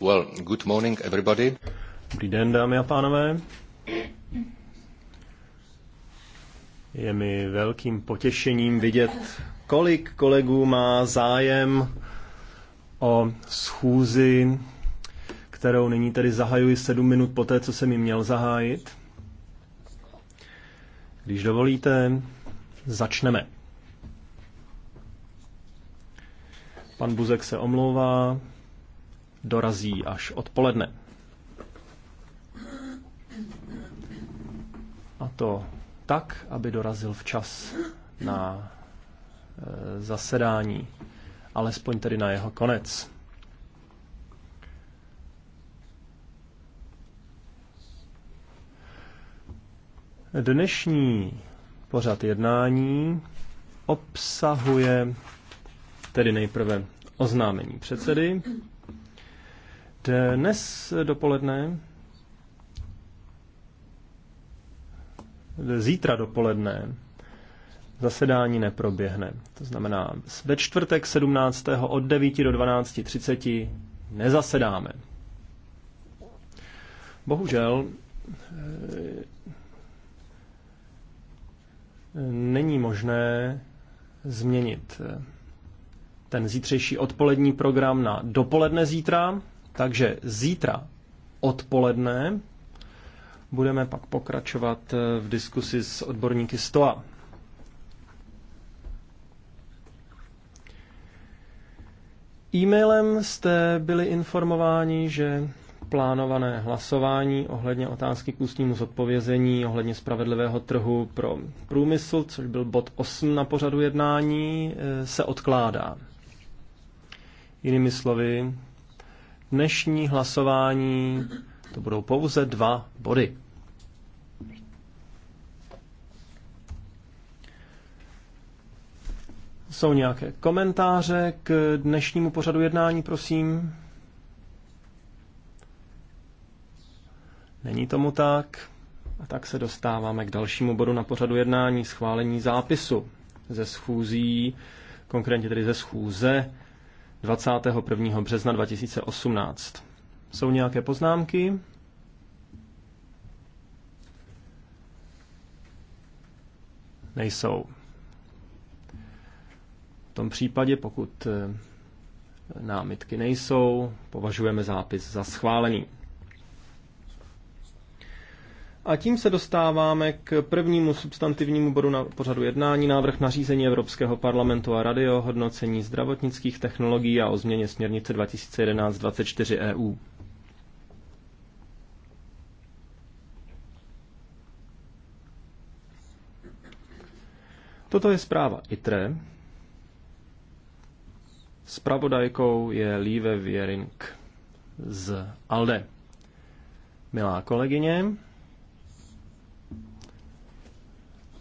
Well, good morning everybody. Dobrý den, dámy a pánové. Je mi velkým potěšením vidět, kolik kolegů má zájem o schůzi, kterou nyní tedy zahajuji sedm minut poté, co jsem ji měl zahájit. Když dovolíte, začneme. Pan Buzek se omlouvá, dorazí až odpoledne. A to tak, aby dorazil včas na eh, zasedání, alespoň tedy na jeho konec. Dnešní pořad jednání obsahuje tedy nejprve oznámení předsedy, dnes dopoledne, zítra dopoledne, zasedání neproběhne. To znamená, ve čtvrtek 17. od 9 do 12.30 nezasedáme. Bohužel eh, není možné změnit eh, ten zítřejší odpolední program na dopoledne zítra, takže zítra odpoledne budeme pak pokračovat v diskusi s odborníky STOA. E-mailem jste byli informováni, že plánované hlasování ohledně otázky k ústnímu zodpovězení, ohledně spravedlivého trhu pro průmysl, což byl bod 8 na pořadu jednání, e, se odkládá. Jinými slovy, dnešní hlasování to budou pouze dva body. Jsou nějaké komentáře k dnešnímu pořadu jednání, prosím? Není tomu tak. A tak se dostáváme k dalšímu bodu na pořadu jednání schválení zápisu ze schůzí, konkrétně tedy ze schůze 21. března 2018. Jsou nějaké poznámky? Nejsou. V tom případě, pokud eh, námitky nejsou, považujeme zápis za schválený. A tím se dostáváme k prvnímu substantivnímu bodu na pořadu jednání, návrh nařízení Evropského parlamentu a rady o hodnocení zdravotnických technologií a o změně směrnice 2011-24 EU. Toto je zpráva ITRE. Spravodajkou je Líve Věring z ALDE. Milá kolegyně,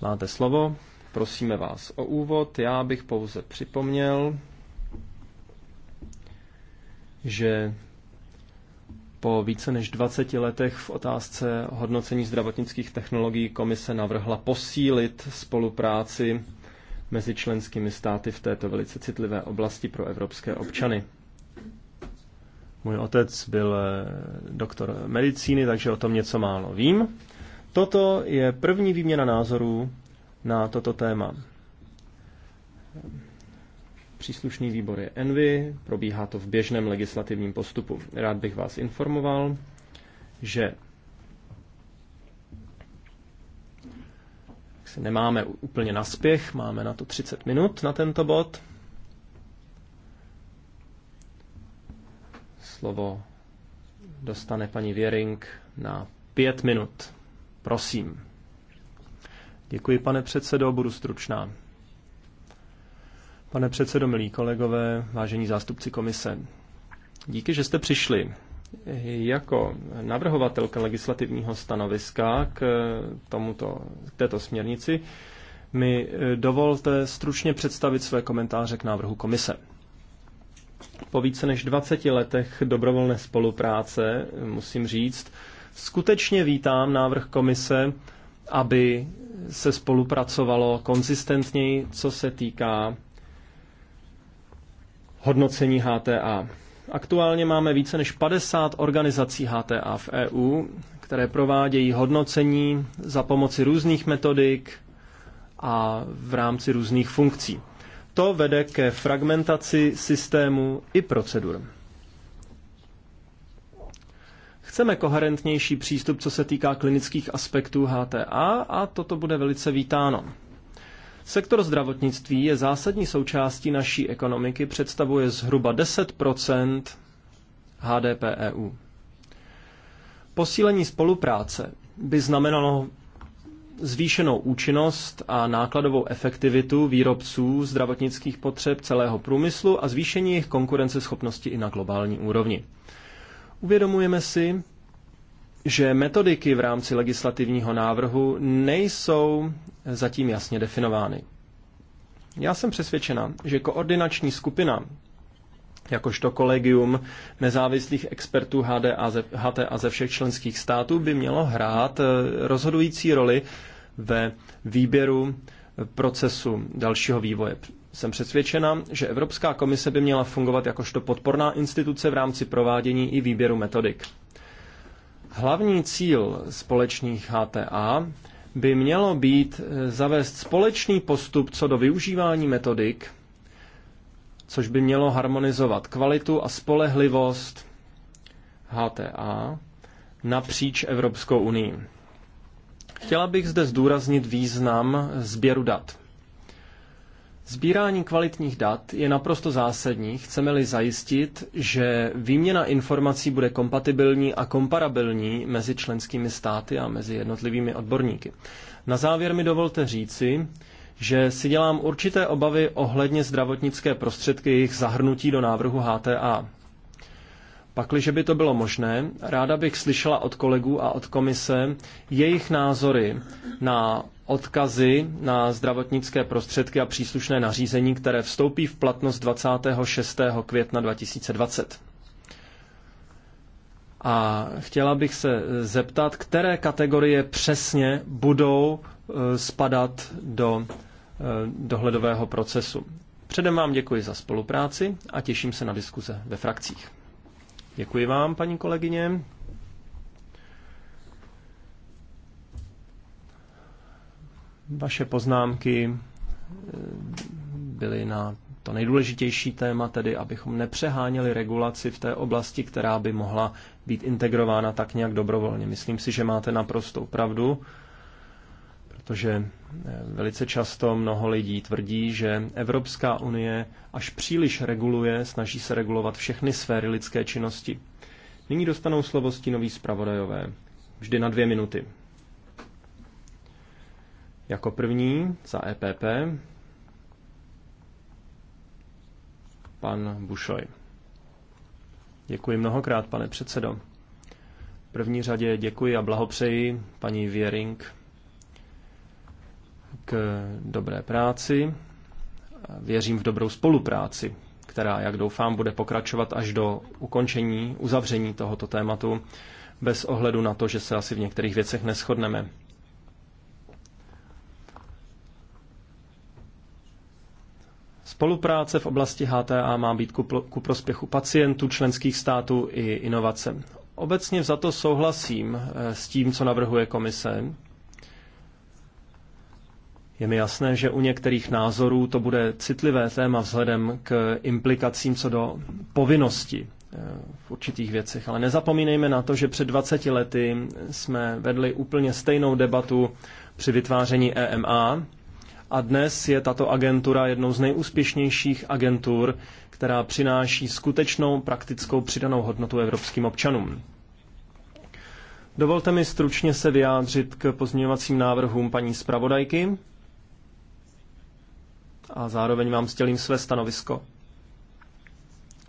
Máte slovo, prosíme vás o úvod. Já bych pouze připomněl, že po více než 20 letech v otázce hodnocení zdravotnických technologií komise navrhla posílit spolupráci mezi členskými státy v této velice citlivé oblasti pro evropské občany. Můj otec byl eh, doktor medicíny, takže o tom něco málo vím. Toto je první výměna názorů na toto téma. Příslušný výbor je Envy, probíhá to v běžném legislativním postupu. Rád bych vás informoval, že si nemáme úplně naspěch, máme na to 30 minut na tento bod. Slovo dostane paní Věring na pět minut. Prosím. Děkuji, pane předsedo, budu stručná. Pane předsedo, milí kolegové, vážení zástupci komise, díky, že jste přišli. Jako navrhovatelka legislativního stanoviska k, tomuto, k této směrnici mi eh, dovolte stručně představit své komentáře k návrhu komise. Po více než 20 letech dobrovolné spolupráce, musím říct, Skutečně vítám návrh komise, aby se spolupracovalo konzistentněji, co se týká hodnocení HTA. Aktuálně máme více než 50 organizací HTA v EU, které provádějí hodnocení za pomoci různých metodik a v rámci různých funkcí. To vede ke fragmentaci systému i procedur. Chceme koherentnější přístup, co se týká klinických aspektů HTA a toto bude velice vítáno. Sektor zdravotnictví je zásadní součástí naší ekonomiky, představuje zhruba 10 HDP EU. Posílení spolupráce by znamenalo zvýšenou účinnost a nákladovou efektivitu výrobců zdravotnických potřeb celého průmyslu a zvýšení jejich konkurenceschopnosti i na globální úrovni. Uvědomujeme si, že metodiky v rámci legislativního návrhu nejsou zatím jasně definovány. Já jsem přesvědčena, že koordinační skupina, jakožto kolegium nezávislých expertů a ze, a ze všech členských států, by mělo hrát eh, rozhodující roli ve výběru procesu dalšího vývoje. Jsem přesvědčena, že Evropská komise by měla fungovat jakožto podporná instituce v rámci provádění i výběru metodik. Hlavní cíl společných HTA by mělo být eh, zavést společný postup co do využívání metodik, což by mělo harmonizovat kvalitu a spolehlivost HTA napříč Evropskou unii. Chtěla bych zde zdůraznit význam sběru dat. Sbírání kvalitních dat je naprosto zásadní, chceme-li zajistit, že výměna informací bude kompatibilní a komparabilní mezi členskými státy a mezi jednotlivými odborníky. Na závěr mi dovolte říci, že si dělám určité obavy ohledně zdravotnické prostředky jejich zahrnutí do návrhu HTA. Pakliže by to bylo možné, ráda bych slyšela od kolegů a od komise jejich názory na odkazy na zdravotnické prostředky a příslušné nařízení, které vstoupí v platnost 26. května 2020. A chtěla bych se zeptat, které kategorie přesně budou e, spadat do e, dohledového procesu. Předem vám děkuji za spolupráci a těším se na diskuze ve frakcích. Děkuji vám, paní kolegyně. Vaše poznámky eh, byly na to nejdůležitější téma, tedy abychom nepřeháněli regulaci v té oblasti, která by mohla být integrována tak nějak dobrovolně. Myslím si, že máte naprostou pravdu, protože eh, velice často mnoho lidí tvrdí, že Evropská unie až příliš reguluje, snaží se regulovat všechny sféry lidské činnosti. Nyní dostanou slovo stínoví zpravodajové. Vždy na dvě minuty. Jako první za EPP pan Bušoj. Děkuji mnohokrát, pane předsedo. V první řadě děkuji a blahopřeji paní Věring k dobré práci. Věřím v dobrou spolupráci, která, jak doufám, bude pokračovat až do ukončení, uzavření tohoto tématu, bez ohledu na to, že se asi v některých věcech neschodneme. Spolupráce v oblasti HTA má být ku, ku prospěchu pacientů, členských států i inovace. Obecně za to souhlasím eh, s tím, co navrhuje komise. Je mi jasné, že u některých názorů to bude citlivé téma vzhledem k implikacím co do povinnosti eh, v určitých věcech. Ale nezapomínejme na to, že před 20 lety jsme vedli úplně stejnou debatu při vytváření EMA a dnes je tato agentura jednou z nejúspěšnějších agentur, která přináší skutečnou praktickou přidanou hodnotu evropským občanům. Dovolte mi stručně se vyjádřit k pozměňovacím návrhům paní zpravodajky a zároveň vám sdělím své stanovisko.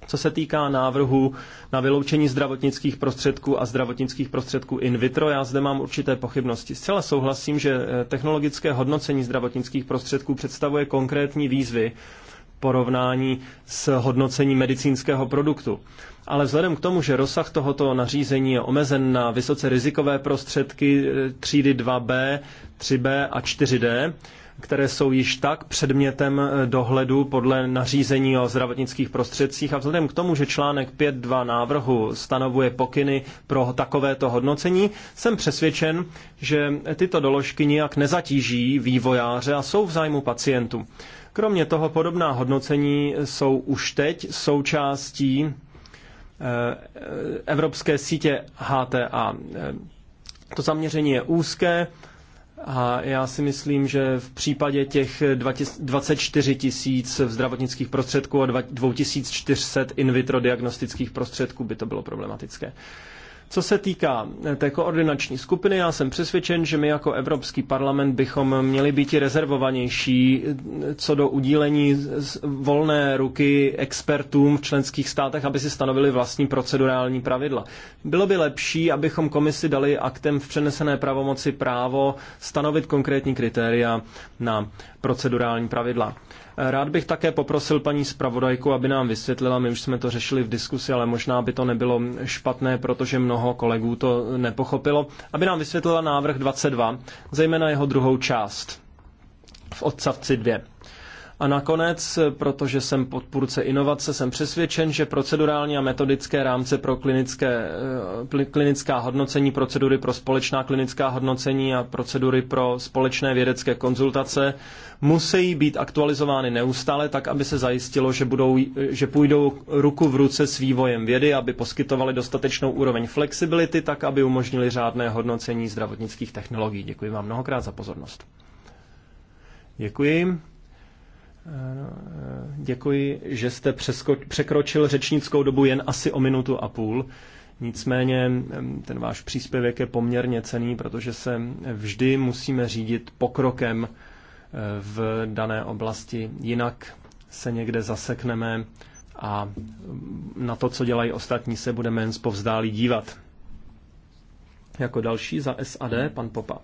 Co se týká návrhu na vyloučení zdravotnických prostředků a zdravotnických prostředků in vitro, já zde mám určité pochybnosti. Zcela souhlasím, že eh, technologické hodnocení zdravotnických prostředků představuje konkrétní výzvy porovnání s hodnocením medicínského produktu. Ale vzhledem k tomu, že rozsah tohoto nařízení je omezen na vysoce rizikové prostředky eh, třídy 2B, 3B a 4D, které jsou již tak předmětem eh, dohledu podle nařízení o zdravotnických prostředcích a vzhledem k tomu, že článek 5.2 návrhu stanovuje pokyny pro takovéto hodnocení, jsem přesvědčen, že tyto doložky nijak nezatíží vývojáře a jsou v zájmu pacientů. Kromě toho podobná hodnocení jsou už teď součástí eh, eh, evropské sítě HTA. To zaměření je úzké a já si myslím, že v případě těch 24 tisíc zdravotnických prostředků a 2400 in vitro diagnostických prostředků by to bylo problematické. Co se týká eh, té koordinační skupiny, já jsem přesvědčen, že my jako Evropský parlament bychom měli být rezervovanější eh, co do udílení volné ruky expertům v členských státech, aby si stanovili vlastní procedurální pravidla. Bylo by lepší, abychom komisi dali aktem v přenesené pravomoci právo stanovit konkrétní kritéria na procedurální pravidla. Rád bych také poprosil paní zpravodajku, aby nám vysvětlila, my už jsme to řešili v diskusi, ale možná by to nebylo špatné, protože mnoho kolegů to nepochopilo, aby nám vysvětlila návrh 22, zejména jeho druhou část v odstavci 2 a nakonec, protože jsem podpůrce inovace, jsem přesvědčen, že procedurální a metodické rámce pro klinické, eh, klinická hodnocení, procedury pro společná klinická hodnocení a procedury pro společné vědecké konzultace musí být aktualizovány neustále, tak aby se zajistilo, že, budou, že půjdou ruku v ruce s vývojem vědy, aby poskytovaly dostatečnou úroveň flexibility, tak aby umožnili řádné hodnocení zdravotnických technologií. Děkuji vám mnohokrát za pozornost. Děkuji. Eh, děkuji, že jste překročil řečnickou dobu jen asi o minutu a půl. Nicméně ten váš příspěvek je poměrně cený, protože se vždy musíme řídit pokrokem eh, v dané oblasti, jinak se někde zasekneme a na to, co dělají ostatní, se budeme jen zpovzdálí dívat. Jako další za SAD pan Popa.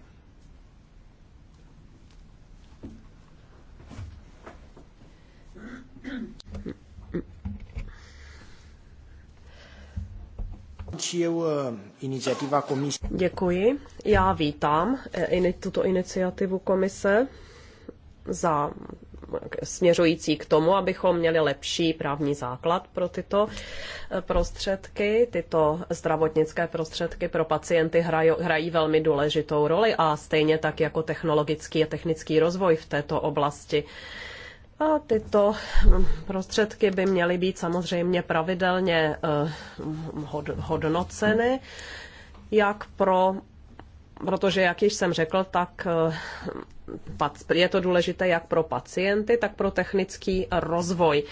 eu e, inițiativa Comisiei. Děkuji. Já vítám e, tuto iniciativu Komise za e, směřující k tomu, abychom měli lepší právní základ pro tyto prostředky. Tyto zdravotnické prostředky pro pacienty hrají, hrají velmi důležitou roli a stejně tak jako technologický a technický rozvoj v této oblasti. A tyto no, prostředky by měly být samozřejmě pravidelně eh, hodnoceny, jak pro protože, jak již jsem řekl, tak eh, je to důležité jak pro pacienty, tak pro technický rozvoj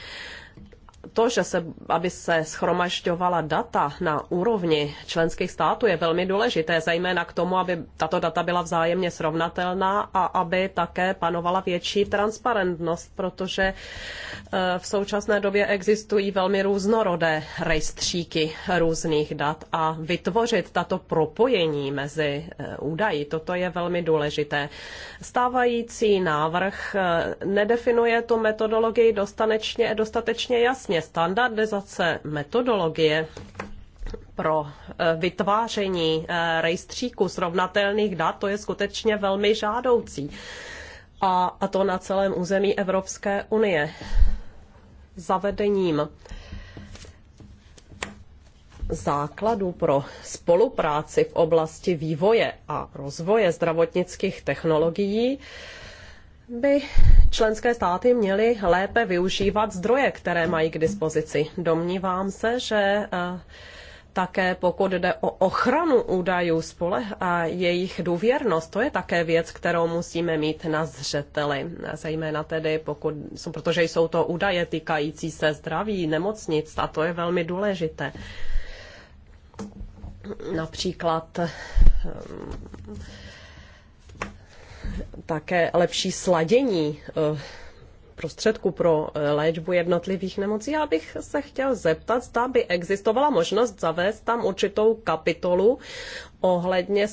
to, že se, aby se schromažďovala data na úrovni členských států, je velmi důležité, zejména k tomu, aby tato data byla vzájemně srovnatelná a aby také panovala větší transparentnost, protože eh, v současné době existují velmi různorodé rejstříky různých dat a vytvořit tato propojení mezi eh, údaji, toto je velmi důležité. Stávající návrh eh, nedefinuje tu metodologii dostatečně, dostatečně jasně vlastně standardizace metodologie pro eh, vytváření eh, rejstříku srovnatelných dat, to je skutečně velmi žádoucí. A, a to na celém území Evropské unie. Zavedením základů pro spolupráci v oblasti vývoje a rozvoje zdravotnických technologií by členské státy měly lépe využívat zdroje, které mají k dispozici. Domnívám se, že eh, také pokud jde o ochranu údajů spoleh a jejich důvěrnost, to je také věc, kterou musíme mít na zřeteli. Zejména tedy, pokud, protože jsou to údaje týkající se zdraví, nemocnic a to je velmi důležité. Například ehm, také lepší sladění eh, prostředku pro eh, léčbu jednotlivých nemocí. Já bych se chtěl zeptat, zda by existovala možnost zavést tam určitou kapitolu ohledně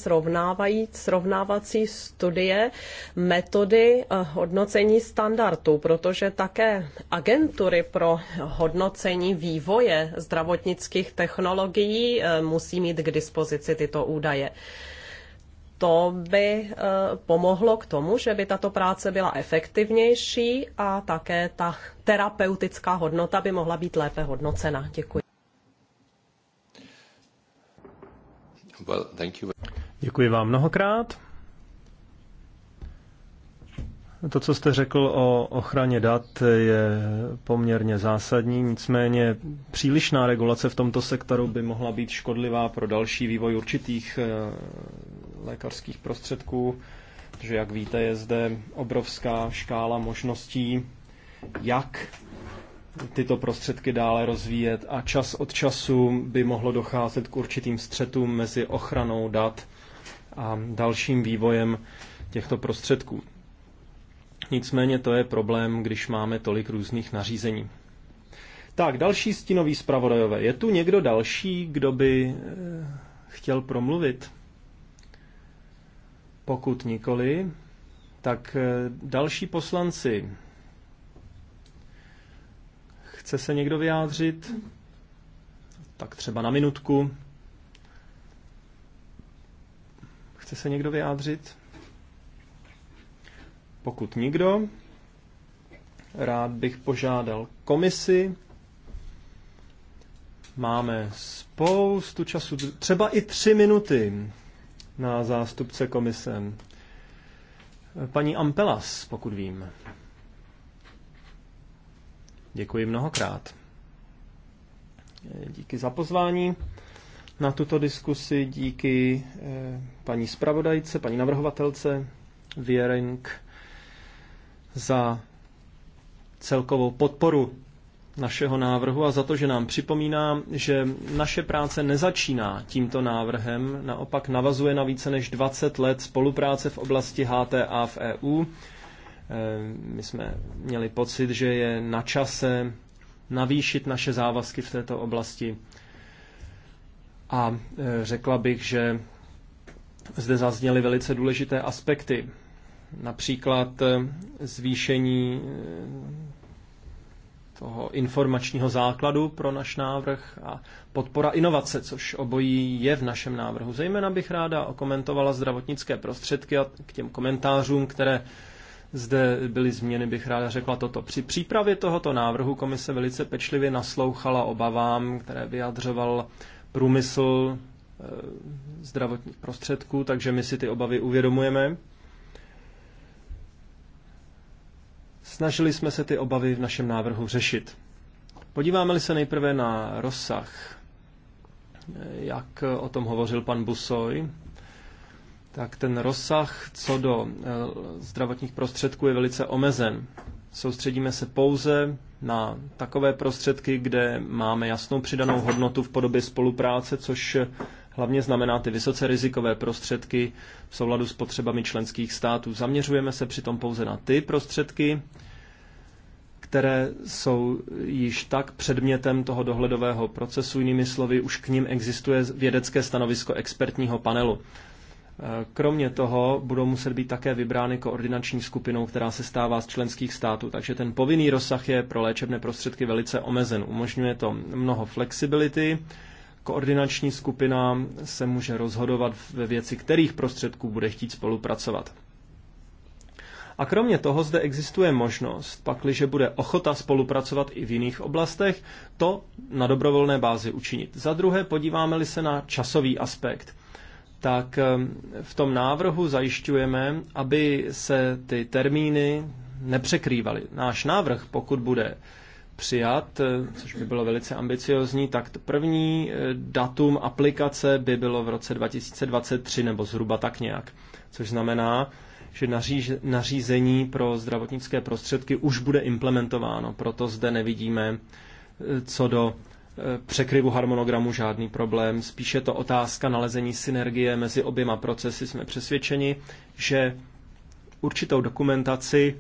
srovnávací studie metody eh, hodnocení standardů, protože také agentury pro hodnocení vývoje zdravotnických technologií musí mít k dispozici tyto údaje to by eh, pomohlo k tomu, že by tato práce byla efektivnější a také ta terapeutická hodnota by mohla být lépe hodnocena. Děkuji. Well, thank you. Děkuji vám mnohokrát. To, co jste řekl o ochraně dat, je poměrně zásadní, nicméně přílišná regulace v tomto sektoru by mohla být škodlivá pro další vývoj určitých eh, lékařských prostředků, protože jak víte, je zde obrovská škála možností, jak tyto prostředky dále rozvíjet a čas od času by mohlo docházet k určitým střetům mezi ochranou dat a dalším vývojem těchto prostředků. Nicméně to je problém, když máme tolik různých nařízení. Tak, další stínový zpravodajové. Je tu někdo další, kdo by eh, chtěl promluvit? Pokud nikoli, tak eh, další poslanci. Chce se někdo vyjádřit? Tak třeba na minutku. Chce se někdo vyjádřit? Pokud nikdo, rád bych požádal komisi. Máme spoustu času, třeba i tři minuty na zástupce komise. Paní Ampelas, pokud vím. Děkuji mnohokrát. Díky za pozvání na tuto diskusi, díky eh, paní zpravodajce, paní navrhovatelce Viering za celkovou podporu našeho návrhu a za to, že nám připomíná, že naše práce nezačíná tímto návrhem, naopak navazuje na více než 20 let spolupráce v oblasti HTA v EU. Eh, my jsme měli pocit, že je na čase navýšit naše závazky v této oblasti. A eh, řekla bych, že zde zazněly velice důležité aspekty. Například eh, zvýšení toho informačního základu pro náš návrh a podpora inovace, což obojí je v našem návrhu. Zejména bych ráda okomentovala zdravotnické prostředky a k těm komentářům, které zde byly změny, bych ráda řekla toto. Při přípravě tohoto návrhu komise velice pečlivě naslouchala obavám, které vyjadřoval průmysl eh, zdravotních prostředků, takže my si ty obavy uvědomujeme Snažili jsme se ty obavy v našem návrhu řešit. Podíváme-li se nejprve na rozsah, jak o tom hovořil pan Busoj, tak ten rozsah co do eh, zdravotních prostředků je velice omezen. Soustředíme se pouze na takové prostředky, kde máme jasnou přidanou hodnotu v podobě spolupráce, což hlavně znamená ty vysoce rizikové prostředky v souladu s potřebami členských států. Zaměřujeme se přitom pouze na ty prostředky, které jsou již tak předmětem toho dohledového procesu, jinými slovy, už k ním existuje vědecké stanovisko expertního panelu. Kromě toho budou muset být také vybrány koordinační skupinou, která se stává z členských států, takže ten povinný rozsah je pro léčebné prostředky velice omezen. Umožňuje to mnoho flexibility, Koordinační skupina se může rozhodovat ve věci, kterých prostředků bude chtít spolupracovat. A kromě toho zde existuje možnost, pakliže bude ochota spolupracovat i v jiných oblastech, to na dobrovolné bázi učinit. Za druhé, podíváme-li se na časový aspekt, tak v tom návrhu zajišťujeme, aby se ty termíny nepřekrývaly. Náš návrh, pokud bude přijat, eh, což by bylo velice ambiciozní, tak první eh, datum aplikace by bylo v roce 2023 nebo zhruba tak nějak. Což znamená, že nařízení pro zdravotnické prostředky už bude implementováno, proto zde nevidíme eh, co do překryvu harmonogramu žádný problém. Spíše to otázka nalezení synergie mezi oběma procesy. Jsme přesvědčeni, že určitou dokumentaci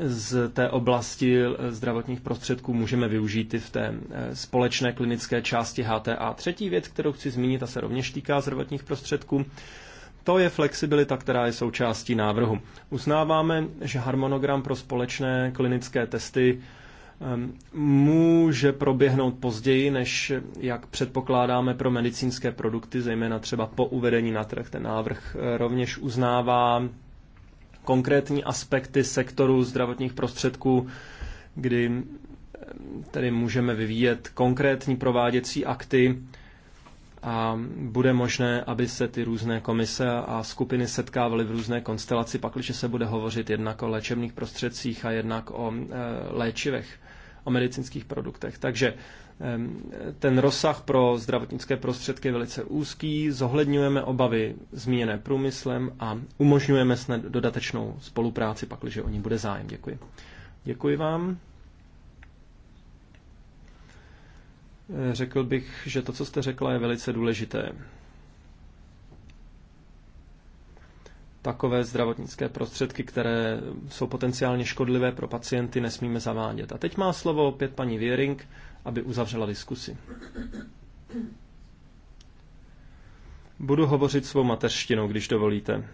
z té oblasti eh, zdravotních prostředků můžeme využít i v té eh, společné klinické části HTA. Třetí věc, kterou chci zmínit a se rovněž týká zdravotních prostředků, to je flexibilita, která je součástí návrhu. Uznáváme, že harmonogram pro společné klinické testy ehm, může proběhnout později, než eh, jak předpokládáme pro medicínské produkty, zejména třeba po uvedení na trh. Ten návrh rovněž uznává konkrétní aspekty sektoru zdravotních prostředků, kdy eh, tedy můžeme vyvíjet konkrétní prováděcí akty a bude možné, aby se ty různé komise a skupiny setkávaly v různé konstelaci, pakliže se bude hovořit jednak o léčebných prostředcích a jednak o eh, léčivech, o medicínských produktech. Takže ten rozsah pro zdravotnické prostředky je velice úzký, zohledňujeme obavy zmíněné průmyslem a umožňujeme snad dodatečnou spolupráci, pakliže o ní bude zájem. Děkuji. Děkuji vám. Eh, řekl bych, že to, co jste řekla, je velice důležité. Takové zdravotnické prostředky, které jsou potenciálně škodlivé pro pacienty, nesmíme zavádět. A teď má slovo opět paní Věring aby uzavřela diskusi. Budu hovořit svou mateřštinou, když dovolíte.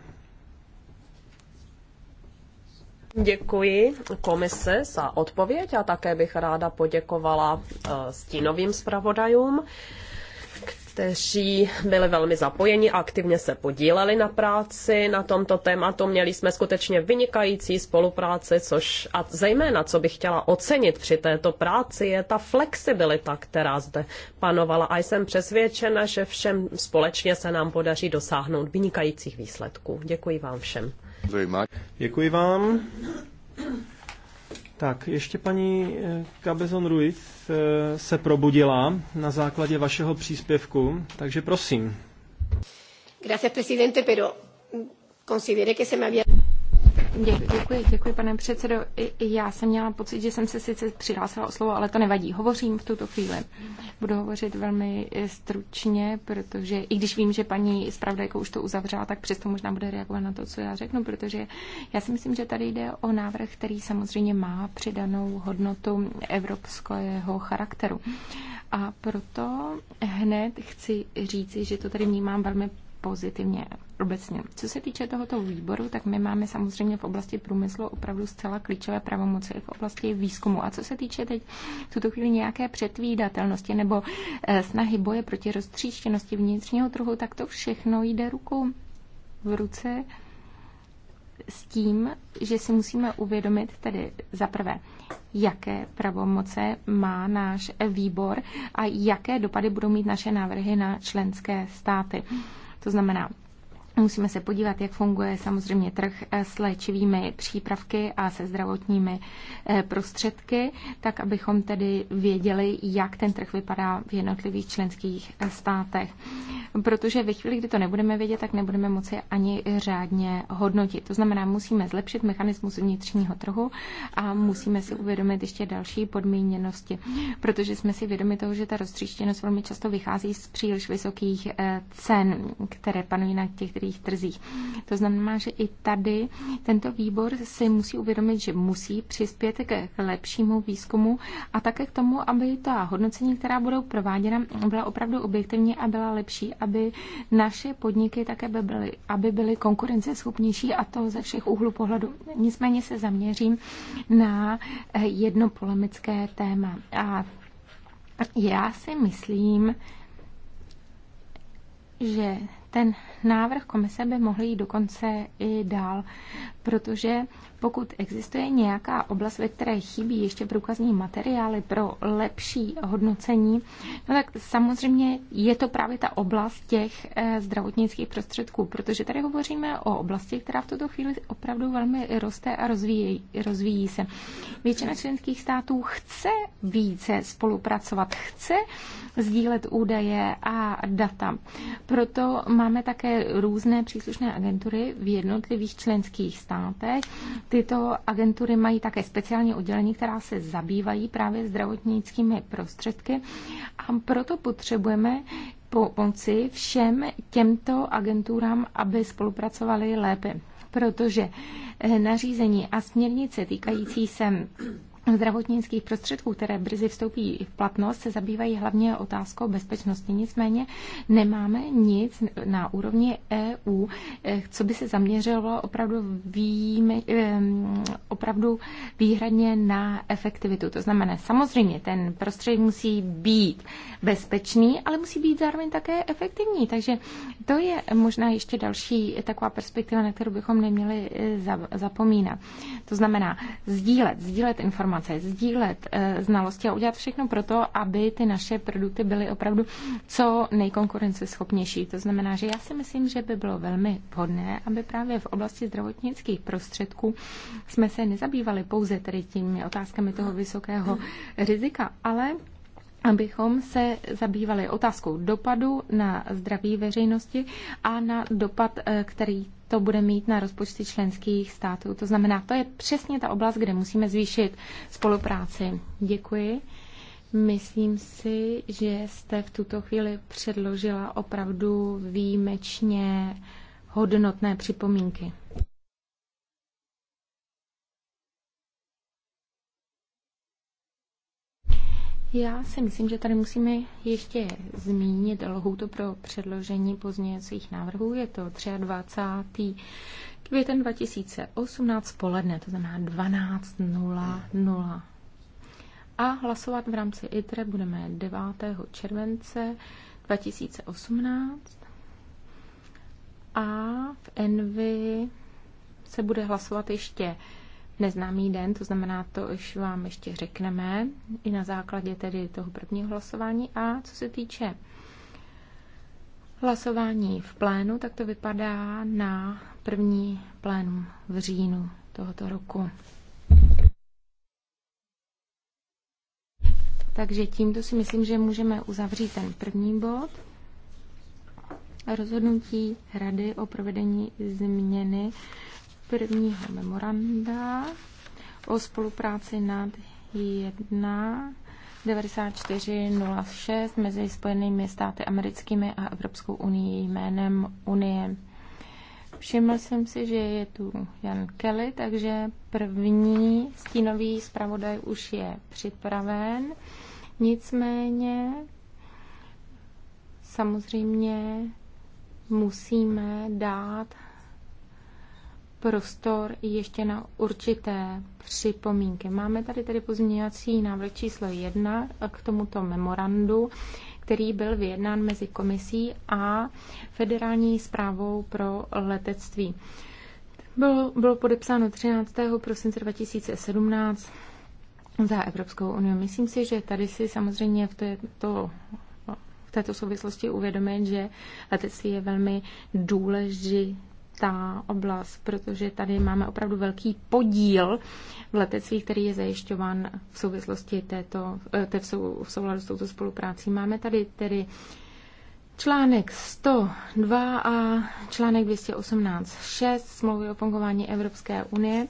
Děkuji komise za odpověď a také bych ráda poděkovala eh, stínovým zpravodajům kteří byli velmi zapojeni a aktivně se podíleli na práci na tomto tématu. Měli jsme skutečně vynikající spolupráci, což a zejména, co bych chtěla ocenit při této práci, je ta flexibilita, která zde panovala. A jsem přesvědčena, že všem společně se nám podaří dosáhnout vynikajících výsledků. Děkuji vám všem. Děkuji vám. Tak, ještě paní eh, Cabezon Ruiz. Eh, se probudila na základě vašeho příspěvku, takže prosím. Gracias, presidente, pero consideré que se me había... Děkuji, děkuji, pane předsedo. Já jsem měla pocit, že jsem se sice přihlásila o slovo, ale to nevadí. Hovořím v tuto chvíli. Budu hovořit velmi eh, stručně, protože i když vím, že paní zpravodajka už to uzavřela, tak přesto možná bude reagovat na to, co já řeknu, protože já si myslím, že tady jde o návrh, který samozřejmě má přidanou hodnotu evropského charakteru. A proto hned chci říci, že to tady vnímám velmi pozitivně obecně. Co se týče tohoto výboru, tak my máme samozřejmě v oblasti průmyslu opravdu zcela klíčové pravomoci v oblasti výzkumu. A co se týče teď v tuto chvíli nějaké předvídatelnosti nebo eh, snahy boje proti roztříštěnosti vnitřního trhu, tak to všechno jde rukou v ruce s tím, že si musíme uvědomit tedy za prvé, jaké pravomoce má náš výbor a jaké dopady budou mít naše návrhy na členské státy. To znamená Musíme se podívat, jak funguje samozřejmě trh eh, s léčivými přípravky a se zdravotními eh, prostředky, tak abychom tedy věděli, jak ten trh vypadá v jednotlivých členských eh, státech. Protože ve chvíli, kdy to nebudeme vědět, tak nebudeme moci ani řádně hodnotit. To znamená, musíme zlepšit mechanismus vnitřního trhu a musíme si uvědomit ještě další podmíněnosti, protože jsme si vědomi toho, že ta roztříštěnost velmi často vychází z příliš vysokých cen, které panují na těch některých trzích. To znamená, že i tady tento výbor si musí uvědomit, že musí přispět k lepšímu výzkumu a také k tomu, aby ta hodnocení, která budou prováděna, byla opravdu objektivní a byla lepší, aby naše podniky také byly, aby byly konkurenceschopnější a to ze všech úhlů pohledu. Nicméně se zaměřím na eh, jedno polemické téma. A já si myslím, že ten návrh komise by mohl jít dokonce i dál, protože pokud existuje nějaká oblast, ve které chybí ještě průkazní materiály pro lepší hodnocení, no tak samozřejmě je to právě ta oblast těch eh, zdravotnických prostředků, protože tady hovoříme o oblasti, která v tuto chvíli opravdu velmi roste a rozvíjí, rozvíjí se. Většina členských států chce více spolupracovat, chce sdílet údaje a data. Proto máme také různé příslušné agentury v jednotlivých členských státech, Tyto agentury mají také speciální oddělení, která se zabývají právě zdravotnickými prostředky a proto potřebujeme pomoci všem těmto agenturám, aby spolupracovali lépe. Protože eh, nařízení a směrnice týkající se zdravotnických prostředků, které brzy vstoupí v platnost, se zabývají hlavně otázkou bezpečnosti. Nicméně nemáme nic na úrovni EU, eh, co by se zaměřilo opravdu, výjime, opravdu výhradně na efektivitu. To znamená, samozřejmě ten prostředek musí být bezpečný, ale musí být zároveň také efektivní. Takže to je možná ještě další taková perspektiva, na kterou bychom neměli eh, zapomínat. To znamená sdílet, sdílet informace informace, sdílet eh, znalosti a udělat všechno pro to, aby ty naše produkty byly opravdu co nejkonkurenceschopnější. To znamená, že já si myslím, že by bylo velmi vhodné, aby právě v oblasti zdravotnických prostředků jsme se nezabývali pouze tedy těmi otázkami toho vysokého rizika, ale abychom se zabývali otázkou dopadu na zdraví veřejnosti a na dopad, eh, který to bude mít na rozpočty členských států. To znamená, to je přesně ta oblast, kde musíme zvýšit spolupráci. Děkuji. Myslím si, že jste v tuto chvíli předložila opravdu výjimečně hodnotné připomínky. Já si myslím, že tady musíme ještě zmínit lhůtu pro předložení pozměňovacích návrhů. Je to 23. květen 2018 poledne, to znamená 12.00. A hlasovat v rámci ITRE budeme 9. července 2018. A v ENVY se bude hlasovat ještě neznámý den, to znamená, to už vám ještě řekneme i na základě tedy toho prvního hlasování. A co se týče hlasování v plénu, tak to vypadá na první plénum v říjnu tohoto roku. Takže tímto si myslím, že můžeme uzavřít ten první bod. Rozhodnutí Rady o provedení změny prvního memoranda o spolupráci nad 1 9406 mezi Spojenými státy americkými a Evropskou unii jménem Unie. Všiml jsem si, že je tu Jan Kelly, takže první stínový zpravodaj už je připraven. Nicméně samozřejmě musíme dát prostor ještě na určité připomínky. Máme tady tedy pozměňovací návrh číslo 1 k tomuto memorandu, který byl vyjednán mezi komisí a federální zprávou pro letectví. Bylo, bylo podepsáno 13. prosince 2017 za Evropskou unii. Myslím si, že tady si samozřejmě v této v této souvislosti uvědomit, že letectví je velmi důležitý ta oblast, protože tady máme opravdu velký podíl v letectví, který je zajišťován v souvislosti této, eh, té v, sou, v souladu s touto spoluprácí. Máme tady tedy článek 102 a článek 218.6 smlouvy o fungování Evropské unie.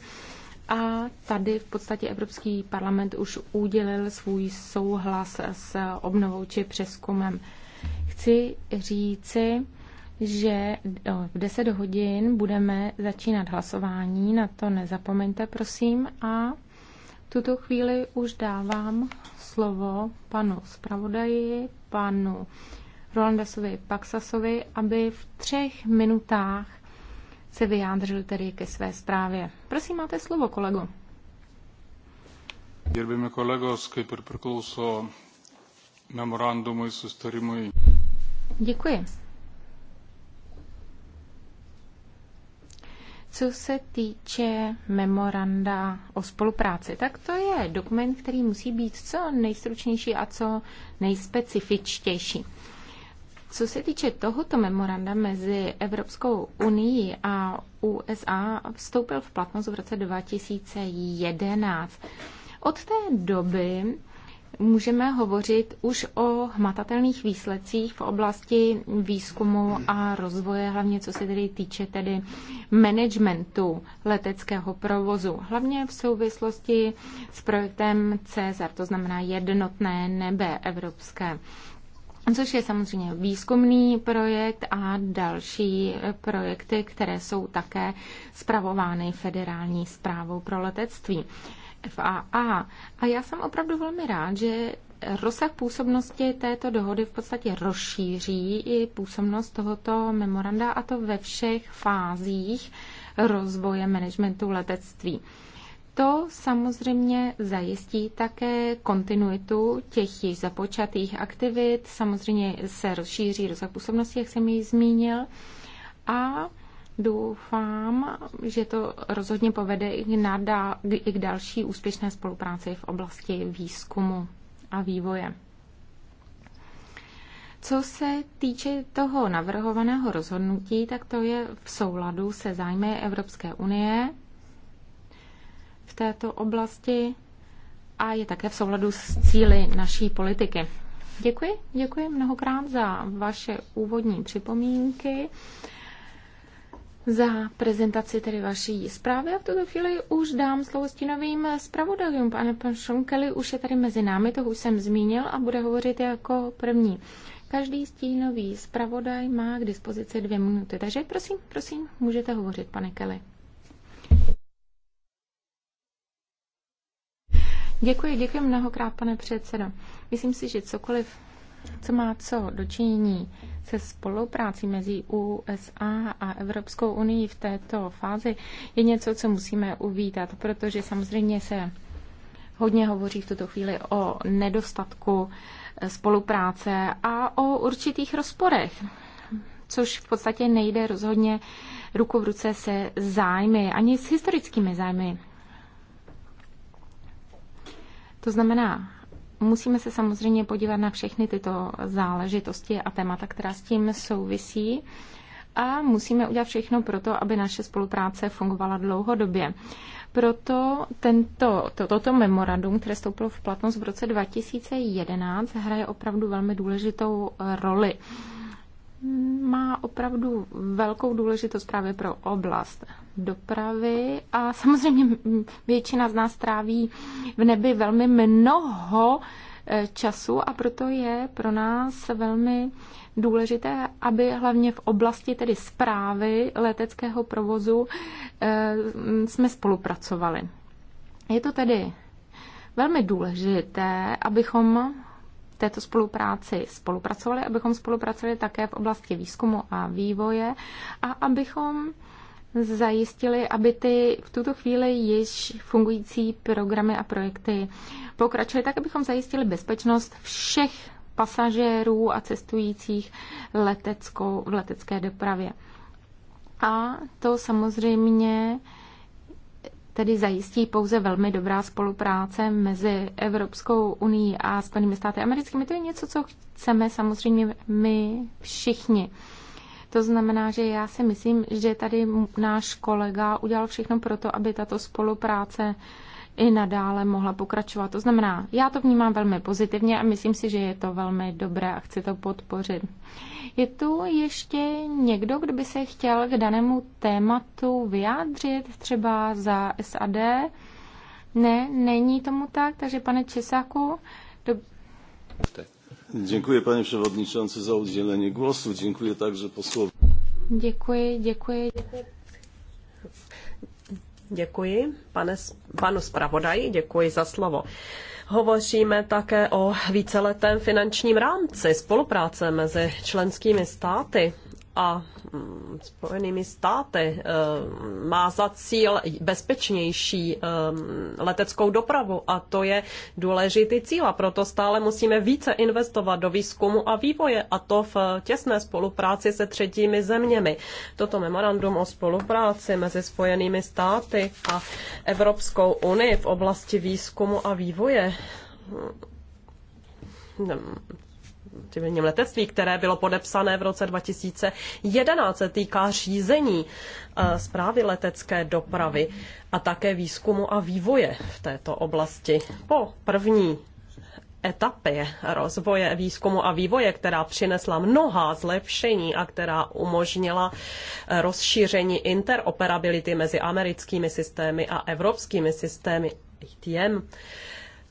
A tady v podstatě Evropský parlament už udělil svůj souhlas s obnovou či přeskumem. Chci říci, že no, v 10 hodin budeme začínat hlasování, na to nezapomeňte, prosím. A v tuto chvíli už dávám slovo panu zpravodaji, panu Rolandasovi Paxasovi, aby v třech minutách se vyjádřil tedy ke své zprávě. Prosím, máte slovo, kolego. Gerbimi kolegos, kaip ir priklauso memorandumui, sustarimui. Děkuji, Co se týče memoranda o spolupráci, tak to je dokument, který musí být co nejstručnější a co nejspecifičtější. Co se týče tohoto memoranda mezi Evropskou unii a USA, vstoupil v platnost v roce 2011. Od té doby můžeme hovořit už o hmatatelných výsledcích v oblasti výzkumu a rozvoje, hlavně co se tedy týče tedy managementu leteckého provozu, hlavně v souvislosti s projektem CESAR, to znamená jednotné nebe evropské což je samozřejmě výzkumný projekt a další projekty, které jsou také spravovány federální zprávou pro letectví. FAA. A já jsem opravdu velmi rád, že rozsah působnosti této dohody v podstatě rozšíří i působnost tohoto memoranda a to ve všech fázích rozvoje managementu letectví. To samozřejmě zajistí také kontinuitu těch již započatých aktivit. Samozřejmě se rozšíří rozsah působnosti, jak jsem ji zmínil. A Doufám, že to rozhodně povede i, i k další úspěšné spolupráci v oblasti výzkumu a vývoje. Co se týče toho navrhovaného rozhodnutí, tak to je v souladu se zájmy Evropské unie v této oblasti a je také v souladu s cíly naší politiky. Děkuji, děkuji mnohokrát za vaše úvodní připomínky za prezentaci tedy vaší zprávy a v tuto chvíli už dám slovo stínovým zpravodajům. Pane pan Šonkeli už je tady mezi námi, toho už jsem zmínil a bude hovořit jako první. Každý stínový zpravodaj má k dispozici dvě minuty, takže prosím, prosím, můžete hovořit, pane Kelly. Děkuji, děkuji mnohokrát, pane předsedo. Myslím si, že cokoliv co má co dočinění se spoluprácí mezi USA a Evropskou unii v této fázi, je něco, co musíme uvítat, protože samozřejmě se hodně hovoří v tuto chvíli o nedostatku eh, spolupráce a o určitých rozporech, což v podstatě nejde rozhodně ruku v ruce se zájmy, ani s historickými zájmy. To znamená, musíme se samozřejmě podívat na všechny tyto záležitosti a témata, která s tím souvisí. A musíme udělat všechno pro to, aby naše spolupráce fungovala dlouhodobě. Proto tento, to, toto memorandum, které stoupilo v platnost v roce 2011, hraje opravdu velmi důležitou roli má opravdu velkou důležitost právě pro oblast dopravy a samozřejmě většina z nás tráví v nebi velmi mnoho eh, času a proto je pro nás velmi důležité, aby hlavně v oblasti tedy zprávy leteckého provozu eh, jsme spolupracovali. Je to tedy velmi důležité, abychom této spolupráci spolupracovali, abychom spolupracovali také v oblasti výzkumu a vývoje a abychom zajistili, aby ty v tuto chvíli již fungující programy a projekty pokračovaly tak, abychom zajistili bezpečnost všech pasažérů a cestujících leteckou, v letecké dopravě. A to samozřejmě tedy zajistí pouze velmi dobrá spolupráce mezi Evropskou unii a Spojenými státy americkými. To je něco, co chceme samozřejmě my všichni. To znamená, že já si myslím, že tady náš kolega udělal všechno pro to, aby tato spolupráce i nadále mohla pokračovat. To znamená, já to vnímám velmi pozitivně a myslím si, že je to velmi dobré a chci to podpořit. Je tu ještě někdo, kdo by se chtěl k danému tématu vyjádřit, třeba za SAD? Ne, není tomu tak, takže pane Česáku. Do... Děkuji, pane předsedající, za udělení hlasu. Děkuji takže poslovi. Děkuji, děkuji. děkuji. Děkuji pane, panu zpravodaji, děkuji za slovo. Hovoříme také o víceletém finančním rámci spolupráce mezi členskými státy a mm, Spojenými státy eh, má za cíl bezpečnější eh, leteckou dopravu a to je důležitý cíl a proto stále musíme více investovat do výzkumu a vývoje a to v eh, těsné spolupráci se třetími zeměmi. Toto memorandum o spolupráci mezi Spojenými státy a Evropskou unii v oblasti výzkumu a vývoje hm, civilním letectví, které bylo podepsané v roce 2011, se týká řízení eh, zprávy letecké dopravy a také výzkumu a vývoje v této oblasti. Po první etapě rozvoje výzkumu a vývoje, která přinesla mnoha zlepšení a která umožnila eh, rozšíření interoperability mezi americkými systémy a evropskými systémy ATM,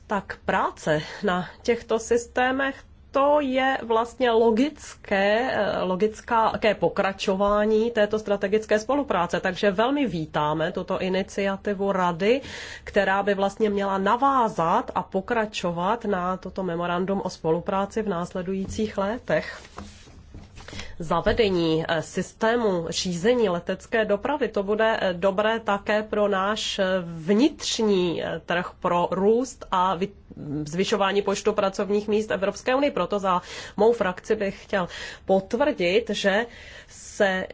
tak práce na těchto systémech to je vlastně logické, eh, logické pokračování této strategické spolupráce. Takže velmi vítáme tuto iniciativu Rady, která by vlastně měla navázat a pokračovat na toto memorandum o spolupráci v následujících letech zavedení eh, systému řízení letecké dopravy. To bude eh, dobré také pro náš eh, vnitřní trh, pro růst a mm, zvyšování počtu pracovních míst Evropské unie. Proto za mou frakci bych chtěl potvrdit, že se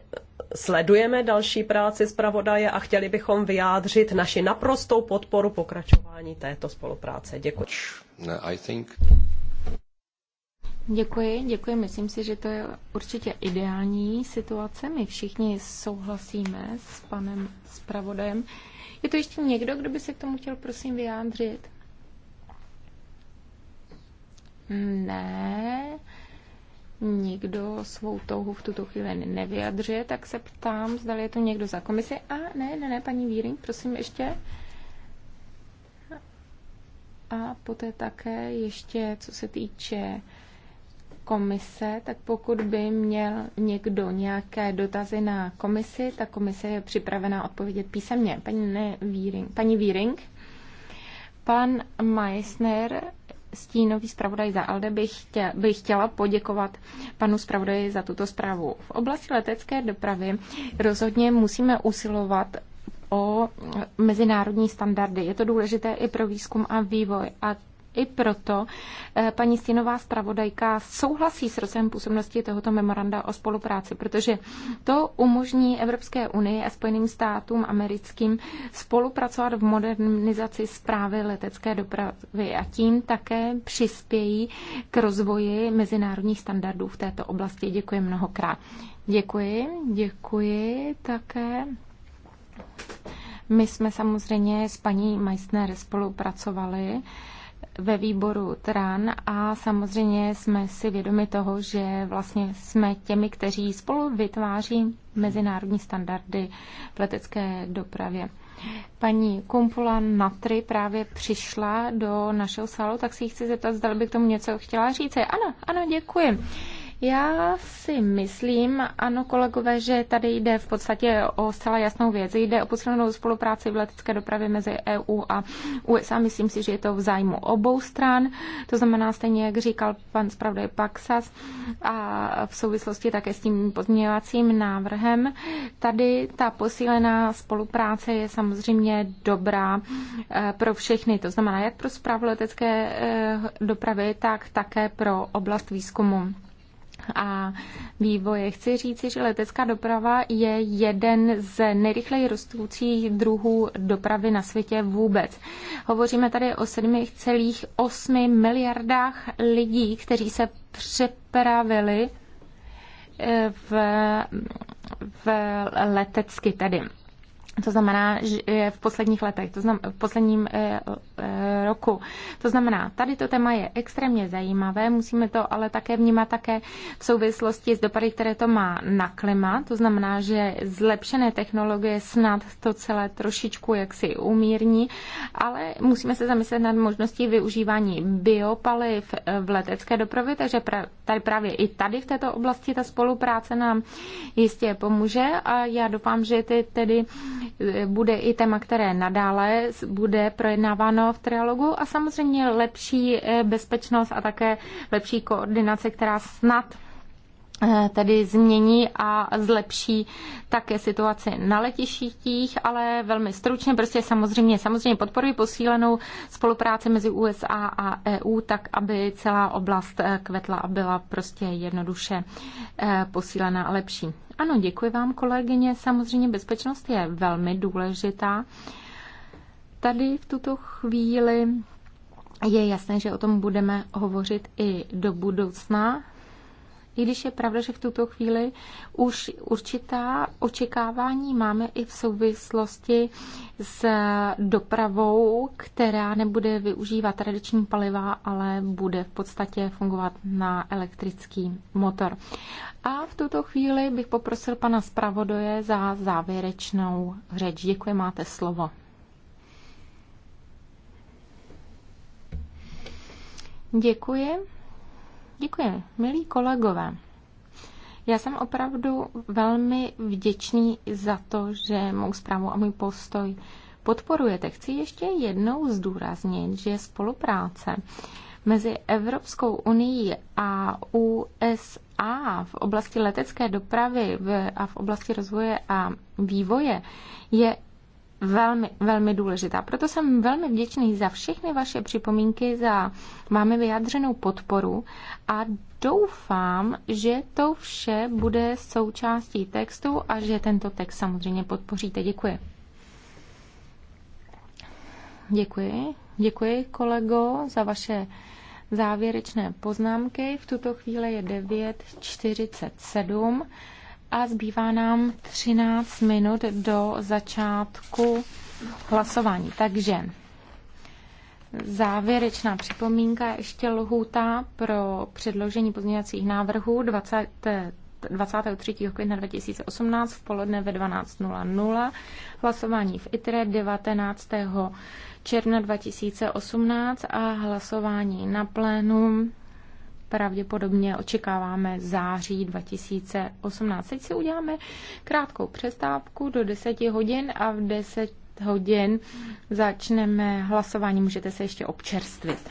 sledujeme další práci zpravodaje a chtěli bychom vyjádřit naši naprostou podporu pokračování této spolupráce. Děkuji. Uh, Děkuji, děkuji. Myslím si, že to je určitě ideální situace. My všichni souhlasíme s panem zpravodajem. Je to ještě někdo, kdo by se k tomu chtěl, prosím, vyjádřit? Ne, nikdo svou touhu v tuto chvíli nevyjadřuje, tak se ptám, zda je to někdo za komisi. A ne, ne, ne, paní Víry, prosím ještě. A poté také ještě, co se týče komise, tak pokud by měl někdo nějaké dotazy na komisi, ta komise je připravená odpovědět písemně. Paní Víring, paní Víring pan Meissner stínový zpravodaj za ALDE bych, chtěl, bych chtěla poděkovat panu zpravodaji za tuto zprávu. V oblasti letecké dopravy rozhodně musíme usilovat o mezinárodní standardy. Je to důležité i pro výzkum a vývoj a i proto eh, paní Stinová zpravodajka souhlasí s rozsahem působnosti tohoto memoranda o spolupráci, protože to umožní Evropské unii a Spojeným státům americkým spolupracovat v modernizaci zprávy letecké dopravy a tím také přispějí k rozvoji mezinárodních standardů v této oblasti. Děkuji mnohokrát. Děkuji, děkuji také. My jsme samozřejmě s paní Meissner spolupracovali ve výboru TRAN a samozřejmě jsme si vědomi toho, že vlastně jsme těmi, kteří spolu vytváří mezinárodní standardy v letecké dopravě. Paní Kumpula Natry právě přišla do našeho sálu, tak si ji chci zeptat, zda by k tomu něco chtěla říct. Ano, ano, děkuji. Já si myslím, ano kolegové, že tady jde v podstatě o zcela jasnou věc. Jde o posílenou spolupráci v letecké dopravě mezi EU a USA. Myslím si, že je to v zájmu obou stran. To znamená stejně, jak říkal pan zpravodaj Paxas a v souvislosti také s tím pozměňovacím návrhem. Tady ta posílená spolupráce je samozřejmě dobrá eh, pro všechny. To znamená jak pro zprávu letecké eh, dopravy, tak také pro oblast výzkumu a vývoje. Chci říci, že letecká doprava je jeden z nejrychleji rostoucích druhů dopravy na světě vůbec. Hovoříme tady o 7,8 miliardách lidí, kteří se přepravili eh, v, v letecky tedy. To znamená, že v posledních letech, to znamená, v posledním e, e, roku. To znamená, tady to téma je extrémně zajímavé, musíme to ale také vnímat také v souvislosti s dopady, které to má na klima. To znamená, že zlepšené technologie snad to celé trošičku jaksi umírní, ale musíme se zamyslet nad možností využívání biopaliv eh, v letecké dopravě, takže pra, tady právě i tady v této oblasti ta spolupráce nám jistě pomůže a já doufám, že ty tedy bude i téma, které nadále bude projednáváno v trialogu a samozřejmě lepší eh, bezpečnost a také lepší koordinace, která snad Eh, tedy změní a zlepší také situaci na letištích, ale velmi stručně, prostě samozřejmě, samozřejmě podporuji posílenou spolupráci mezi USA a EU, tak aby celá oblast eh, kvetla a byla prostě jednoduše eh, posílená a lepší. Ano, děkuji vám, kolegyně. Samozřejmě bezpečnost je velmi důležitá. Tady v tuto chvíli je jasné, že o tom budeme hovořit i do budoucna i když je pravda, že v tuto chvíli už určitá očekávání máme i v souvislosti s dopravou, která nebude využívat tradiční paliva, ale bude v podstatě fungovat na elektrický motor. A v tuto chvíli bych poprosil pana zpravodoje za závěrečnou řeč. Děkuji, máte slovo. Děkuji. Děkuji, milí kolegové. Já jsem opravdu velmi vděčný za to, že mou zprávu a můj postoj podporujete. Chci ještě jednou zdůraznit, že spolupráce mezi Evropskou unii a USA v oblasti letecké dopravy a v oblasti rozvoje a vývoje je velmi, velmi důležitá. Proto jsem velmi vděčný za všechny vaše připomínky, za máme vyjádřenou podporu a doufám, že to vše bude součástí textu a že tento text samozřejmě podpoříte. Děkuji. Děkuji. Děkuji, kolego, za vaše závěrečné poznámky. V tuto chvíli je 9.47 a zbývá nám 13 minut do začátku hlasování. Takže závěrečná připomínka ještě lhůta pro předložení pozměňovacích návrhů 20, 23. května 2018 v poledne ve 12.00. Hlasování v ITRE 19. června 2018 a hlasování na plénum pravděpodobně očekáváme září 2018. Teď si uděláme krátkou přestávku do 10 hodin a v 10 hodin začneme hlasování. Můžete se ještě občerstvit.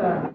Tak.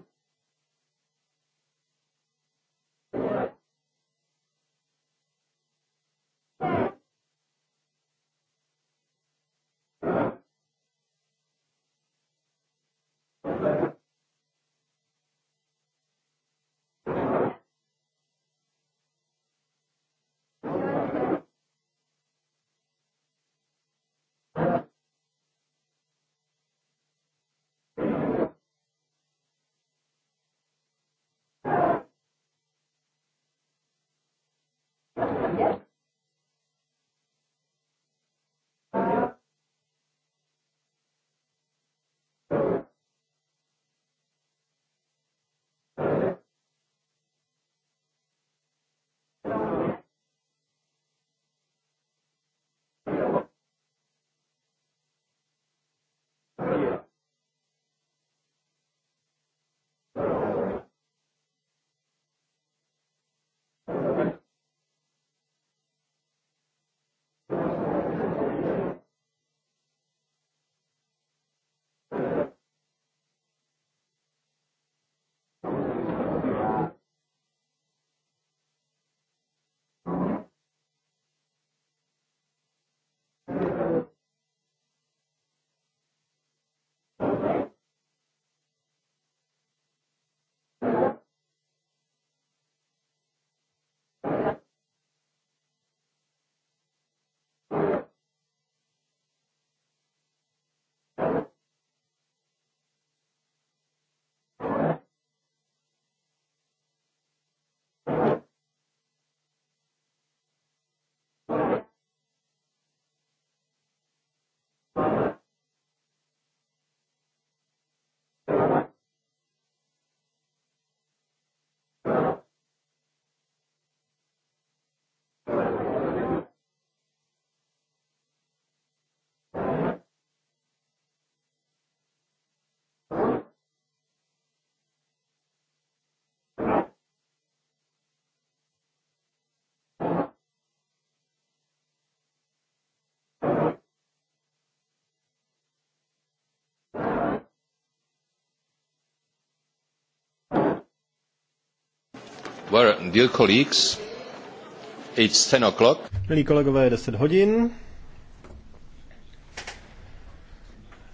Milí kolegové, je 10 hodin.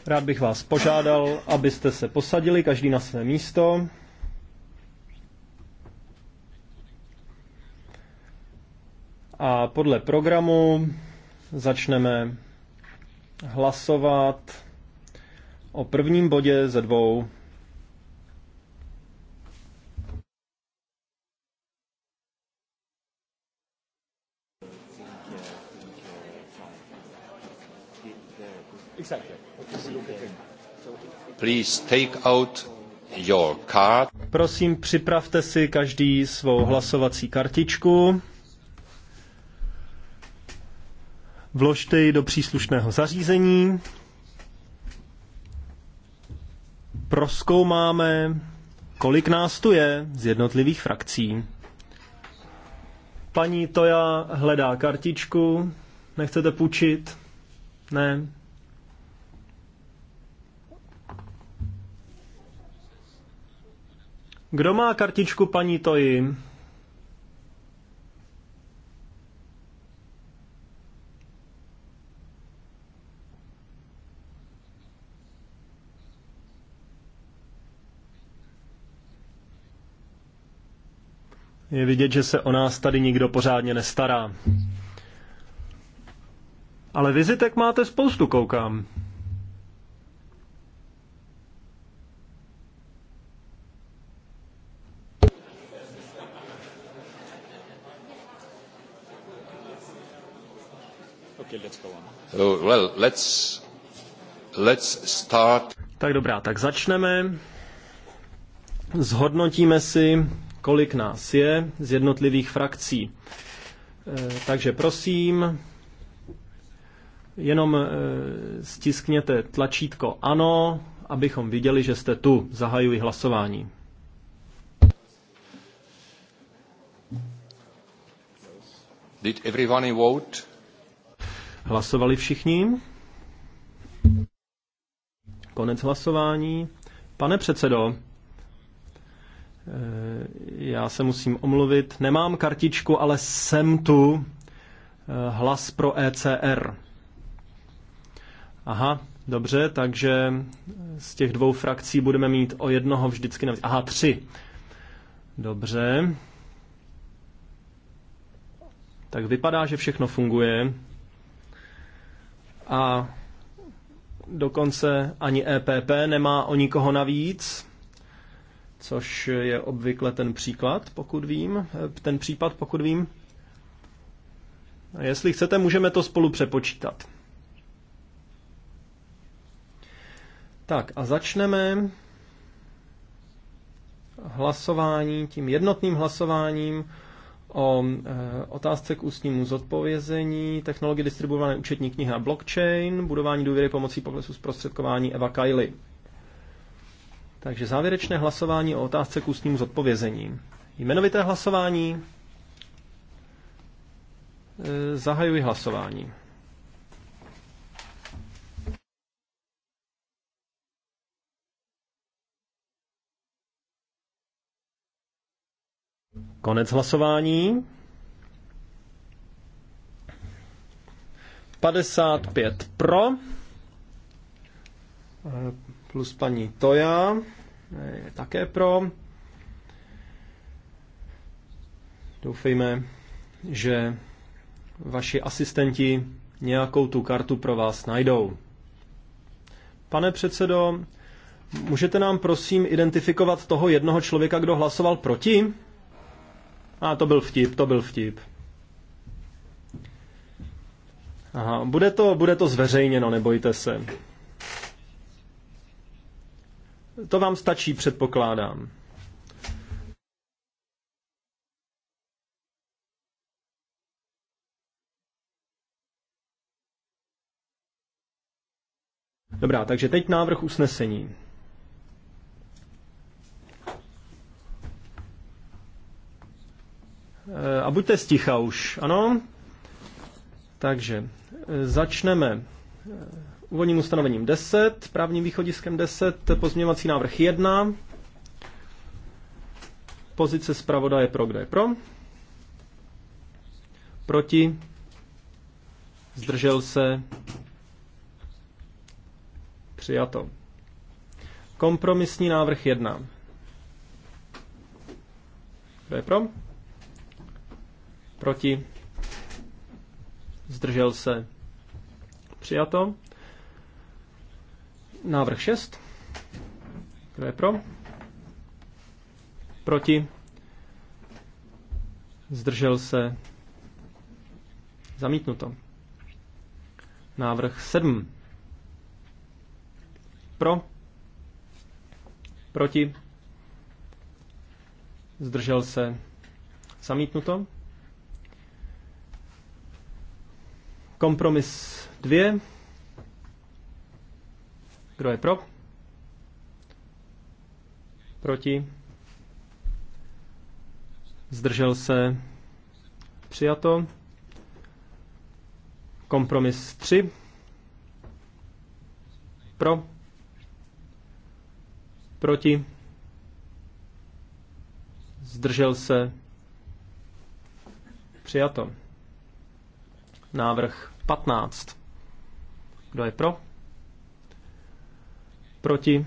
Rád bych vás požádal, abyste se posadili, každý na své místo. A podle programu začneme hlasovat o prvním bodě ze dvou Please take out your card. Prosím, připravte si každý svou hlasovací kartičku. Vložte ji do příslušného zařízení. Proskoumáme, kolik nás tu je z jednotlivých frakcí. Paní Toja hledá kartičku. Nechcete půjčit? Ne. Kdo má kartičku paní Toji? Je vidět, že se o nás tady nikdo pořádně nestará. Ale vizitek máte spoustu, koukám. Uh, tak dobrá, tak začneme. Zhodnotíme si, kolik nás je z jednotlivých frakcí. Eh, takže prosím, jenom eh, stiskněte tlačítko ano, abychom viděli, že jste tu. Zahajuji hlasování. Did everyone vote? Hlasovali všichni? Konec hlasování. Pane předsedo, eh, já se musím omluvit. Nemám kartičku, ale jsem tu. Eh, hlas pro ECR. Aha, dobře, takže z těch dvou frakcí budeme mít o jednoho vždycky navíc. Aha, tři. Dobře. Tak vypadá, že všechno funguje. A dokonce ani EPP nemá o nikoho navíc, což je obvykle ten příklad, pokud vím, ten případ, pokud vím. A jestli chcete, můžeme to spolu přepočítat. Tak a začneme hlasování, tím jednotným hlasováním o eh, otázce k ústnímu zodpovězení, technologie distribuované účetní knihy a blockchain, budování důvěry pomocí poklesu zprostředkování Eva Kaili. Takže závěrečné hlasování o otázce k ústnímu zodpovězení. Jmenovité hlasování. Eh, zahajuji hlasování. Konec hlasování. 55 pro. Eh, plus paní Toja je také pro. Doufejme, že vaši asistenti nějakou tu kartu pro vás najdou. Pane předsedo, můžete nám prosím identifikovat toho jednoho člověka, kdo hlasoval proti? A to byl vtip, to byl vtip. Aha, bude to, bude to zveřejněno, nebojte se. To vám stačí, předpokládám. Dobrá, takže teď návrh usnesení. Eh, a buďte sticha už, ano? Takže eh, začneme eh, úvodním ustanovením 10, právním východiskem 10, pozměňovací návrh 1, pozice zpravodaje pro, kdo je pro, proti, zdržel se, přijato. Kompromisní návrh 1. Kdo je pro? Proti? Zdržel se? Přijato. Návrh 6. Kdo je pro? Proti? Zdržel se? Zamítnuto. Návrh 7. Pro? Proti? Zdržel se? Zamítnuto. Kompromis 2. Kdo je pro? Proti? Zdržel se? Přijato. Kompromis 3. Pro? Proti? Zdržel se? Přijato. Návrh 15. Kdo je pro? Proti?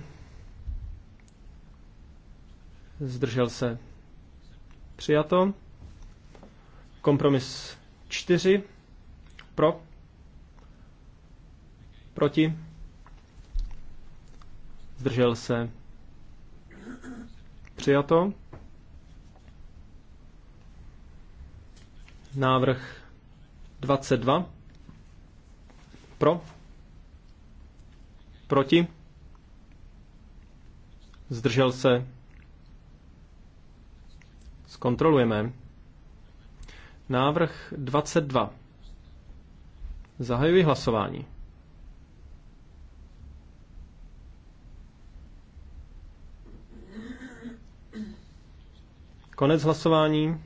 Zdržel se? Přijato. Kompromis 4. Pro? Proti? Zdržel se? Přijato. Návrh 22. Pro? Proti? Zdržel se? Zkontrolujeme. Návrh 22. Zahajuji hlasování. Konec hlasování.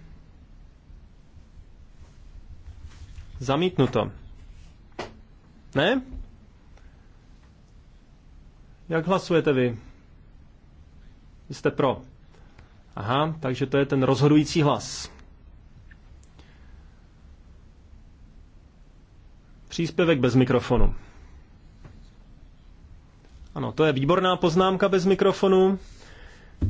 Zamítnuto. Ne? Jak hlasujete vy? jste pro. Aha, takže to je ten rozhodující hlas. Příspěvek bez mikrofonu. Ano, to je výborná poznámka bez mikrofonu.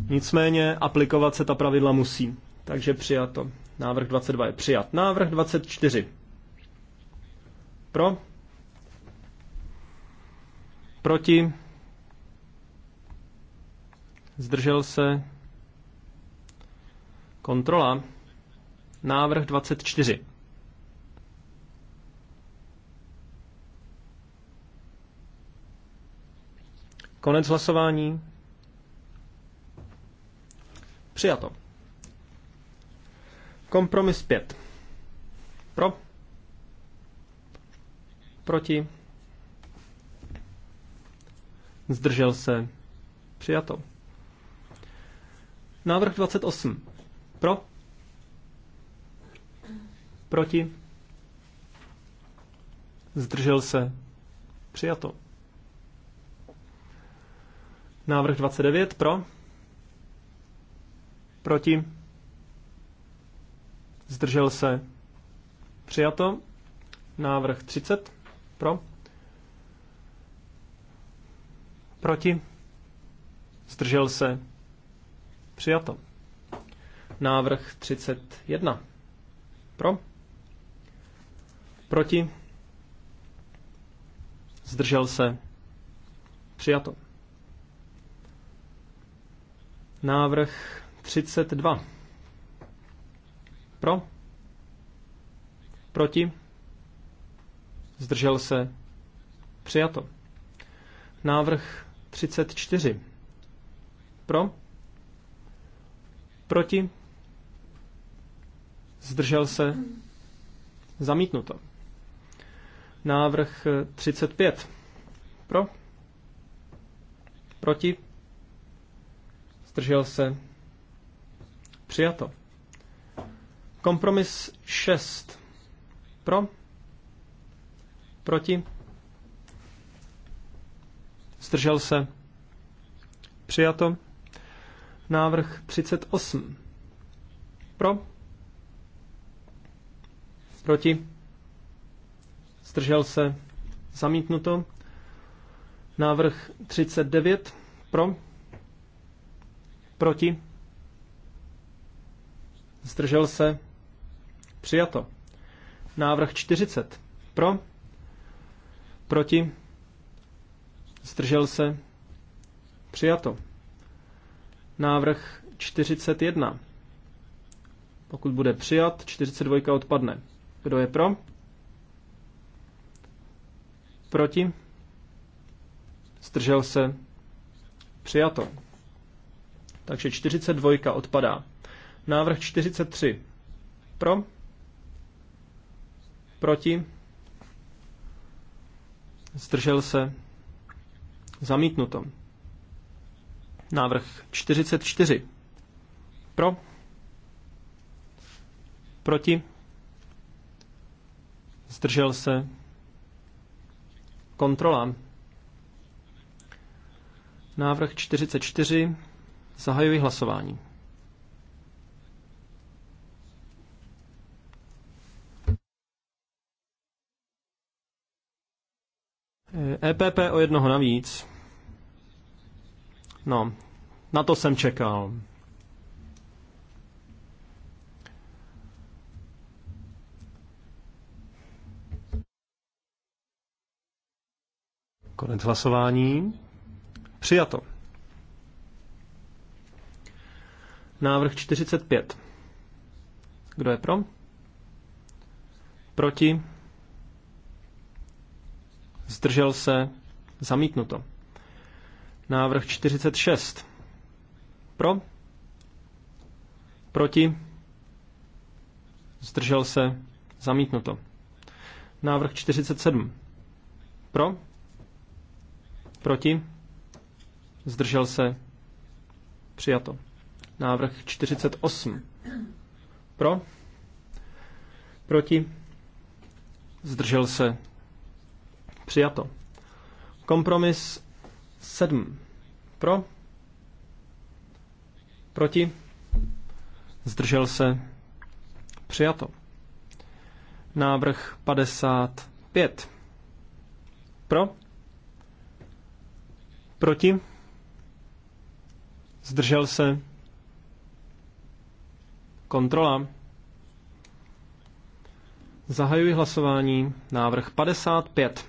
Nicméně aplikovat se ta pravidla musí. Takže přijato. Návrh 22 je přijat. Návrh 24. Pro? Proti? Zdržel se? Kontrola. Návrh 24. Konec hlasování. Přijato. Kompromis 5. Pro. Proti? Zdržel se? Přijato. Návrh 28. Pro? Proti? Zdržel se? Přijato. Návrh 29. Pro? Proti? Zdržel se? Přijato. Návrh 30. Pro? Proti? Zdržel se? Přijato. Návrh 31. Pro? Proti? Zdržel se? Přijato. Návrh 32. Pro? Proti? Zdržel se? Přijato. Návrh 34. Pro? Proti? Zdržel se? Zamítnuto. Návrh 35. Pro? Proti? Zdržel se? Přijato. Kompromis 6. Pro? Proti? Zdržel se? Přijato. Návrh 38. Pro? Proti? Zdržel se? Zamítnuto. Návrh 39. Pro? Proti? Zdržel se? Přijato. Návrh 40. Pro? Proti? Zdržel se? Přijato. Návrh 41. Pokud bude přijat, 42 odpadne. Kdo je pro? Proti? Zdržel se? Přijato. Takže 42 odpadá. Návrh 43. Pro? Proti? Zdržel se? Zamítnuto. Návrh 44. Pro? Proti? Zdržel se? Kontrola. Návrh 44. Zahajuji hlasování. EPP o jednoho navíc. No, na to jsem čekal. Konec hlasování. Přijato. Návrh 45. Kdo je pro? Proti? zdržel se, zamítnuto. Návrh 46. Pro? Proti? Zdržel se? Zamítnuto. Návrh 47. Pro? Proti? Zdržel se? Přijato. Návrh 48. Pro? Proti? Zdržel se? Přijato. Kompromis 7. Pro? Proti? Zdržel se? Přijato. Návrh 55. Pro? Proti? Zdržel se? Kontrola. Zahajuji hlasování. Návrh 55.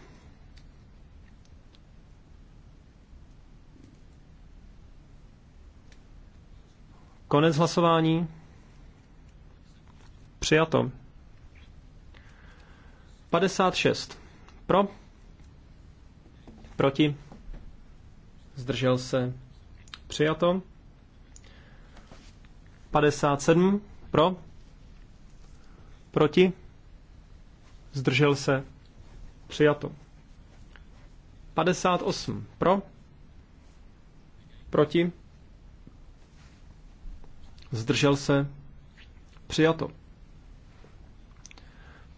Konec hlasování. Přijato. 56. Pro. Proti. Zdržel se. Přijato. 57. Pro. Proti. Zdržel se. Přijato. 58. Pro. Proti. Zdržel se? Přijato.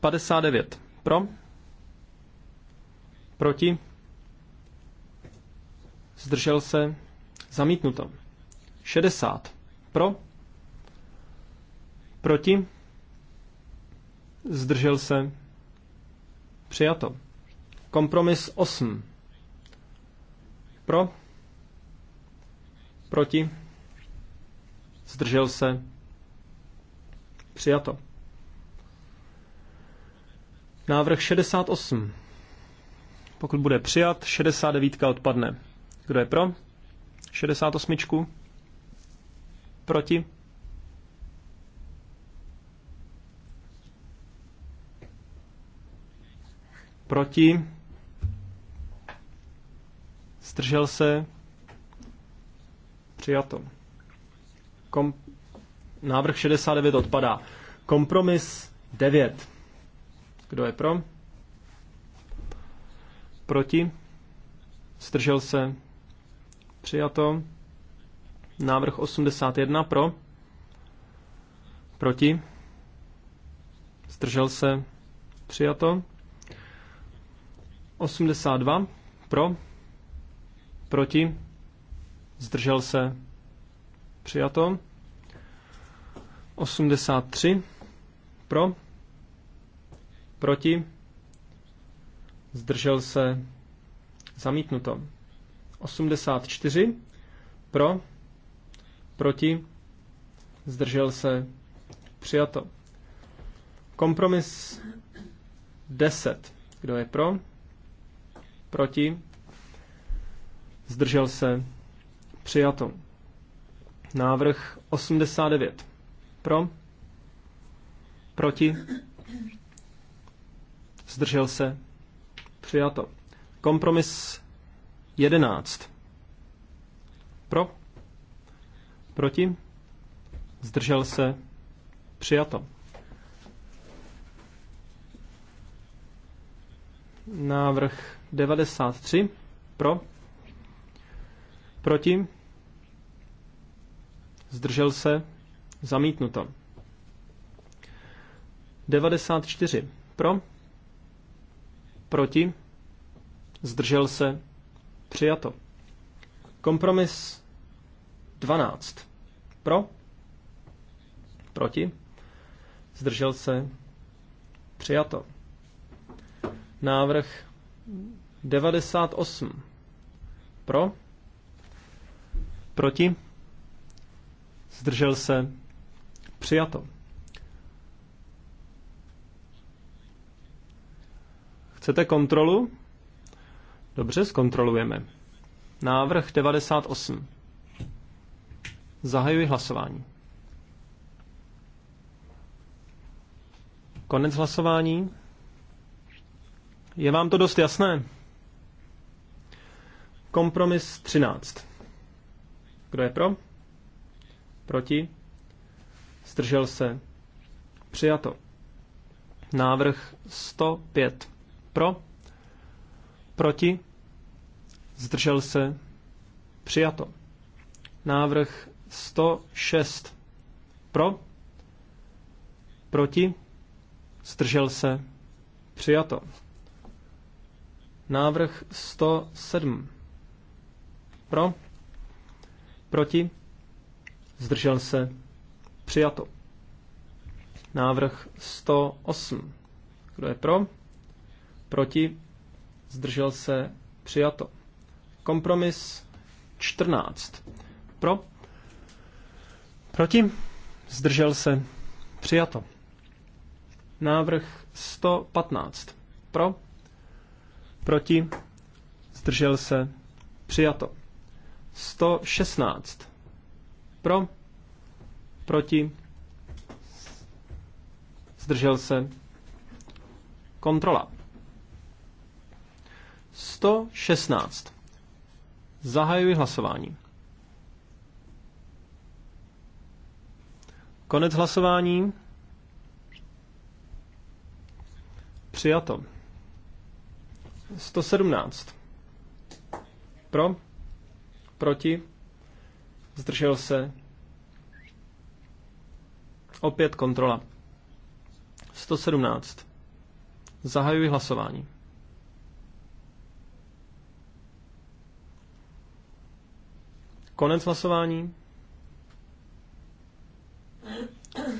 59. Pro? Proti? Zdržel se? Zamítnuto. 60. Pro? Proti? Zdržel se? Přijato. Kompromis 8. Pro? Proti? zdržel se, přijato. Návrh 68. Pokud bude přijat, 69 odpadne. Kdo je pro? 68. Proti? Proti? Zdržel se? Přijato. Kom... Návrh 69 odpadá. Kompromis 9. Kdo je pro? Proti? Stržel se? Přijato. Návrh 81 pro? Proti? Stržel se? Přijato. 82 pro? Proti? Zdržel se? Přijato. 83. Pro. Proti. Zdržel se. Zamítnuto. 84. Pro. Proti. Zdržel se. Přijato. Kompromis 10. Kdo je pro? Proti? Zdržel se? Přijato. Návrh 89. Pro? Proti? Zdržel se? Přijato. Kompromis 11. Pro? Proti? Zdržel se? Přijato. Návrh 93. Pro? Proti? zdržel se, zamítnuto. 94 pro, proti, zdržel se, přijato. Kompromis 12 pro, proti, zdržel se, přijato. Návrh 98 pro, proti, Zdržel se? Přijato. Chcete kontrolu? Dobře, zkontrolujeme. Návrh 98. Zahajuji hlasování. Konec hlasování. Je vám to dost jasné? Kompromis 13. Kdo je pro? Proti? Zdržel se. Přijato. Návrh 105. Pro? Proti? Zdržel se. Přijato. Návrh 106. Pro? Proti? Zdržel se. Přijato. Návrh 107. Pro? Proti? zdržel se, přijato. Návrh 108. Kdo je pro? Proti? Zdržel se? Přijato. Kompromis 14. Pro? Proti? Zdržel se? Přijato. Návrh 115. Pro? Proti? Zdržel se? Přijato. 116. Pro? Proti? Zdržel se? Kontrola. 116. Zahajuji hlasování. Konec hlasování. Přijato. 117. Pro? Proti? zdržel se, opět kontrola. 117. Zahajuji hlasování. Konec hlasování.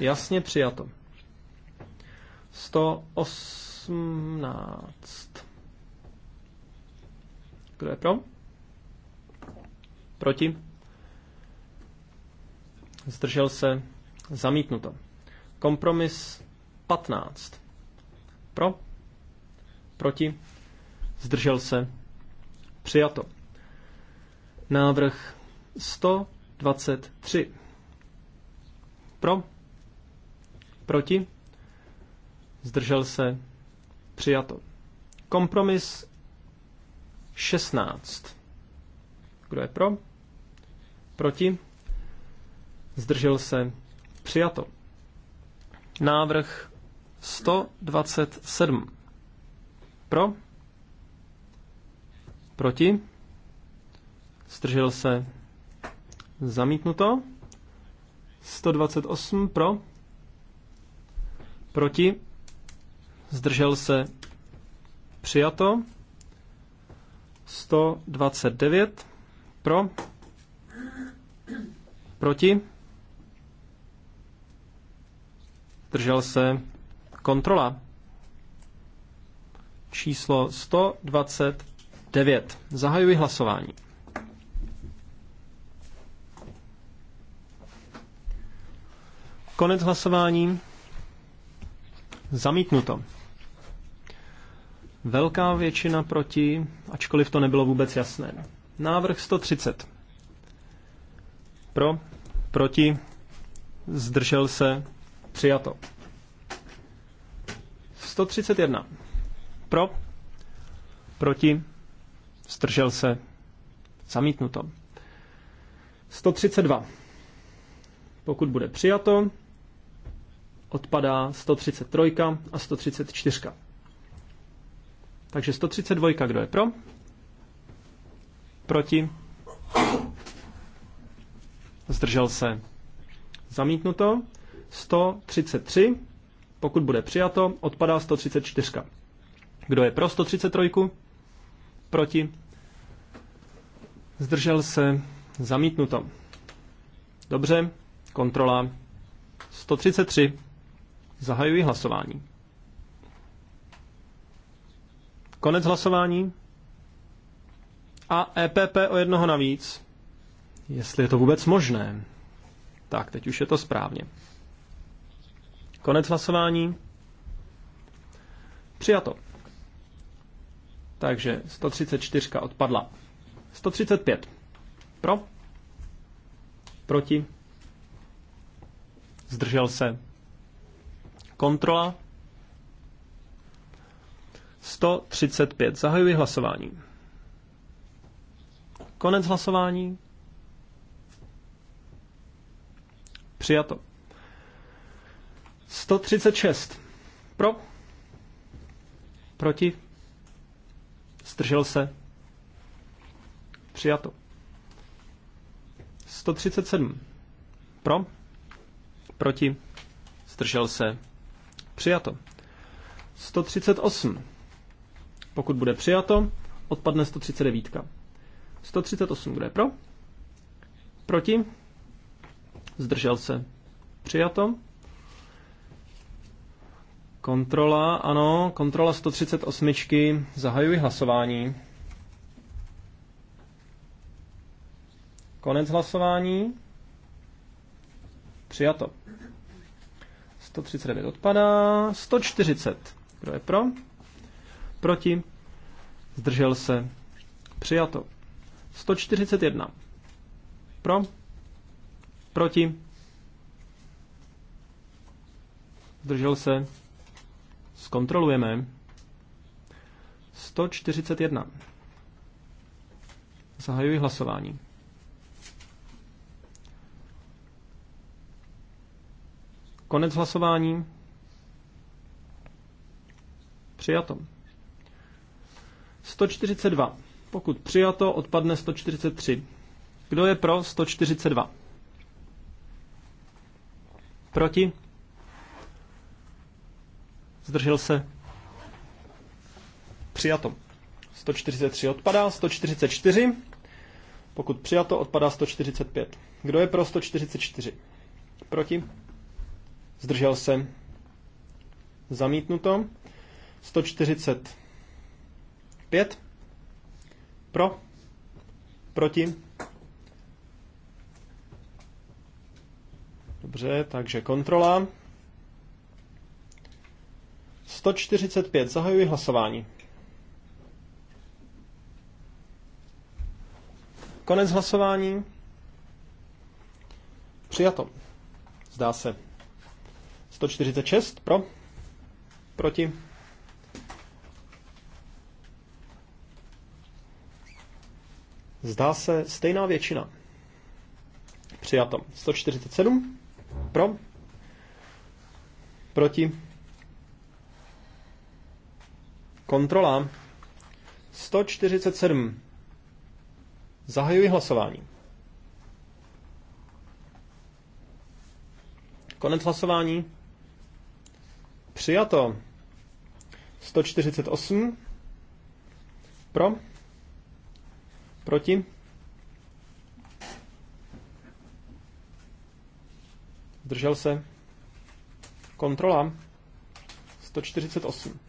Jasně přijato. 118. Kdo je pro? Proti? zdržel se, zamítnuto. Kompromis 15. Pro, proti, zdržel se, přijato. Návrh 123. Pro, proti, zdržel se, přijato. Kompromis 16. Kdo je pro? Proti? zdržel se, přijato. Návrh 127. Pro? Proti? Zdržel se, zamítnuto. 128 pro? Proti? Zdržel se, přijato. 129 pro? Proti? zdržel se, kontrola. Číslo 129. Zahajuji hlasování. Konec hlasování. Zamítnuto. Velká většina proti, ačkoliv to nebylo vůbec jasné. Návrh 130. Pro, proti, zdržel se, Přijato. 131. Pro. Proti. Stržel se. Zamítnuto. 132. Pokud bude přijato, odpadá 133 a 134. Takže 132, kdo je pro? Proti? Zdržel se. Zamítnuto. 133, pokud bude přijato, odpadá 134. Kdo je pro 133? Proti? Zdržel se? Zamítnuto. Dobře, kontrola. 133. Zahajuji hlasování. Konec hlasování. A EPP o jednoho navíc. Jestli je to vůbec možné. Tak, teď už je to správně. Konec hlasování. Přijato. Takže 134 odpadla. 135. Pro? Proti? Zdržel se. Kontrola. 135. Zahajuji hlasování. Konec hlasování. Přijato. 136. Pro. Proti. Zdržel se. Přijato. 137. Pro. Proti. Zdržel se. Přijato. 138. Pokud bude přijato, odpadne 139. 138, kdo je pro? Proti? Zdržel se. Přijato. Kontrola, ano, kontrola 138. Zahajuji hlasování. Konec hlasování. Přijato. 139 odpadá. 140. Kdo je pro? Proti. Zdržel se. Přijato. 141. Pro. Proti. Zdržel se. Zkontrolujeme. 141. Zahajuji hlasování. Konec hlasování. Přijato. 142. Pokud přijato, odpadne 143. Kdo je pro 142? Proti? zdržel se, přijato. 143 odpadá, 144, pokud přijato, odpadá 145. Kdo je pro 144? Proti? Zdržel se. Zamítnuto. 145. Pro. Proti. Dobře, takže kontrola. 145. Zahajuji hlasování. Konec hlasování. Přijato. Zdá se. 146 pro. Proti. Zdá se stejná většina. Přijato. 147 pro. Proti. Kontrola 147. Zahajuji hlasování. Konec hlasování. Přijato. 148. Pro. Proti. Držel se. Kontrola. 148.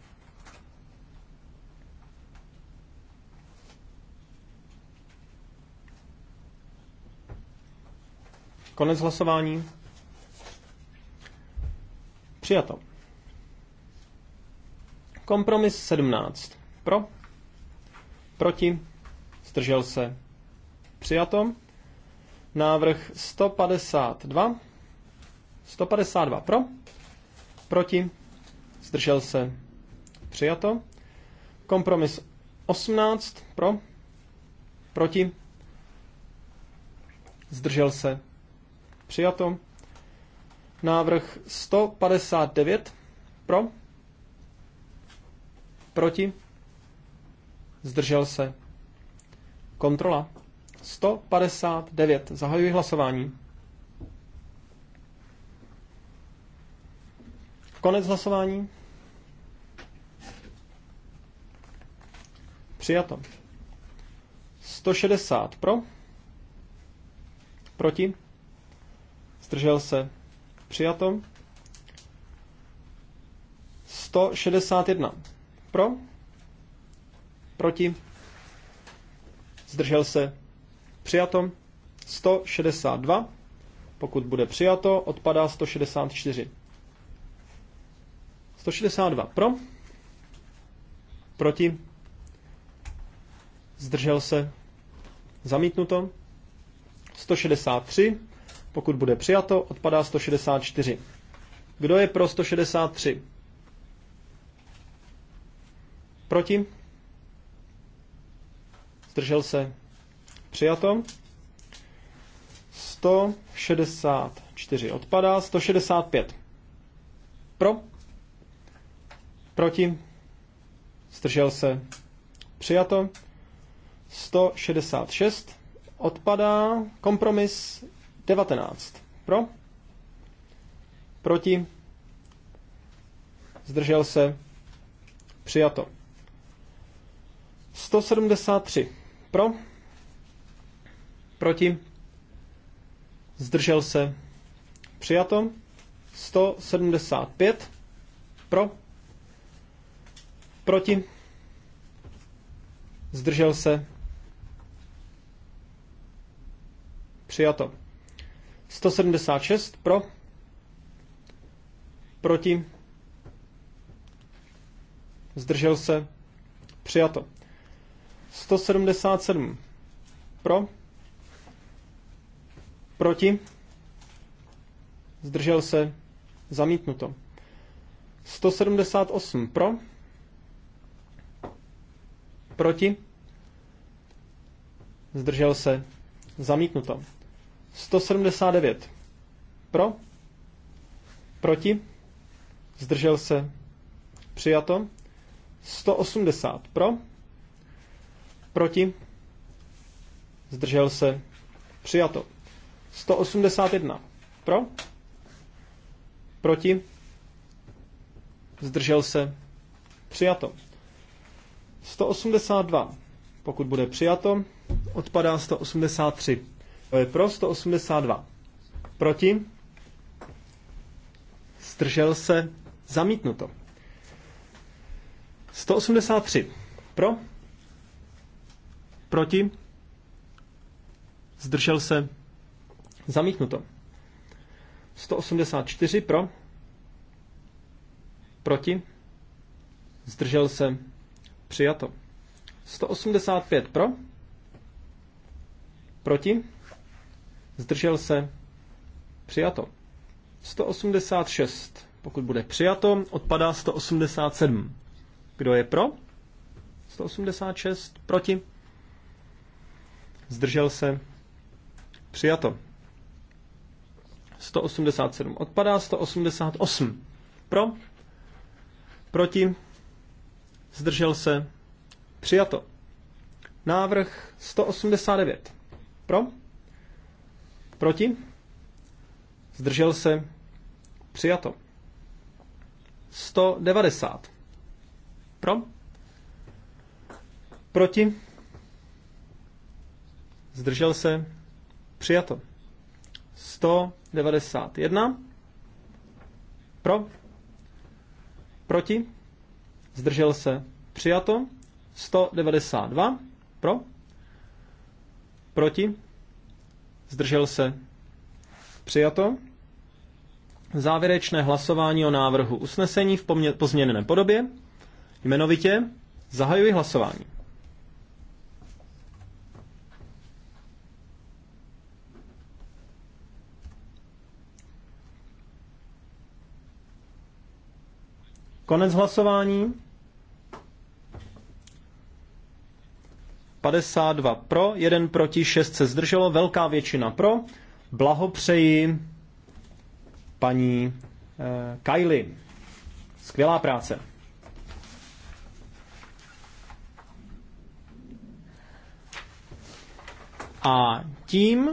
Konec hlasování. Přijato. Kompromis 17. Pro. Proti. Zdržel se. Přijato. Návrh 152. 152 pro. Proti. Zdržel se. Přijato. Kompromis 18 pro. Proti. Zdržel se. Přijato. Návrh 159 pro. Proti. Zdržel se. Kontrola. 159. Zahajuji hlasování. Konec hlasování. Přijato. 160 pro. Proti. Zdržel se? Přijato. 161. Pro? Proti? Zdržel se? Přijato. 162. Pokud bude přijato, odpadá 164. 162 pro, proti, zdržel se, zamítnuto. 163 pokud bude přijato, odpadá 164. Kdo je pro 163? Proti? Zdržel se? Přijato. 164 odpadá. 165. Pro? Proti? Zdržel se? Přijato. 166 odpadá. Kompromis 19. Pro? Proti? Zdržel se? Přijato. 173. Pro? Proti? Zdržel se? Přijato. 175. Pro? Proti? Zdržel se? Přijato. 176 pro, proti, zdržel se, přijato. 177 pro, proti, zdržel se, zamítnuto. 178 pro, proti, zdržel se, zamítnuto. 179. Pro? Proti? Zdržel se? Přijato? 180. Pro? Proti? Zdržel se? Přijato. 181. Pro? Proti? Zdržel se? Přijato. 182. Pokud bude přijato, odpadá 183. To je pro 182. Proti? Zdržel se? Zamítnuto. 183. Pro? Proti? Zdržel se? Zamítnuto. 184 pro? Proti? Zdržel se? Přijato. 185 pro? Proti? Zdržel se? Přijato. 186. Pokud bude přijato, odpadá 187. Kdo je pro? 186. Proti? Zdržel se? Přijato. 187 odpadá, 188 pro, proti, zdržel se, přijato. Návrh 189 pro, Proti? Zdržel se? Přijato. 190. Pro? Proti? Zdržel se? Přijato. 191. Pro? Proti? Zdržel se? Přijato. 192. Pro? Proti? Zdržel se? Přijato. Závěrečné hlasování o návrhu usnesení v pozměněné podobě. Jmenovitě zahajuji hlasování. Konec hlasování. 52 pro, 1 proti, 6 se zdrželo, velká většina pro. Blahopřeji paní eh, Kylie. Skvělá práce. A tím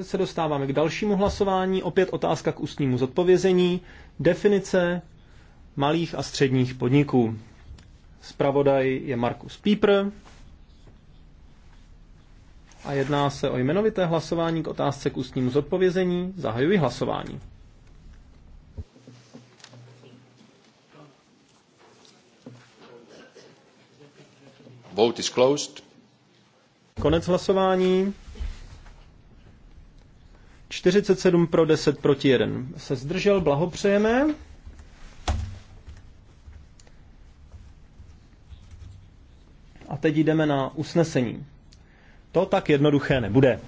eh, se dostáváme k dalšímu hlasování. Opět otázka k ústnímu zodpovězení. Definice malých a středních podniků. Spravodaj je Markus Pípr a jedná se o jmenovité hlasování k otázce k ústnímu zodpovězení. Zahajuji hlasování. Vote is closed. Konec hlasování. 47 pro 10 proti 1. Se zdržel, blahopřejeme. A teď jdeme na usnesení. To tak jednoduché nebude.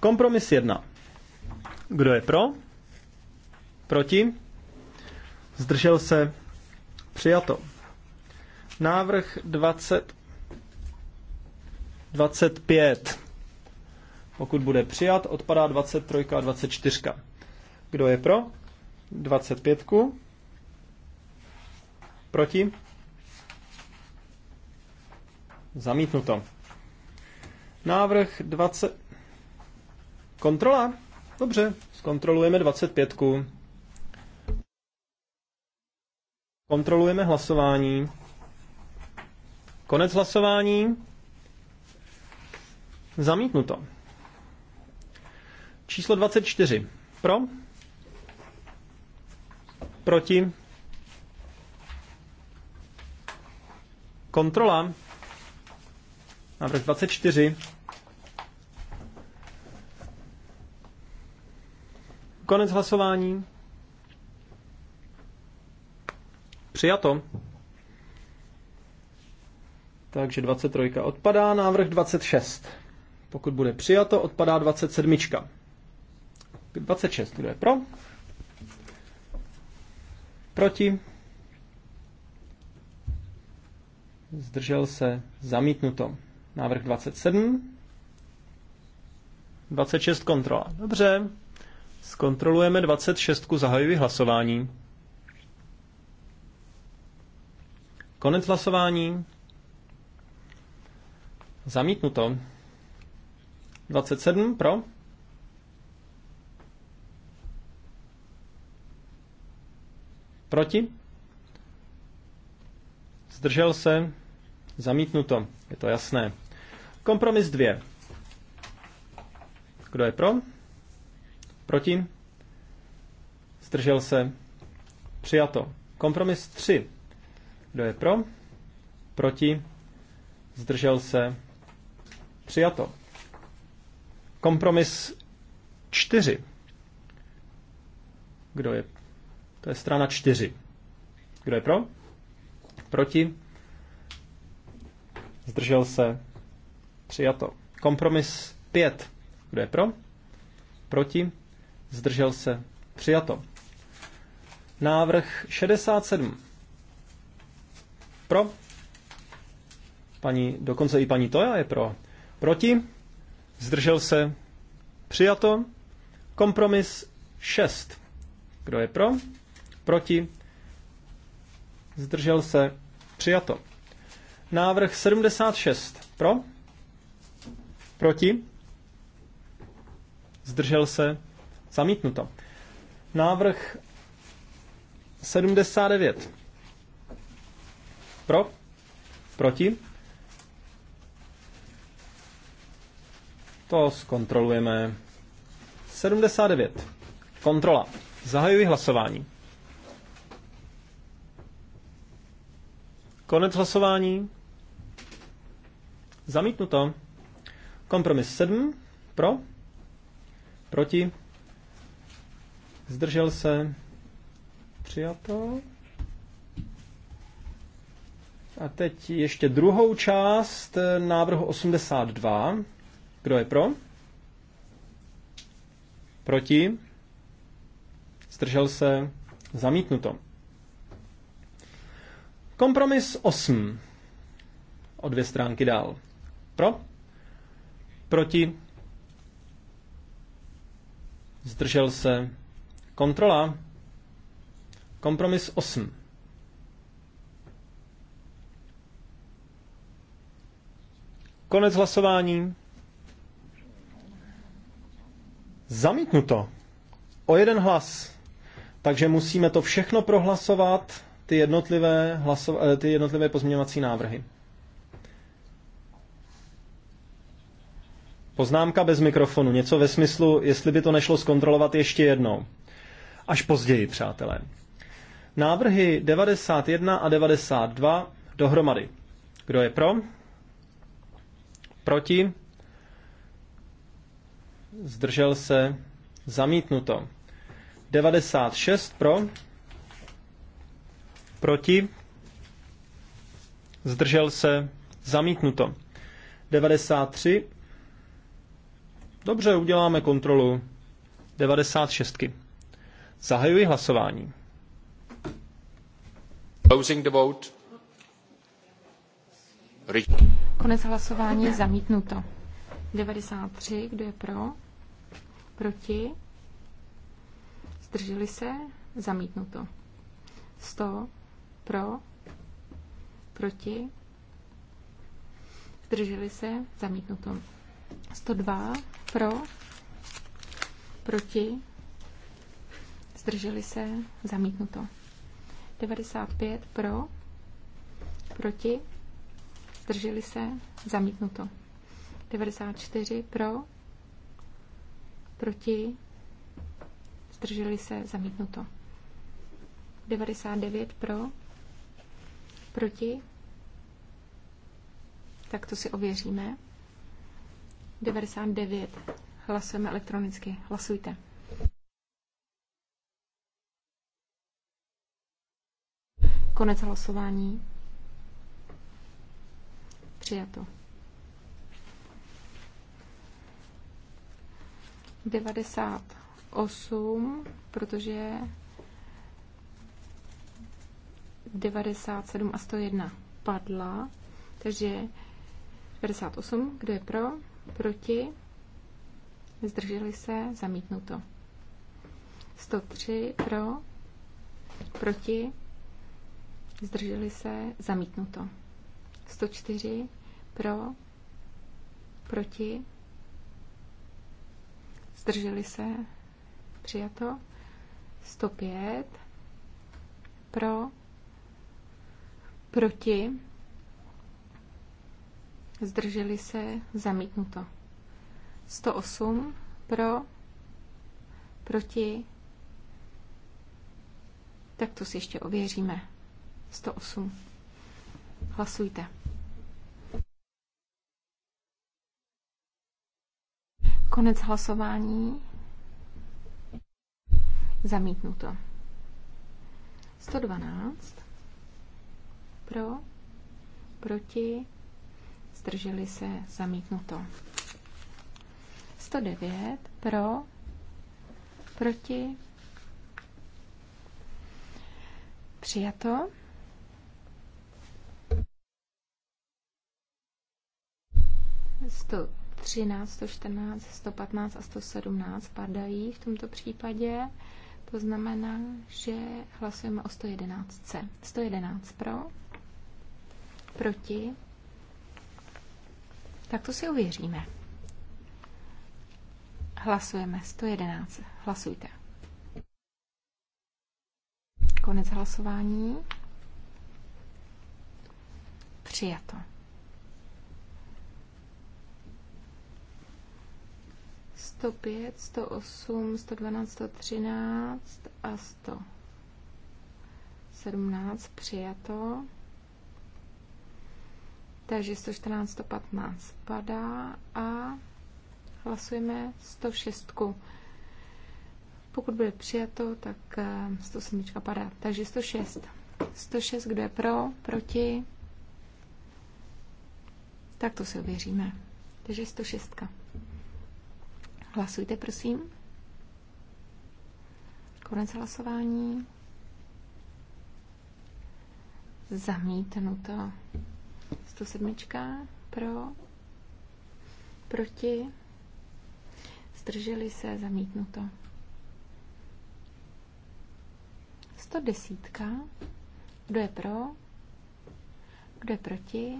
Kompromis 1. Kdo je pro? Proti? Zdržel se? Přijato. Návrh 20, 25. Pokud bude přijat, odpadá 23 a 24. Kdo je pro? 25. Proti? Zamítnuto. Návrh 20... Kontrola? Dobře, zkontrolujeme 25. Kontrolujeme hlasování. Konec hlasování. Zamítnuto. Číslo 24. Pro? Proti? Kontrola? Návrh 24. Konec hlasování. Přijato. Takže 23 odpadá, návrh 26. Pokud bude přijato, odpadá 27. 26, kdo je pro? Proti? Zdržel se, zamítnuto. Návrh 27. 26 kontrola. Dobře. Zkontrolujeme 26. Zahajuji hlasování. Konec hlasování. Zamítnuto. 27 pro. Proti? Zdržel se? Zamítnuto. Je to jasné. Kompromis 2. Kdo je pro? Proti? Zdržel se? Přijato. Kompromis 3. Kdo je pro? Proti? Zdržel se? Přijato. Kompromis 4. Kdo je? To je strana 4. Kdo je pro? Proti? Zdržel se? Přijato. Kompromis 5. Kdo je pro? Proti? Zdržel se? Přijato. Návrh 67. Pro? Paní, dokonce i paní Toja je pro. Proti? Zdržel se? Přijato. Kompromis 6. Kdo je pro? Proti? Zdržel se? Přijato. Návrh 76. Pro? Proti? Zdržel se? Zamítnuto. Návrh 79. Pro? Proti? To zkontrolujeme. 79. Kontrola. Zahajuji hlasování. Konec hlasování. Zamítnuto. Kompromis 7. Pro. Proti. Zdržel se. Přijato. A teď ještě druhou část eh, návrhu 82. Kdo je pro? Proti? Zdržel se? Zamítnuto. Kompromis 8. O dvě stránky dál. Pro? Proti? Zdržel se. Kontrola. Kompromis 8. Konec hlasování. Zamítnuto. O jeden hlas. Takže musíme to všechno prohlasovat, ty jednotlivé, hlasov- eh, ty jednotlivé pozměňovací návrhy. Poznámka bez mikrofonu, něco ve smyslu, jestli by to nešlo zkontrolovat ještě jednou. Až později, přátelé. Návrhy 91 a 92 dohromady. Kdo je pro? Proti? Zdržel se? Zamítnuto. 96 pro? Proti? Zdržel se? Zamítnuto. 93 Dobře, uděláme kontrolu 96. Zahajuji hlasování. Closing the vote. Konec hlasování zamítnuto. 93, kdo je pro? Proti? Zdrželi se? Zamítnuto. 100, pro? Proti? Zdrželi se? Zamítnuto. 102, pro, proti, zdrželi se, zamítnuto. 95 pro, proti, zdrželi se, zamítnuto. 94 pro, proti, zdrželi se, zamítnuto. 99 pro, proti, tak to si ověříme. 99. Hlasujeme elektronicky. Hlasujte. Konec hlasování. Přijato. 98, protože 97 a 101 padla, takže 98, kdo je pro? proti, zdrželi se, zamítnuto. 103 pro, proti, zdrželi se, zamítnuto. 104 pro, proti, zdrželi se, přijato. 105 pro, proti, zdrželi se, zamítnuto. 108 pro, proti, tak to si ještě ověříme. 108. Hlasujte. Konec hlasování. Zamítnuto. 112. Pro. Proti zdrželi se, zamítnuto. 109 pro, proti, přijato. Sto 13, 114, 115 a 117 padají v tomto případě. To znamená, že hlasujeme o 111. 111 pro, proti, tak to si uvěříme. Hlasujeme 111. Hlasujte. Konec hlasování. Přijato. Sto pět, sto osm, sto dvanáct, sto třináct a sto sedmnáct přijato. Takže 114, 115 padá a hlasujeme 106. Pokud bude přijato, tak 107 eh, padá. Takže 106. 106, kdo je pro, proti, tak to si ověříme. Takže 106. Hlasujte, prosím. Konec hlasování. Zamítnuto. 107 pro, proti, zdrželi se, zamítnuto. 110. Kdo je pro? Kdo je proti?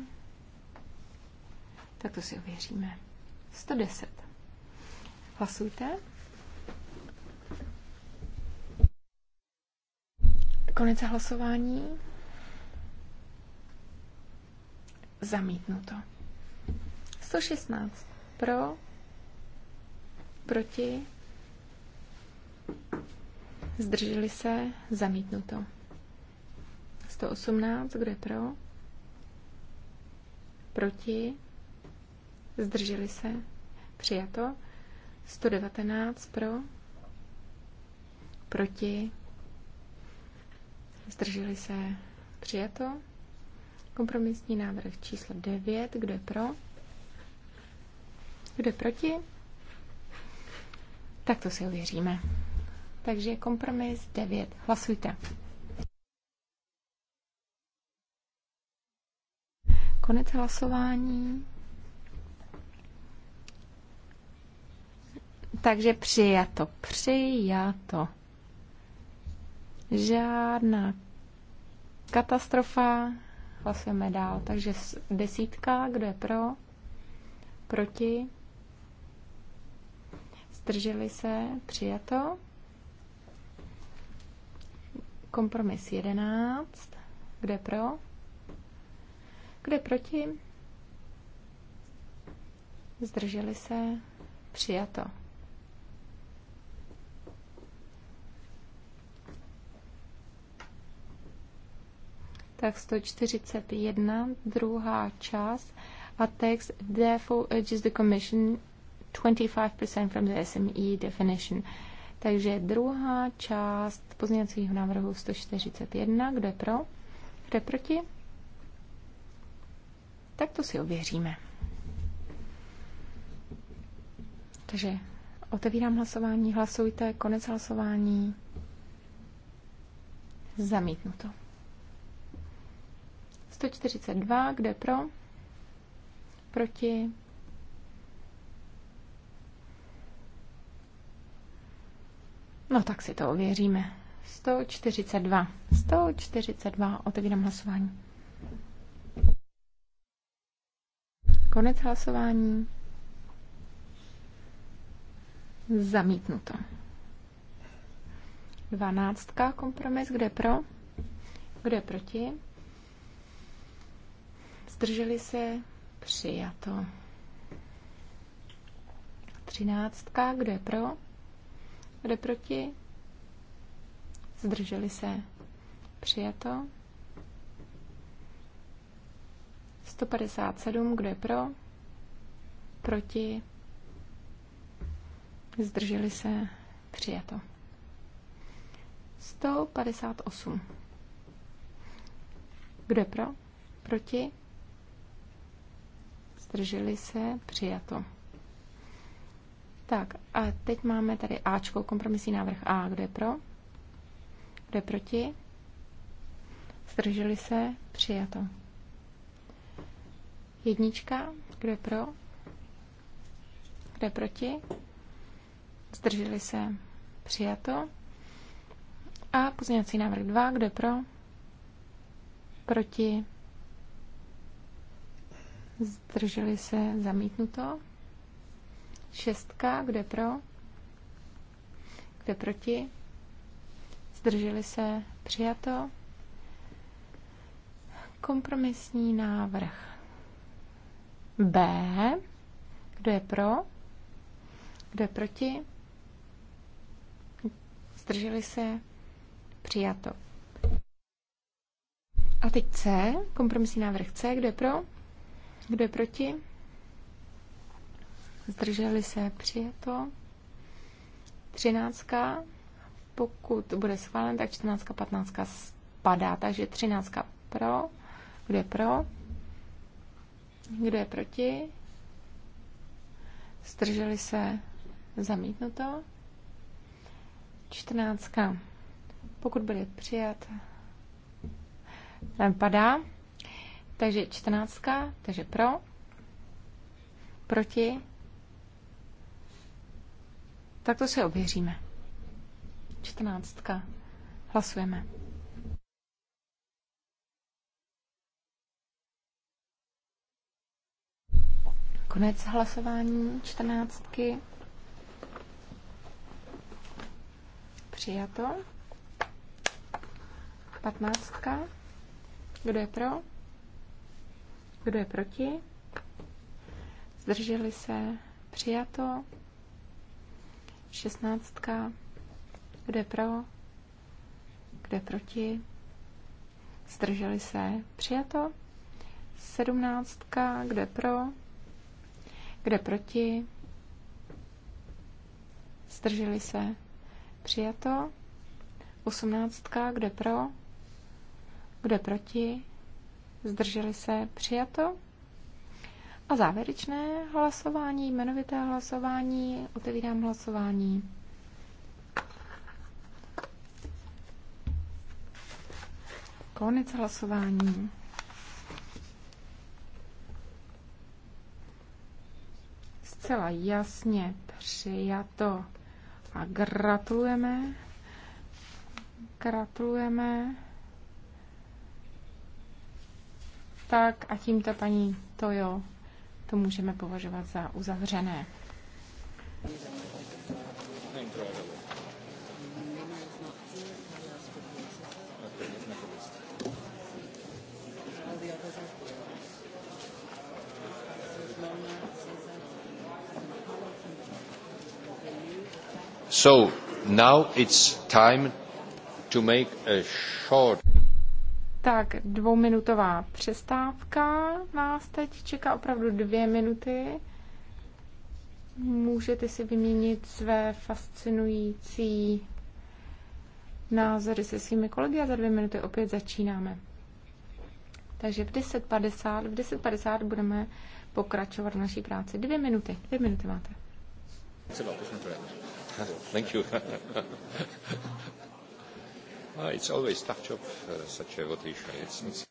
Tak to si ověříme. 110. Hlasujte. Konec hlasování. Zamítnuto. 116 pro, proti, zdrželi se, zamítnuto. 118, kdo je pro, proti, zdrželi se, přijato. 119 pro, proti, zdrželi se, přijato. Kompromisní návrh číslo 9. Kdo je pro? Kdo je proti? Tak to si uvěříme. Takže kompromis 9. Hlasujte. Konec hlasování. Takže přijato, přijato. Žádná katastrofa, hlasujeme dál. Takže desítka, kdo je pro, proti, zdrželi se, přijato. Kompromis 11, kdo je pro, kdo je proti, zdrželi se, přijato. tak 141, druhá část a text therefore urges the commission 25% from the SME definition. Takže druhá část pozměňovacího návrhu 141, kdo je pro, kdo je proti, tak to si ověříme. Takže otevírám hlasování, hlasujte, konec hlasování, zamítnuto. 142, kde pro? Proti? No tak si to ověříme. 142. 142. Otevírám hlasování. Konec hlasování. Zamítnuto. Dvanáctka kompromis, kde pro, kde proti. Zdrželi se? Přijato. Třináctka. Kdo je pro? Kdo je proti? Zdrželi se? Přijato. 157. Kdo je pro? Proti? Zdrželi se? Přijato. 158. Kdo je pro? Proti? zdrželi se, přijato. Tak a teď máme tady Ačko, kompromisní návrh A. Kdo je pro? Kdo je proti? Zdrželi se, přijato. Jednička, kdo je pro? Kdo je proti? Zdrželi se, přijato. A pozměňovací návrh 2, kdo je pro? Proti? zdrželi se, zamítnuto. Šestka, kde pro, kde proti, zdrželi se, přijato. Kompromisní návrh B, kdo je pro, kdo je proti, zdrželi se, přijato. A teď C, kompromisní návrh C, kdo je pro, kdo je proti? Zdrželi se přijeto. Třináctka, pokud bude schválen, tak čtrnáctka, patnáctka spadá. Takže třináctka pro. Kdo je pro? Kdo je proti? Zdrželi se zamítnuto. Čtrnáctka, pokud bude přijat, padá. Takže čtrnáctka, takže pro, proti, tak to si ověříme. Čtrnáctka. Hlasujeme. Konec hlasování čtrnáctky. Přijato. Patnáctka. Kdo je pro? Kdo je proti? Zdrželi se? Přijato. Šestnáctka. Kdo je pro? Kdo je proti? Zdrželi se? Přijato. Sedmnáctka. Kdo je pro? Kdo je proti? Zdrželi se? Přijato. Osmnáctka. Kdo je pro? Kdo je proti? zdrželi se, přijato. A závěrečné hlasování, jmenovité hlasování, otevírám hlasování. Konec hlasování. Zcela jasně přijato. A gratulujeme. Gratulujeme. tak a tímto paní Tojo to můžeme považovat za uzavřené. So now it's time to make a short tak, dvouminutová přestávka nás teď čeká opravdu dvě minuty. Můžete si vyměnit své fascinující názory se svými kolegy a za dvě minuty opět začínáme. Takže v 10.50, v 10.50 budeme pokračovat v naší práci. Dvě minuty, dvě minuty máte. Thank you. Uh, it's always tough job, uh, such a rotation. It's, it's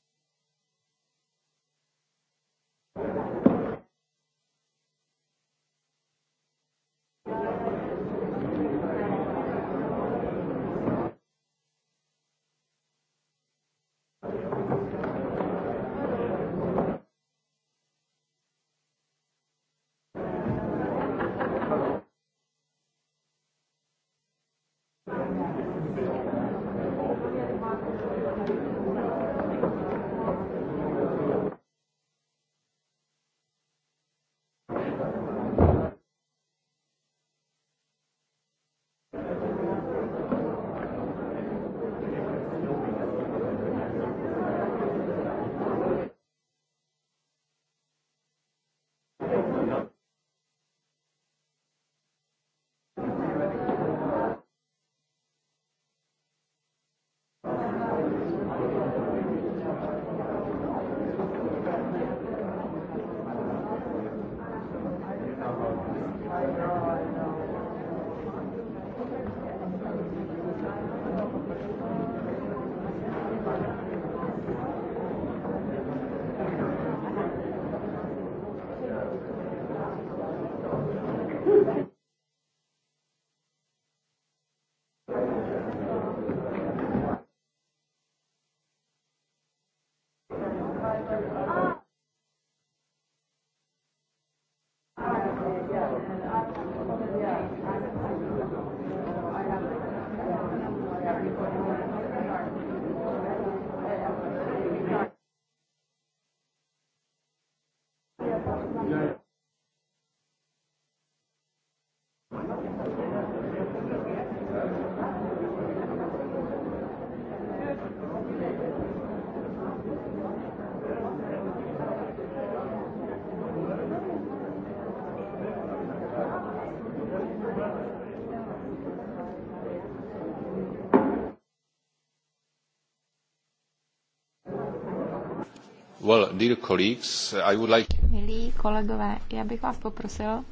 Well, dear colleagues, I would like... Milí kolegové, já bych vás poprosil,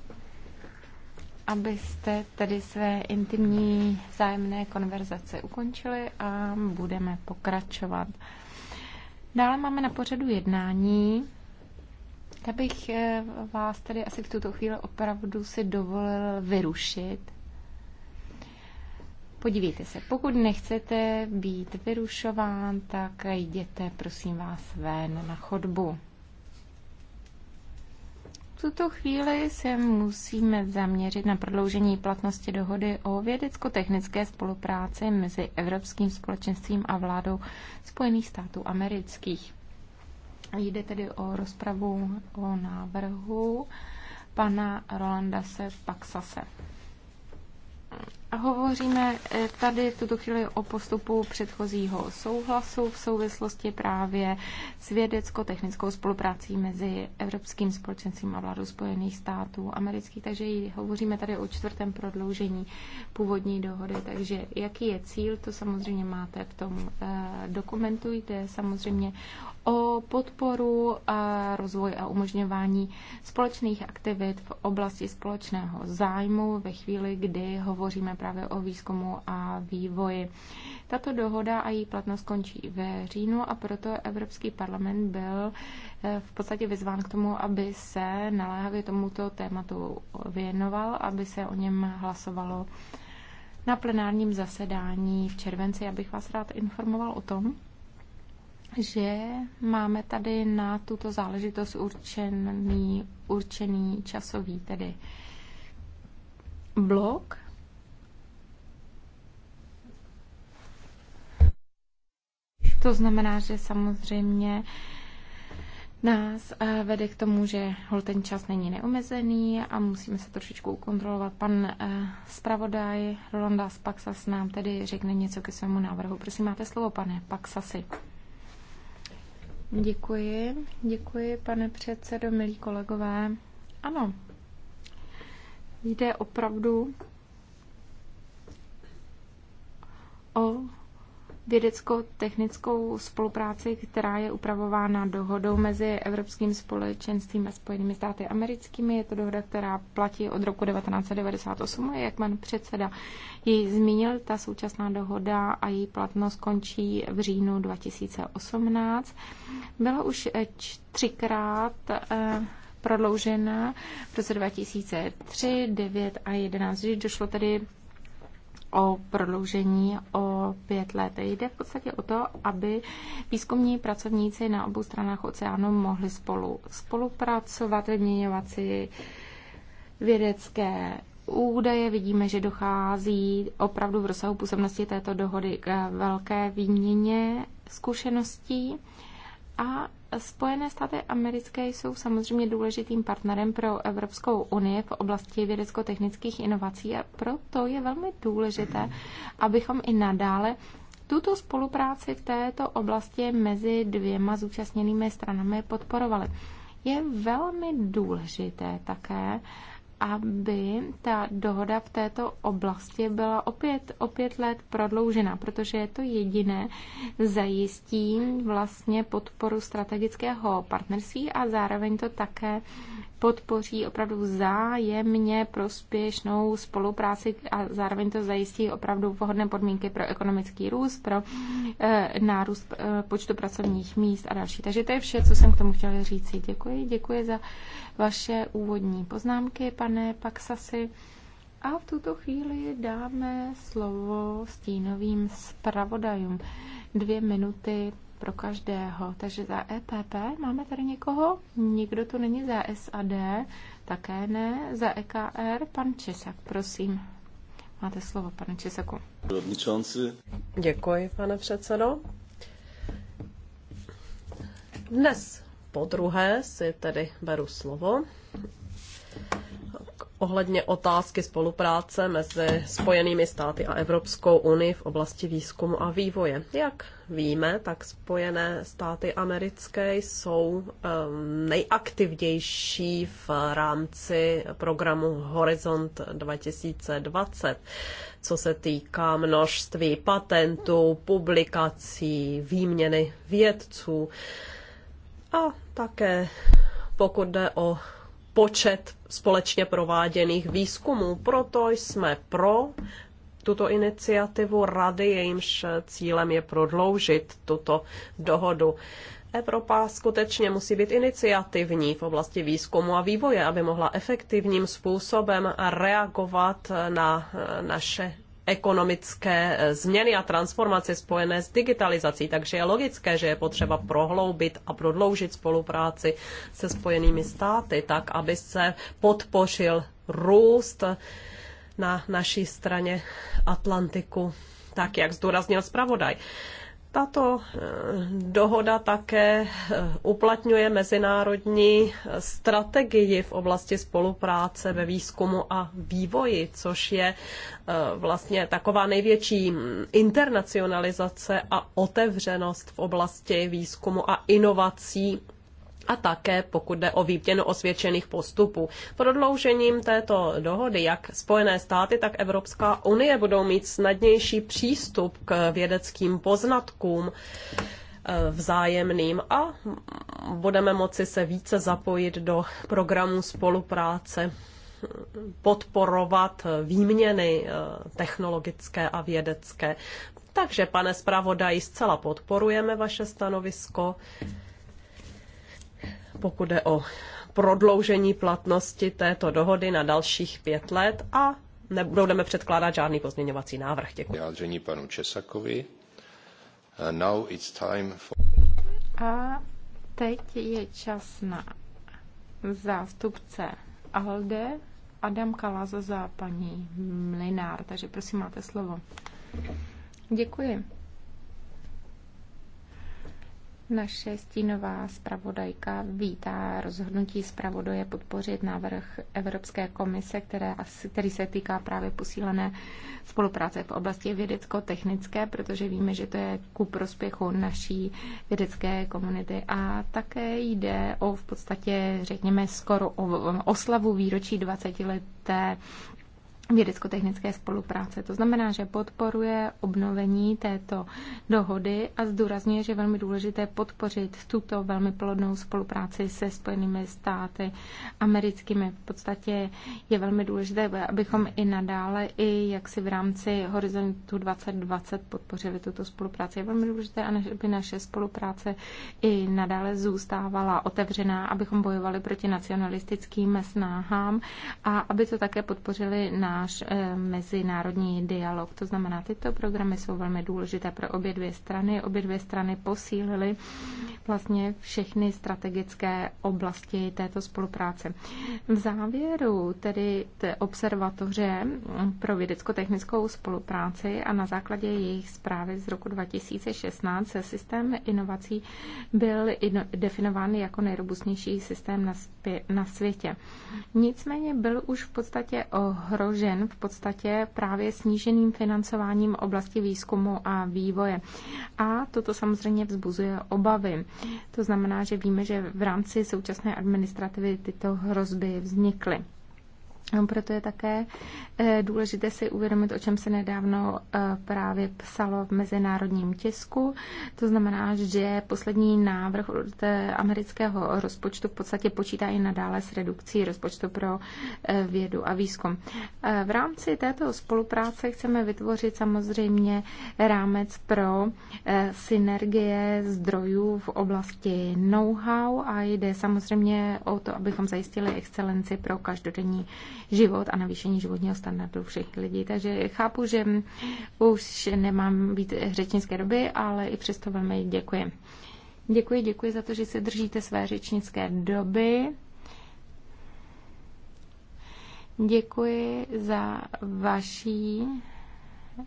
abyste tedy své intimní zájemné konverzace ukončili a budeme pokračovat. Dále máme na pořadu jednání. Já bych eh, vás tedy asi v tuto chvíli opravdu si dovolil vyrušit Podívejte se, pokud nechcete být vyrušován, tak jděte, prosím vás, ven na chodbu. V tuto chvíli se musíme zaměřit na prodloužení platnosti dohody o vědecko-technické spolupráci mezi Evropským společenstvím a vládou Spojených států amerických. Jde tedy o rozpravu o návrhu pana Rolanda se Paxase. Hovoříme eh, tady v tuto chvíli o postupu předchozího souhlasu v souvislosti právě s vědecko-technickou spoluprácí mezi Evropským společenstvím a vládou Spojených států amerických, takže hovoříme tady o čtvrtém prodloužení původní dohody. Takže jaký je cíl, to samozřejmě máte v tom eh, dokumentu. Jde samozřejmě o podporu a rozvoj a umožňování společných aktivit v oblasti společného zájmu ve chvíli, kdy hovoříme právě o výzkumu a vývoji. Tato dohoda a její platnost končí ve říjnu a proto Evropský parlament byl eh, v podstatě vyzván k tomu, aby se naléhavě tomuto tématu věnoval, aby se o něm hlasovalo na plenárním zasedání v červenci. Já bych vás rád informoval o tom, že máme tady na tuto záležitost určený, určený časový tedy blok To znamená, že samozřejmě nás eh, vede k tomu, že hol ten čas není neomezený a musíme se trošičku ukontrolovat. Pan eh, zpravodaj z Paxas nám tedy řekne něco ke svému návrhu. Prosím, máte slovo, pane Paxasi. Děkuji, děkuji, pane předsedo, milí kolegové. Ano, jde opravdu o vědecko-technickou spolupráci, která je upravována dohodou mezi Evropským společenstvím a Spojenými státy americkými. Je to dohoda, která platí od roku 1998 a jak pan předseda ji zmínil, ta současná dohoda a její platnost končí v říjnu 2018. Byla už eh, třikrát eh, prodloužena v roce 2003, 9 a 11. Došlo tedy o prodloužení o pět let. Jde v podstatě o to, aby výzkumní pracovníci na obou stranách oceánu mohli spolu spolupracovat, vyměňovat si vědecké údaje. Vidíme, že dochází opravdu v rozsahu působnosti této dohody k velké výměně zkušeností. A Spojené státy americké jsou samozřejmě důležitým partnerem pro Evropskou unii v oblasti vědecko-technických inovací a proto je velmi důležité, abychom i nadále tuto spolupráci v této oblasti mezi dvěma zúčastněnými stranami podporovali. Je velmi důležité také, aby ta dohoda v této oblasti byla opět o pět let prodloužena, protože je to jediné zajistí vlastně podporu strategického partnerství a zároveň to také podpoří opravdu zájemně prospěšnou spolupráci a zároveň to zajistí opravdu vhodné podmínky pro ekonomický růst, pro eh, nárůst eh, počtu pracovních míst a další. Takže to je vše, co jsem k tomu chtěla říct. Děkuji, děkuji za vaše úvodní poznámky, pane Paksasi. A v tuto chvíli dáme slovo stínovým zpravodajům. Dvě minuty pro každého. Takže za EPP máme tady někoho? Nikdo tu není za SAD, také ne. Za EKR pan Česak, prosím. Máte slovo, pane Česaku. Děkuji, pane předsedo. Dnes po druhé si tedy beru slovo ohledně otázky spolupráce mezi Spojenými státy a Evropskou unii v oblasti výzkumu a vývoje. Jak víme, tak Spojené státy americké jsou ehm, nejaktivnější v rámci programu Horizont 2020, co se týká množství patentů, publikací, výměny vědců a také pokud jde o počet společně prováděných výzkumů. Proto jsme pro tuto iniciativu rady, jejímž cílem je prodloužit tuto dohodu. Evropa skutečně musí být iniciativní v oblasti výzkumu a vývoje, aby mohla efektivním způsobem reagovat na naše ekonomické eh, změny a transformace spojené s digitalizací, takže je logické, že je potřeba prohloubit a prodloužit spolupráci se spojenými státy, tak aby se podpořil růst na naší straně Atlantiku, tak jak zdůraznil zpravodaj. Tato eh, dohoda také eh, uplatňuje mezinárodní eh, strategii v oblasti spolupráce ve výzkumu a vývoji, což je vlastně taková největší mm, internacionalizace a otevřenost v oblasti výzkumu a inovací a také pokud jde o výměnu osvědčených postupů. Prodloužením této dohody jak Spojené státy, tak Evropská unie budou mít snadnější přístup k vědeckým poznatkům eh, vzájemným a budeme moci se více zapojit do programu spolupráce, podporovat výměny eh, technologické a vědecké. Takže, pane zpravodaji, zcela podporujeme vaše stanovisko pokud jde o prodloužení platnosti této dohody na dalších pět let a nebudeme předkládat žádný pozměňovací návrh. Děkuji. Vyjádření panu Česakovi. Uh, now it's time for... A teď je čas na zástupce ALDE Adam Kalaza za paní Mlinár, takže prosím máte slovo. Děkuji. Naše stínová zpravodajka vítá rozhodnutí zpravodaje podpořit návrh Evropské komise, které, který se týká právě posílené spolupráce v oblasti vědecko-technické, protože víme, že to je ku prospěchu naší vědecké komunity. A také jde o v podstatě, řekněme, skoro o oslavu výročí 20 leté vědecko-technické spolupráce. To znamená, že podporuje obnovení této dohody a zdůrazňuje, že je velmi důležité podpořit tuto velmi plodnou spolupráci se Spojenými státy americkými. V podstatě je velmi důležité, abychom i nadále, i jak si v rámci Horizontu 2020 podpořili tuto spolupráci. Je velmi důležité, aby naše spolupráce i nadále zůstávala otevřená, abychom bojovali proti nacionalistickým snahám a aby to také podpořili na náš eh, mezinárodní dialog. To znamená, tyto programy jsou velmi důležité pro obě dvě strany. Obě dvě strany posílily vlastně všechny strategické oblasti této spolupráce. V závěru tedy té observatoře pro vědecko-technickou spolupráci a na základě jejich zprávy z roku 2016 systém inovací byl definován jako nejrobustnější systém na, na světě. Nicméně byl už v podstatě ohrožen podpořen v podstatě právě sníženým financováním oblasti výzkumu a vývoje. A toto samozřejmě vzbuzuje obavy. To znamená, že víme, že v rámci současné administrativy tyto hrozby vznikly. Proto je také eh, důležité si uvědomit, o čem se nedávno eh, právě psalo v mezinárodním tisku. To znamená, že poslední návrh od eh, amerického rozpočtu v podstatě počítá i nadále s redukcí rozpočtu pro vědu a výzkum. V rámci této spolupráce chceme vytvořit samozřejmě rámec pro synergie zdrojů v oblasti know-how a jde samozřejmě o to, abychom zajistili excelenci pro každodenní život a navýšení životního standardu všech lidí. Takže chápu, že už nemám být řečnické doby, ale i přesto velmi děkuji. Děkuji, děkuji za to, že se držíte své řečnické doby. Děkuji za vaší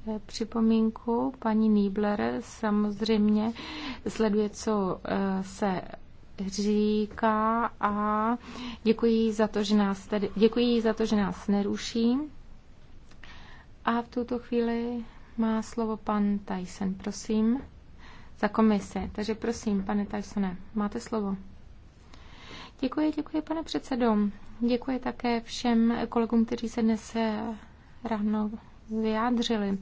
eh, připomínku. Paní Niebler samozřejmě sleduje, co eh, se říká a děkuji za to, že nás, tady, děkuji za to, že nás neruší. A v tuto chvíli má slovo pan Tyson, prosím, za komise. Takže prosím, pane Tysone, máte slovo. Děkuji, děkuji, pane předsedo. Děkuji také všem kolegům, kteří se dnes ráno vyjádřili.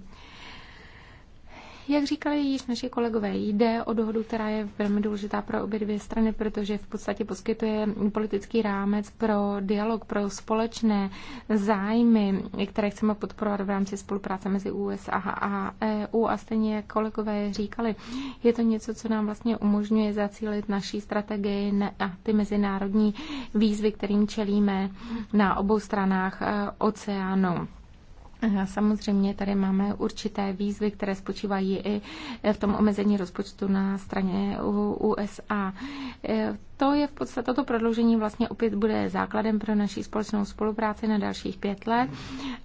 Jak říkali již naši kolegové, jde o dohodu, která je velmi důležitá pro obě dvě strany, protože v podstatě poskytuje politický rámec pro dialog, pro společné zájmy, které chceme podporovat v rámci spolupráce mezi USA a EU. A stejně jak kolegové říkali, je to něco, co nám vlastně umožňuje zacílit naší strategii a ty mezinárodní výzvy, kterým čelíme na obou stranách eh, oceánu. Samozřejmě tady máme určité výzvy, které spočívají i v tom omezení rozpočtu na straně USA. To je v podstatě, toto prodloužení vlastně opět bude základem pro naší společnou spolupráci na dalších pět let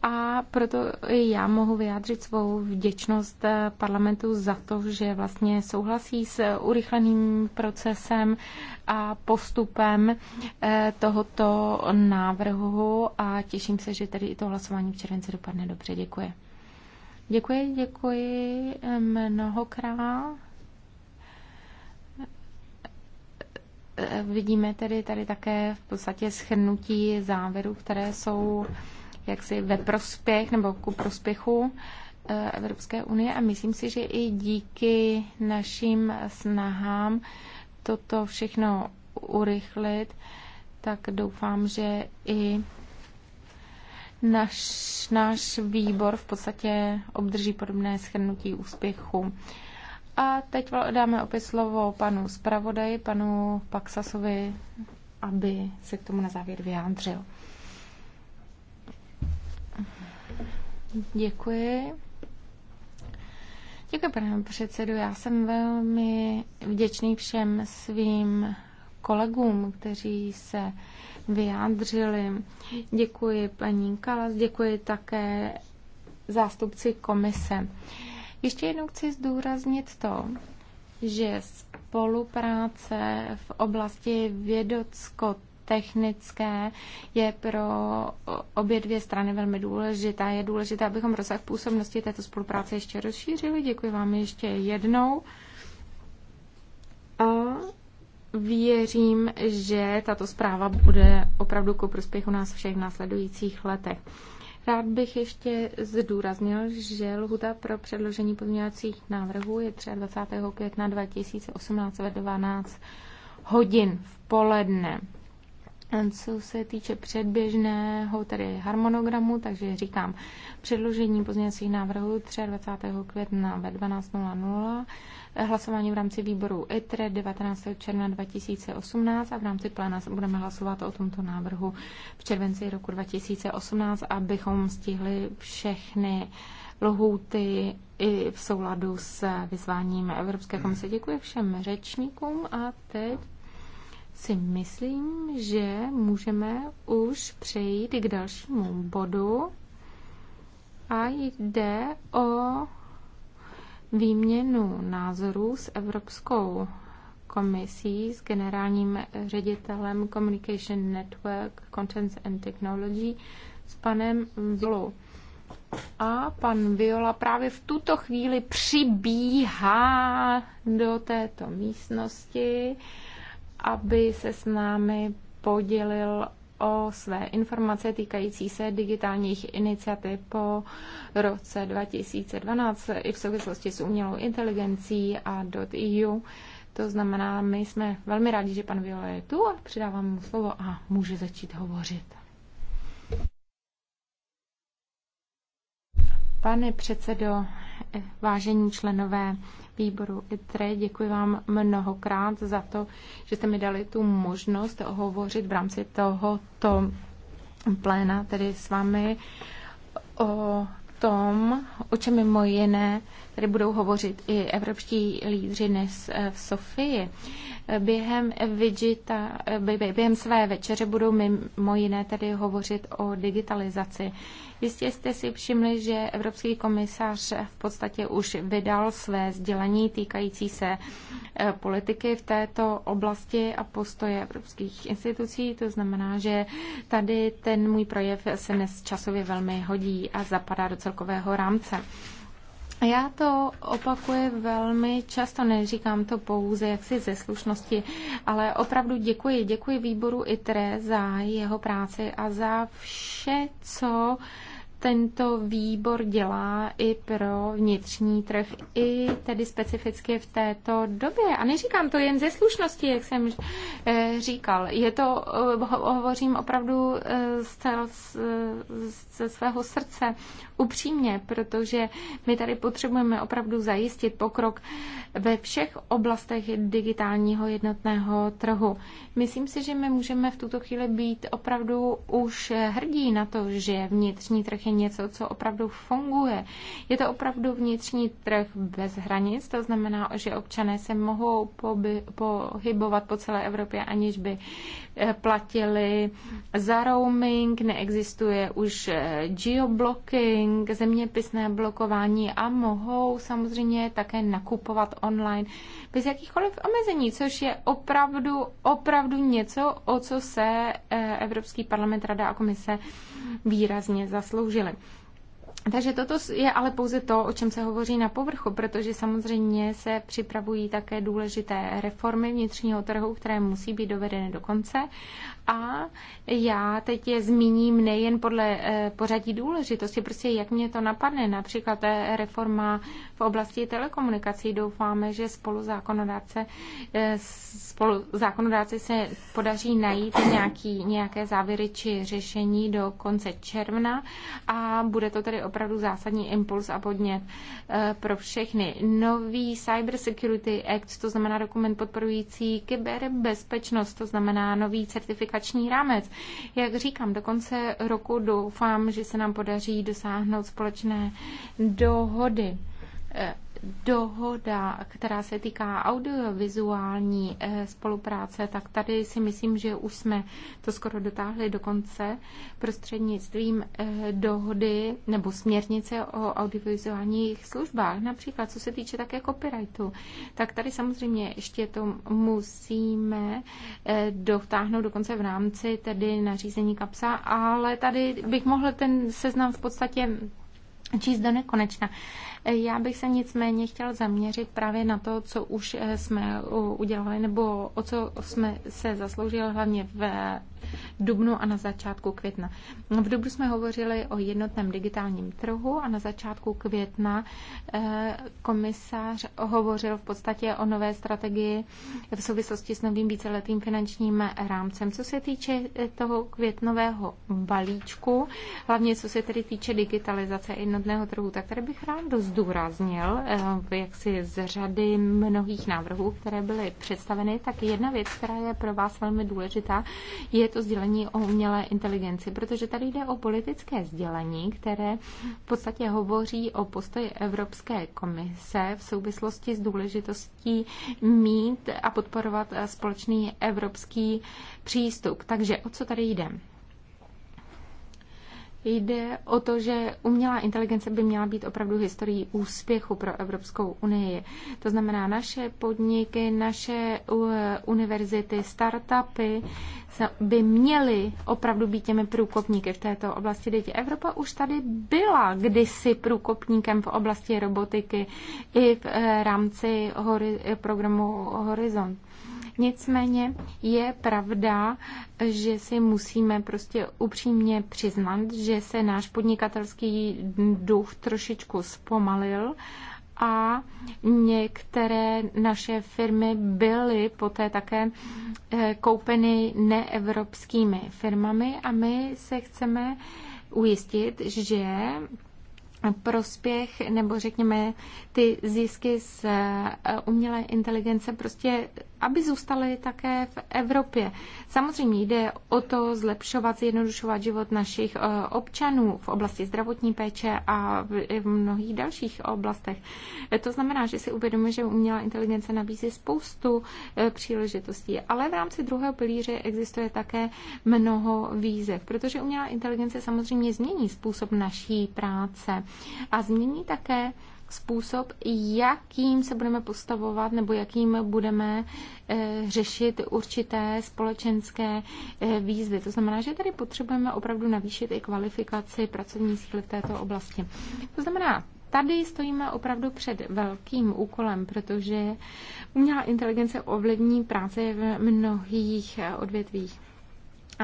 a proto já mohu vyjádřit svou vděčnost eh, parlamentu za to, že vlastně souhlasí s urychleným procesem a postupem eh, tohoto návrhu a těším se, že tady i to hlasování v červenci dopadne dobře. Děkuji. Děkuji, děkuji eh, mnohokrát. vidíme tedy tady také v podstatě schrnutí závěrů, které jsou jaksi ve prospěch nebo ku prospěchu eh, Evropské unie a myslím si, že i díky našim snahám toto všechno urychlit, tak doufám, že i náš, náš výbor v podstatě obdrží podobné schrnutí úspěchu. A teď dáme opět slovo panu zpravodaji, panu Paksasovi, aby se k tomu na závěr vyjádřil. Děkuji. Děkuji, pane předsedu. Já jsem velmi vděčný všem svým kolegům, kteří se vyjádřili. Děkuji paní Kalas, děkuji také zástupci komise. Ještě jednou chci zdůraznit to, že spolupráce v oblasti vědocko technické je pro obě dvě strany velmi důležitá. Je důležité, abychom rozsah působnosti této spolupráce ještě rozšířili. Děkuji vám ještě jednou. A věřím, že tato zpráva bude opravdu ku prospěchu nás všech v následujících letech. Rád bych ještě zdůraznil, že lhuta pro předložení pozměňovacích návrhů je 23. května 2018 ve 12 hodin v poledne. Co se týče předběžného tedy harmonogramu, takže říkám předložení pozměňovacích návrhů 23. května ve 12.00, hlasování v rámci výboru ITRE 19. června 2018 a v rámci pléna budeme hlasovat o tomto návrhu v červenci roku 2018, abychom stihli všechny lhůty i v souladu s vyzváním Evropské komise. Děkuji všem řečníkům a teď si myslím, že můžeme už přejít k dalšímu bodu. A jde o výměnu názorů s Evropskou komisí, s generálním ředitelem Communication Network, Contents and Technology, s panem Violou. A pan Viola právě v tuto chvíli přibíhá do této místnosti aby se s námi podělil o své informace týkající se digitálních iniciativ po roce 2012 i v souvislosti s umělou inteligencí a .eu. To znamená, my jsme velmi rádi, že pan Viola je tu a předávám mu slovo a může začít hovořit. Pane předsedo, vážení členové výboru ITRE. Děkuji vám mnohokrát za to, že jste mi dali tu možnost hovořit v rámci tohoto pléna, tedy s vámi o tom, o čem mimo jiné tady budou hovořit i evropští lídři dnes eh, v Sofii. Eh, během, Vigita, eh, během své večeře budou mimo jiné tady hovořit o digitalizaci. Jistě jste si všimli, že Evropský komisař v podstatě už vydal své sdělení týkající se politiky v této oblasti a postoje evropských institucí. To znamená, že tady ten můj projev se dnes časově velmi hodí a zapadá do celkového rámce. Já to opakuji velmi často, neříkám to pouze jaksi ze slušnosti, ale opravdu děkuji. Děkuji výboru ITRE za jeho práci a za vše, co tento výbor dělá i pro vnitřní trh, i tedy specificky v této době. A neříkám to jen ze slušnosti, jak jsem eh, říkal. Je to, eh, hovořím opravdu eh, z, ze svého srdce upřímně, protože my tady potřebujeme opravdu zajistit pokrok ve všech oblastech digitálního jednotného trhu. Myslím si, že my můžeme v tuto chvíli být opravdu už hrdí na to, že vnitřní trh je něco, co opravdu funguje. Je to opravdu vnitřní trh bez hranic, to znamená, že občané se mohou pohybovat po celé Evropě, aniž by platili za roaming, neexistuje už geoblocking, zeměpisné blokování a mohou samozřejmě také nakupovat online bez jakýchkoliv omezení, což je opravdu, opravdu něco, o co se eh, Evropský parlament, Rada a komise výrazně zasloužily. Takže toto je ale pouze to, o čem se hovoří na povrchu, protože samozřejmě se připravují také důležité reformy vnitřního trhu, které musí být dovedeny do konce a já teď je zmíním nejen podle eh, pořadí důležitosti, prostě jak mě to napadne, například eh, reforma v oblasti telekomunikací. Doufáme, že spolu zákonodáce, eh, spolu zákonodáce se podaří najít nějaký, nějaké závěry či řešení do konce června a bude to tedy opravdu zásadní impuls a podnět pro všechny. Nový Cyber Security Act, to znamená dokument podporující kyberbezpečnost, to znamená nový certifikát kvalifikační rámec. Jak říkám, do konce roku doufám, že se nám podaří dosáhnout společné dohody. Eh, dohoda, která se týká audiovizuální eh, spolupráce, tak tady si myslím, že už jsme to skoro dotáhli do konce prostřednictvím eh, dohody nebo směrnice o audiovizuálních službách. Například, co se týče také jako copyrightu, tak tady samozřejmě ještě to musíme eh, dotáhnout dokonce v rámci tedy nařízení kapsa, ale tady bych mohl ten seznam v podstatě číst do nekonečna. Já bych se nicméně chtěl zaměřit právě na to, co už eh, jsme udělali, nebo o co jsme se zasloužili hlavně v dubnu a na začátku května. V dubnu jsme hovořili o jednotném digitálním trhu a na začátku května eh, komisář hovořil v podstatě o nové strategii v souvislosti s novým víceletým finančním rámcem. Co se týče eh, toho květnového balíčku, hlavně co se tedy týče digitalizace jednotného jednotného trhu, tak tady bych rád zdůraznil, eh, jak si z řady mnohých návrhů, které byly představeny, tak jedna věc, která je pro vás velmi důležitá, je to sdělení o umělé inteligenci, protože tady jde o politické sdělení, které v podstatě hovoří o postoji Evropské komise v souvislosti s důležitostí mít a podporovat eh, společný evropský přístup. Takže o co tady jde? Jde o to, že umělá inteligence by měla být opravdu historií úspěchu pro Evropskou unii. To znamená, naše podniky, naše univerzity, startupy by měly opravdu být těmi průkopníky v této oblasti. Teď Evropa už tady byla kdysi průkopníkem v oblasti robotiky i v eh, rámci programu Horizon. Nicméně je pravda, že si musíme prostě upřímně přiznat, že se náš podnikatelský duch trošičku zpomalil a některé naše firmy byly poté také eh, koupeny neevropskými firmami a my se chceme ujistit, že prospěch nebo řekněme ty zisky z eh, umělé inteligence prostě aby zůstaly také v Evropě. Samozřejmě jde o to zlepšovat, zjednodušovat život našich eh, občanů v oblasti zdravotní péče a v mnohých dalších oblastech. Eh, to znamená, že si uvědomujeme, že umělá inteligence nabízí spoustu eh, příležitostí, ale v rámci druhého pilíře existuje také mnoho výzev, protože umělá inteligence samozřejmě změní způsob naší práce a změní také způsob, jakým se budeme postavovat nebo jakým budeme eh, řešit určité společenské eh, výzvy. To znamená, že tady potřebujeme opravdu navýšit i kvalifikaci pracovní síly v této oblasti. To znamená, tady stojíme opravdu před velkým úkolem, protože umělá inteligence ovlivní práce v mnohých eh, odvětvích.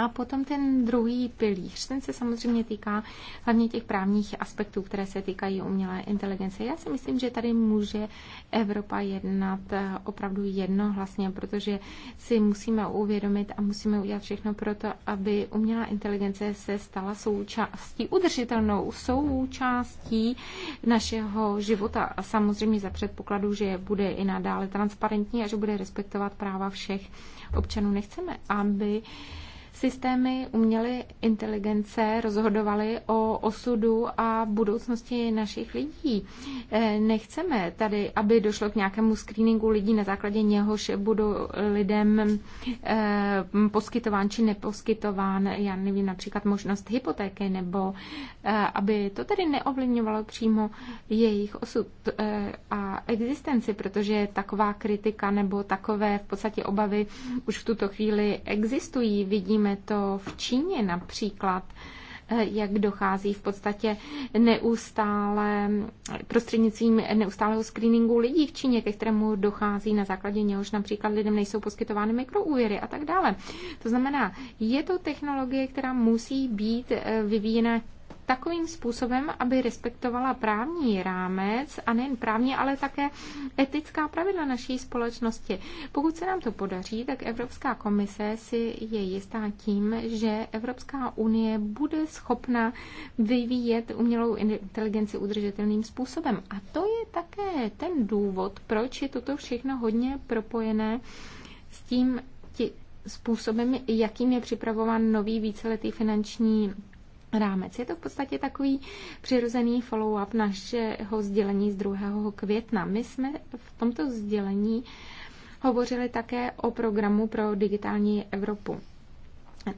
A potom ten druhý pilíř, ten se samozřejmě týká hlavně těch právních aspektů, které se týkají umělé inteligence. Já si myslím, že tady může Evropa jednat eh, opravdu jednohlasně, protože si musíme uvědomit a musíme udělat všechno pro to, aby umělá inteligence se stala součástí, udržitelnou součástí našeho života. A samozřejmě za předpokladu, že bude i nadále transparentní a že bude respektovat práva všech občanů. Nechceme, aby systémy umělé inteligence rozhodovaly o osudu a budoucnosti našich lidí. Eh, nechceme tady, aby došlo k nějakému screeningu lidí, na základě něhož budou lidem eh, poskytován či neposkytován, já nevím, například možnost hypotéky, nebo eh, aby to tedy neovlivňovalo přímo jejich osud a existenci, protože taková kritika nebo takové v podstatě obavy už v tuto chvíli existují. Vidíme Vidíme to v Číně například, eh, jak dochází v podstatě neustále, prostřednictvím neustálého screeningu lidí v Číně, ke kterému dochází na základě něhož například lidem nejsou poskytovány mikroúvěry a tak dále. To znamená, je to technologie, která musí být eh, vyvíjena takovým způsobem, aby respektovala právní rámec a nejen právní, ale také etická pravidla naší společnosti. Pokud se nám to podaří, tak Evropská komise si je jistá tím, že Evropská unie bude schopna vyvíjet umělou inteligenci udržitelným způsobem. A to je také ten důvod, proč je toto všechno hodně propojené s tím způsobem, jakým je připravován nový víceletý finanční rámec. Je to v podstatě takový přirozený follow-up našeho sdělení z 2. května. My jsme v tomto sdělení hovořili také o programu pro digitální Evropu.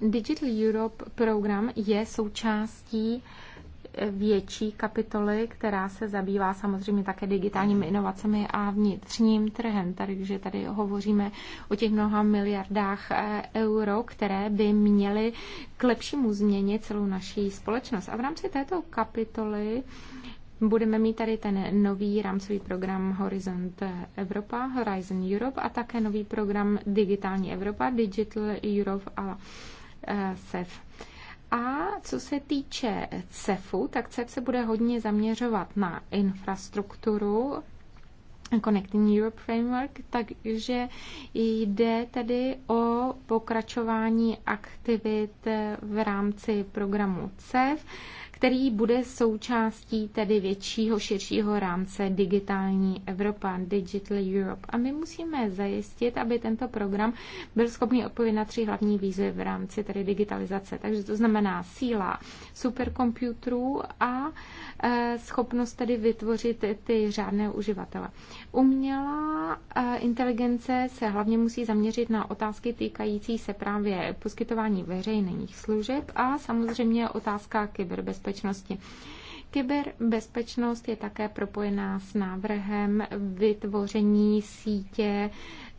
Digital Europe program je součástí větší kapitoly, která se zabývá samozřejmě také digitálními inovacemi a vnitřním trhem. Takže tady hovoříme o těch mnoha miliardách eh, euro, které by měly k lepšímu změnit celou naší společnost. A v rámci této kapitoly Budeme mít tady ten nový rámcový program Horizont Evropa, Horizon Europe a také nový program Digitální Evropa, Digital Europe a eh, SEF. A co se týče CEFu, tak CEF se bude hodně zaměřovat na infrastrukturu, Connecting Europe Framework, takže jde tady o pokračování aktivit v rámci programu CEF který bude součástí tedy většího, širšího rámce digitální Evropa, Digital Europe. A my musíme zajistit, aby tento program byl schopný odpovědět na tři hlavní výzvy v rámci tedy digitalizace. Takže to znamená síla superkomputerů a eh, schopnost tedy vytvořit ty řádné uživatele. Umělá eh, inteligence se hlavně musí zaměřit na otázky týkající se právě poskytování veřejných služeb a samozřejmě otázka kyberbezpečnosti. Kyberbezpečnost je také propojená s návrhem vytvoření sítě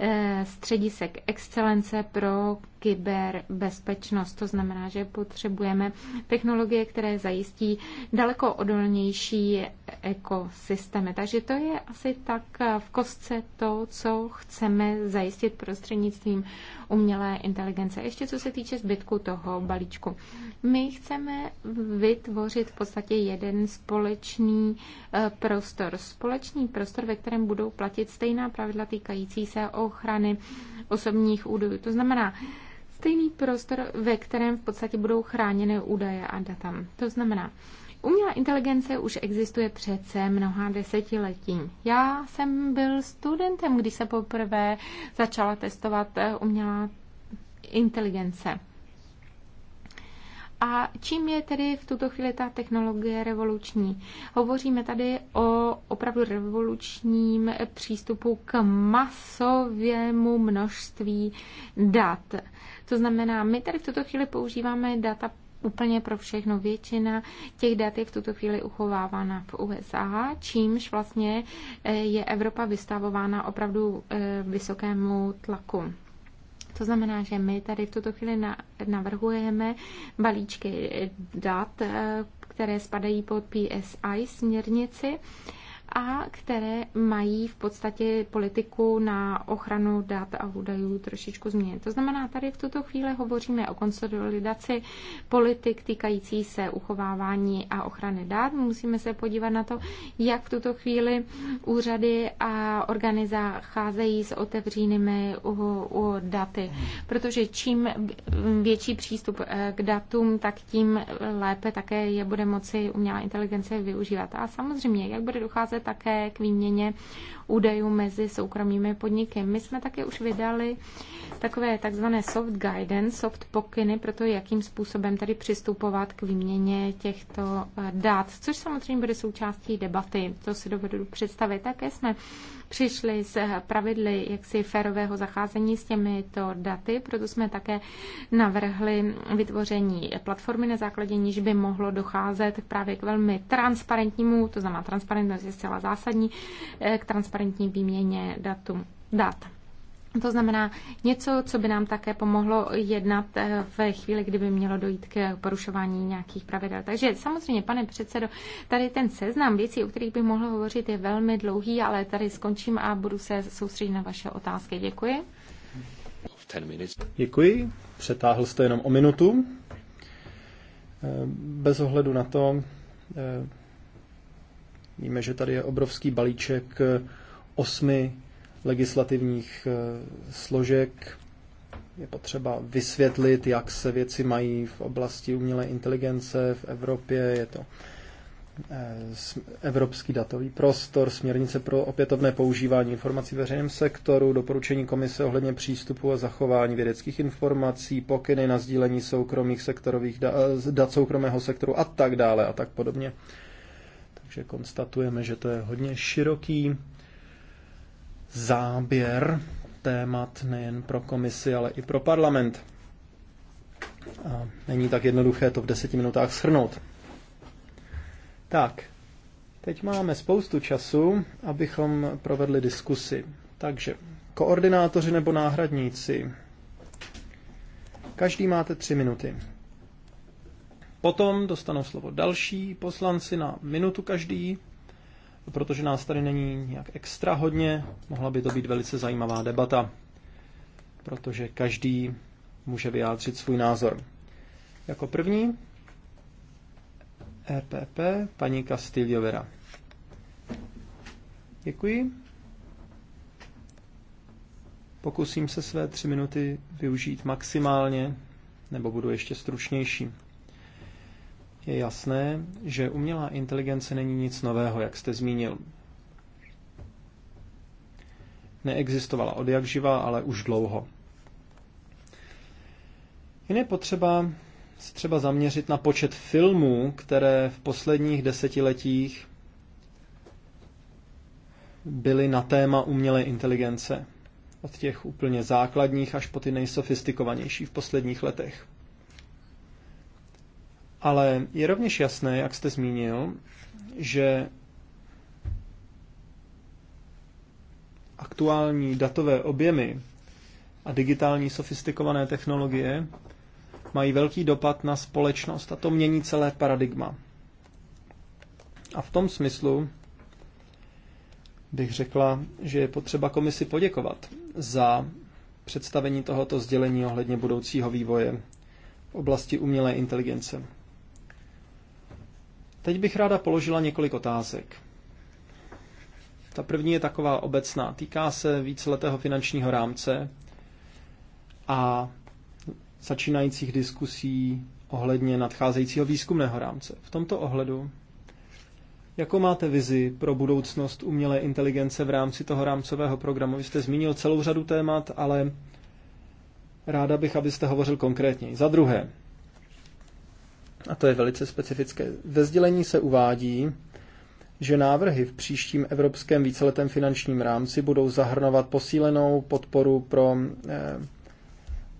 eh, středisek excelence pro kyberbezpečnost. To znamená, že potřebujeme technologie, které zajistí daleko odolnější ekosystémy. Takže to je asi tak v kostce to, co chceme zajistit prostřednictvím umělé inteligence. Ještě co se týče zbytku toho balíčku. My chceme vytvořit v podstatě jeden společný eh, prostor. Společný prostor, ve kterém budou platit stejná pravidla týkající se ochrany osobních údajů. To znamená, stejný prostor, ve kterém v podstatě budou chráněné údaje a data. To znamená, Umělá inteligence už existuje přece mnoha desetiletí. Já jsem byl studentem, když se poprvé začala testovat eh, umělá inteligence. A čím je tedy v tuto chvíli ta technologie revoluční? Hovoříme tady o opravdu revolučním přístupu k masovému množství dat. To znamená, my tady v tuto chvíli používáme data úplně pro všechno. Většina těch dat je v tuto chvíli uchovávána v USA, čímž vlastně eh, je Evropa vystavována opravdu eh, vysokému tlaku. To znamená, že my tady v tuto chvíli navrhujeme balíčky dat, eh, které spadají pod PSI směrnici a které mají v podstatě politiku na ochranu dat a údajů trošičku změnit. To znamená, tady v tuto chvíli hovoříme o konsolidaci politik týkající se uchovávání a ochrany dat. Musíme se podívat na to, jak v tuto chvíli úřady a organizace cházejí s otevřenými daty. Protože čím větší přístup k datům, tak tím lépe také je bude moci umělá inteligence využívat. A samozřejmě, jak bude docházet také k výměně údajů mezi soukromými podniky. My jsme také už vydali takové takzvané soft guidance, soft pokyny pro to, jakým způsobem tady přistupovat k výměně těchto eh, dát, což samozřejmě bude součástí debaty, to si dovedu představit. Také jsme přišli s pravidly jaksi férového zacházení s těmito daty, proto jsme také navrhli vytvoření platformy na základě níž by mohlo docházet právě k velmi transparentnímu, to znamená transparentnost je zcela zásadní, eh, k transparentní výměně datum, dat. To znamená něco, co by nám také pomohlo jednat eh, ve chvíli, kdyby mělo dojít k porušování nějakých pravidel. Takže samozřejmě, pane předsedo, tady ten seznam věcí, o kterých bych mohl hovořit, je velmi dlouhý, ale tady skončím a budu se soustředit na vaše otázky. Děkuji. Děkuji. Přetáhl jste jenom o minutu. Eh, bez ohledu na to, eh, víme, že tady je obrovský balíček osmi legislativních eh, složek. Je potřeba vysvětlit, jak se věci mají v oblasti umělé inteligence v Evropě. Je to eh, Evropský datový prostor, směrnice pro opětovné používání informací v veřejném sektoru, doporučení komise ohledně přístupu a zachování vědeckých informací, pokyny na sdílení soukromých sektorových dat, eh, dat soukromého sektoru a tak dále a tak podobně. Takže konstatujeme, že to je hodně široký záběr témat nejen pro komisi, ale i pro parlament. A není tak jednoduché to v deseti minutách shrnout. Tak, teď máme spoustu času, abychom provedli diskusy. Takže koordinátoři nebo náhradníci. Každý máte tři minuty. Potom dostanou slovo další poslanci na minutu každý protože nás tady není nějak extra hodně, mohla by to být velice zajímavá debata, protože každý může vyjádřit svůj názor. Jako první EPP paní Castillo Děkuji. Pokusím se své tři minuty využít maximálně, nebo budu ještě stručnější je jasné, že umělá inteligence není nic nového, jak jste zmínil. Neexistovala od jak živa, ale už dlouho. Jen je potřeba se třeba zaměřit na počet filmů, které v posledních desetiletích byly na téma umělé inteligence. Od těch úplně základních až po ty nejsofistikovanější v posledních letech. Ale je rovněž jasné, jak jste zmínil, že aktuální datové objemy a digitální sofistikované technologie mají velký dopad na společnost a to mění celé paradigma. A v tom smyslu bych řekla, že je potřeba komisi poděkovat za představení tohoto sdělení ohledně budoucího vývoje v oblasti umělé inteligence. Teď bych ráda položila několik otázek. Ta první je taková obecná. Týká se víceletého finančního rámce a začínajících diskusí ohledně nadcházejícího výzkumného rámce. V tomto ohledu, jakou máte vizi pro budoucnost umělé inteligence v rámci toho rámcového programu? Vy jste zmínil celou řadu témat, ale ráda bych, abyste hovořil konkrétně. Za druhé, a to je velice specifické. Ve sdělení se uvádí, že návrhy v příštím evropském víceletém finančním rámci budou zahrnovat posílenou podporu pro eh,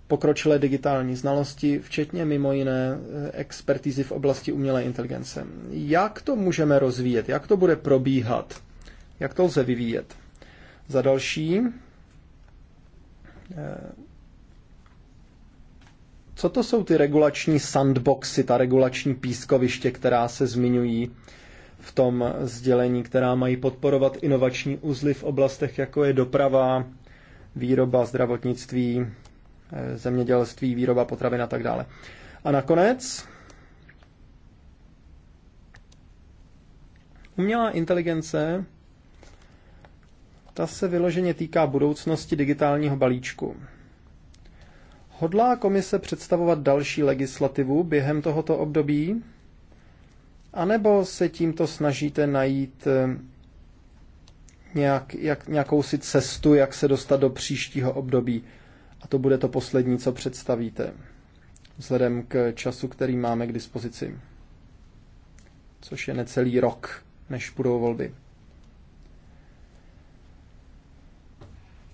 pokročilé digitální znalosti, včetně mimo jiné eh, expertízy v oblasti umělé inteligence. Jak to můžeme rozvíjet? Jak to bude probíhat? Jak to lze vyvíjet? Za další, eh, co to jsou ty regulační sandboxy, ta regulační pískoviště, která se zmiňují v tom sdělení, která mají podporovat inovační uzly v oblastech, jako je doprava, výroba, zdravotnictví, eh, zemědělství, výroba potravin a tak dále. A nakonec umělá inteligence ta se vyloženě týká budoucnosti digitálního balíčku. Hodlá komise představovat další legislativu během tohoto období? a nebo se tímto snažíte najít eh, nějak, jak, nějakou si cestu, jak se dostat do příštího období? A to bude to poslední, co představíte, vzhledem k času, který máme k dispozici, což je necelý rok, než budou volby.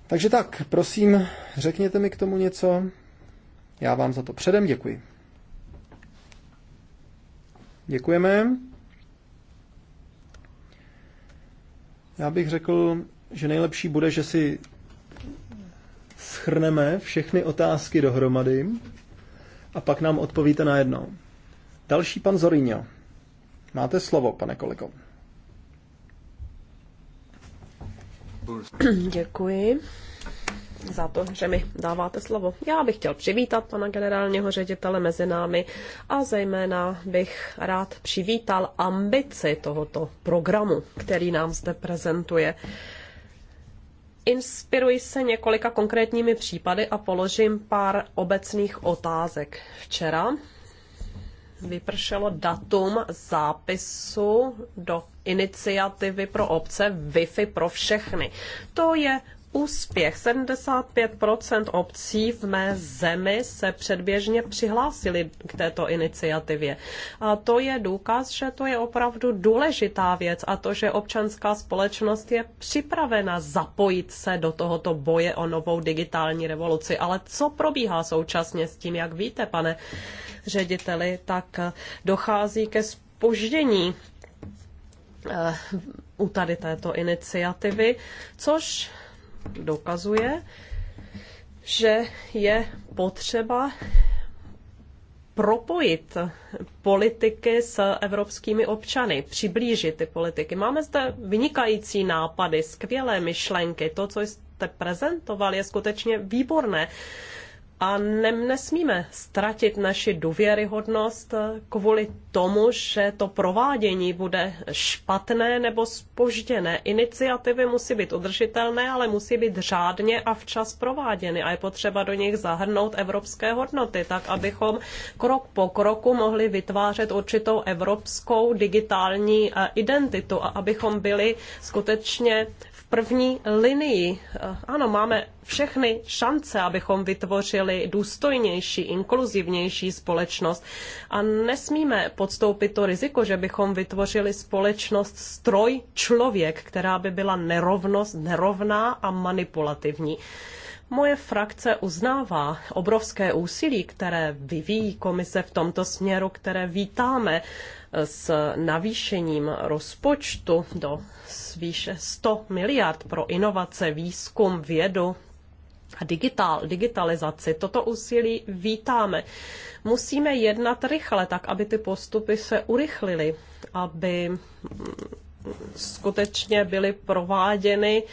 Takže tak, prosím, řekněte mi k tomu něco. Já vám za to předem děkuji. Děkujeme. Já bych řekl, že nejlepší bude, že si schrneme všechny otázky dohromady a pak nám odpovíte na jedno. Další pan Zorino. Máte slovo, pane kolego. Děkuji za to, že mi dáváte slovo. Já bych chtěl přivítat pana generálního ředitele mezi námi a zejména bych rád přivítal ambici tohoto programu, který nám zde prezentuje. Inspiruji se několika konkrétními případy a položím pár obecných otázek. Včera vypršelo datum zápisu do iniciativy pro obce Wi-Fi pro všechny. To je úspěch. 75% obcí v mé zemi se předběžně přihlásili k této iniciativě. A to je důkaz, že to je opravdu důležitá věc a to, že občanská společnost je připravena zapojit se do tohoto boje o novou digitální revoluci. Ale co probíhá současně s tím, jak víte, pane řediteli, tak dochází ke spoždění eh, u tady této iniciativy, což dokazuje, že je potřeba propojit politiky s evropskými občany, přiblížit ty politiky. Máme zde vynikající nápady, skvělé myšlenky. To, co jste prezentoval, je skutečně výborné a ne, nesmíme ztratit naši důvěryhodnost kvůli tomu, že to provádění bude špatné nebo spožděné. Iniciativy musí být udržitelné, ale musí být řádně a včas prováděny a je potřeba do nich zahrnout evropské hodnoty, tak abychom krok po kroku mohli vytvářet určitou evropskou digitální eh, identitu a abychom byli skutečně první linii. Eh, ano, máme všechny šance, abychom vytvořili důstojnější, inkluzivnější společnost. A nesmíme podstoupit to riziko, že bychom vytvořili společnost stroj člověk, která by byla nerovnost, nerovná a manipulativní. Moje frakce uznává obrovské úsilí, které vyvíjí komise v tomto směru, které vítáme s navýšením rozpočtu do výše 100 miliard pro inovace, výzkum, vědu a digital, digitalizaci. Toto úsilí vítáme. Musíme jednat rychle, tak aby ty postupy se urychlily, aby skutečně byly prováděny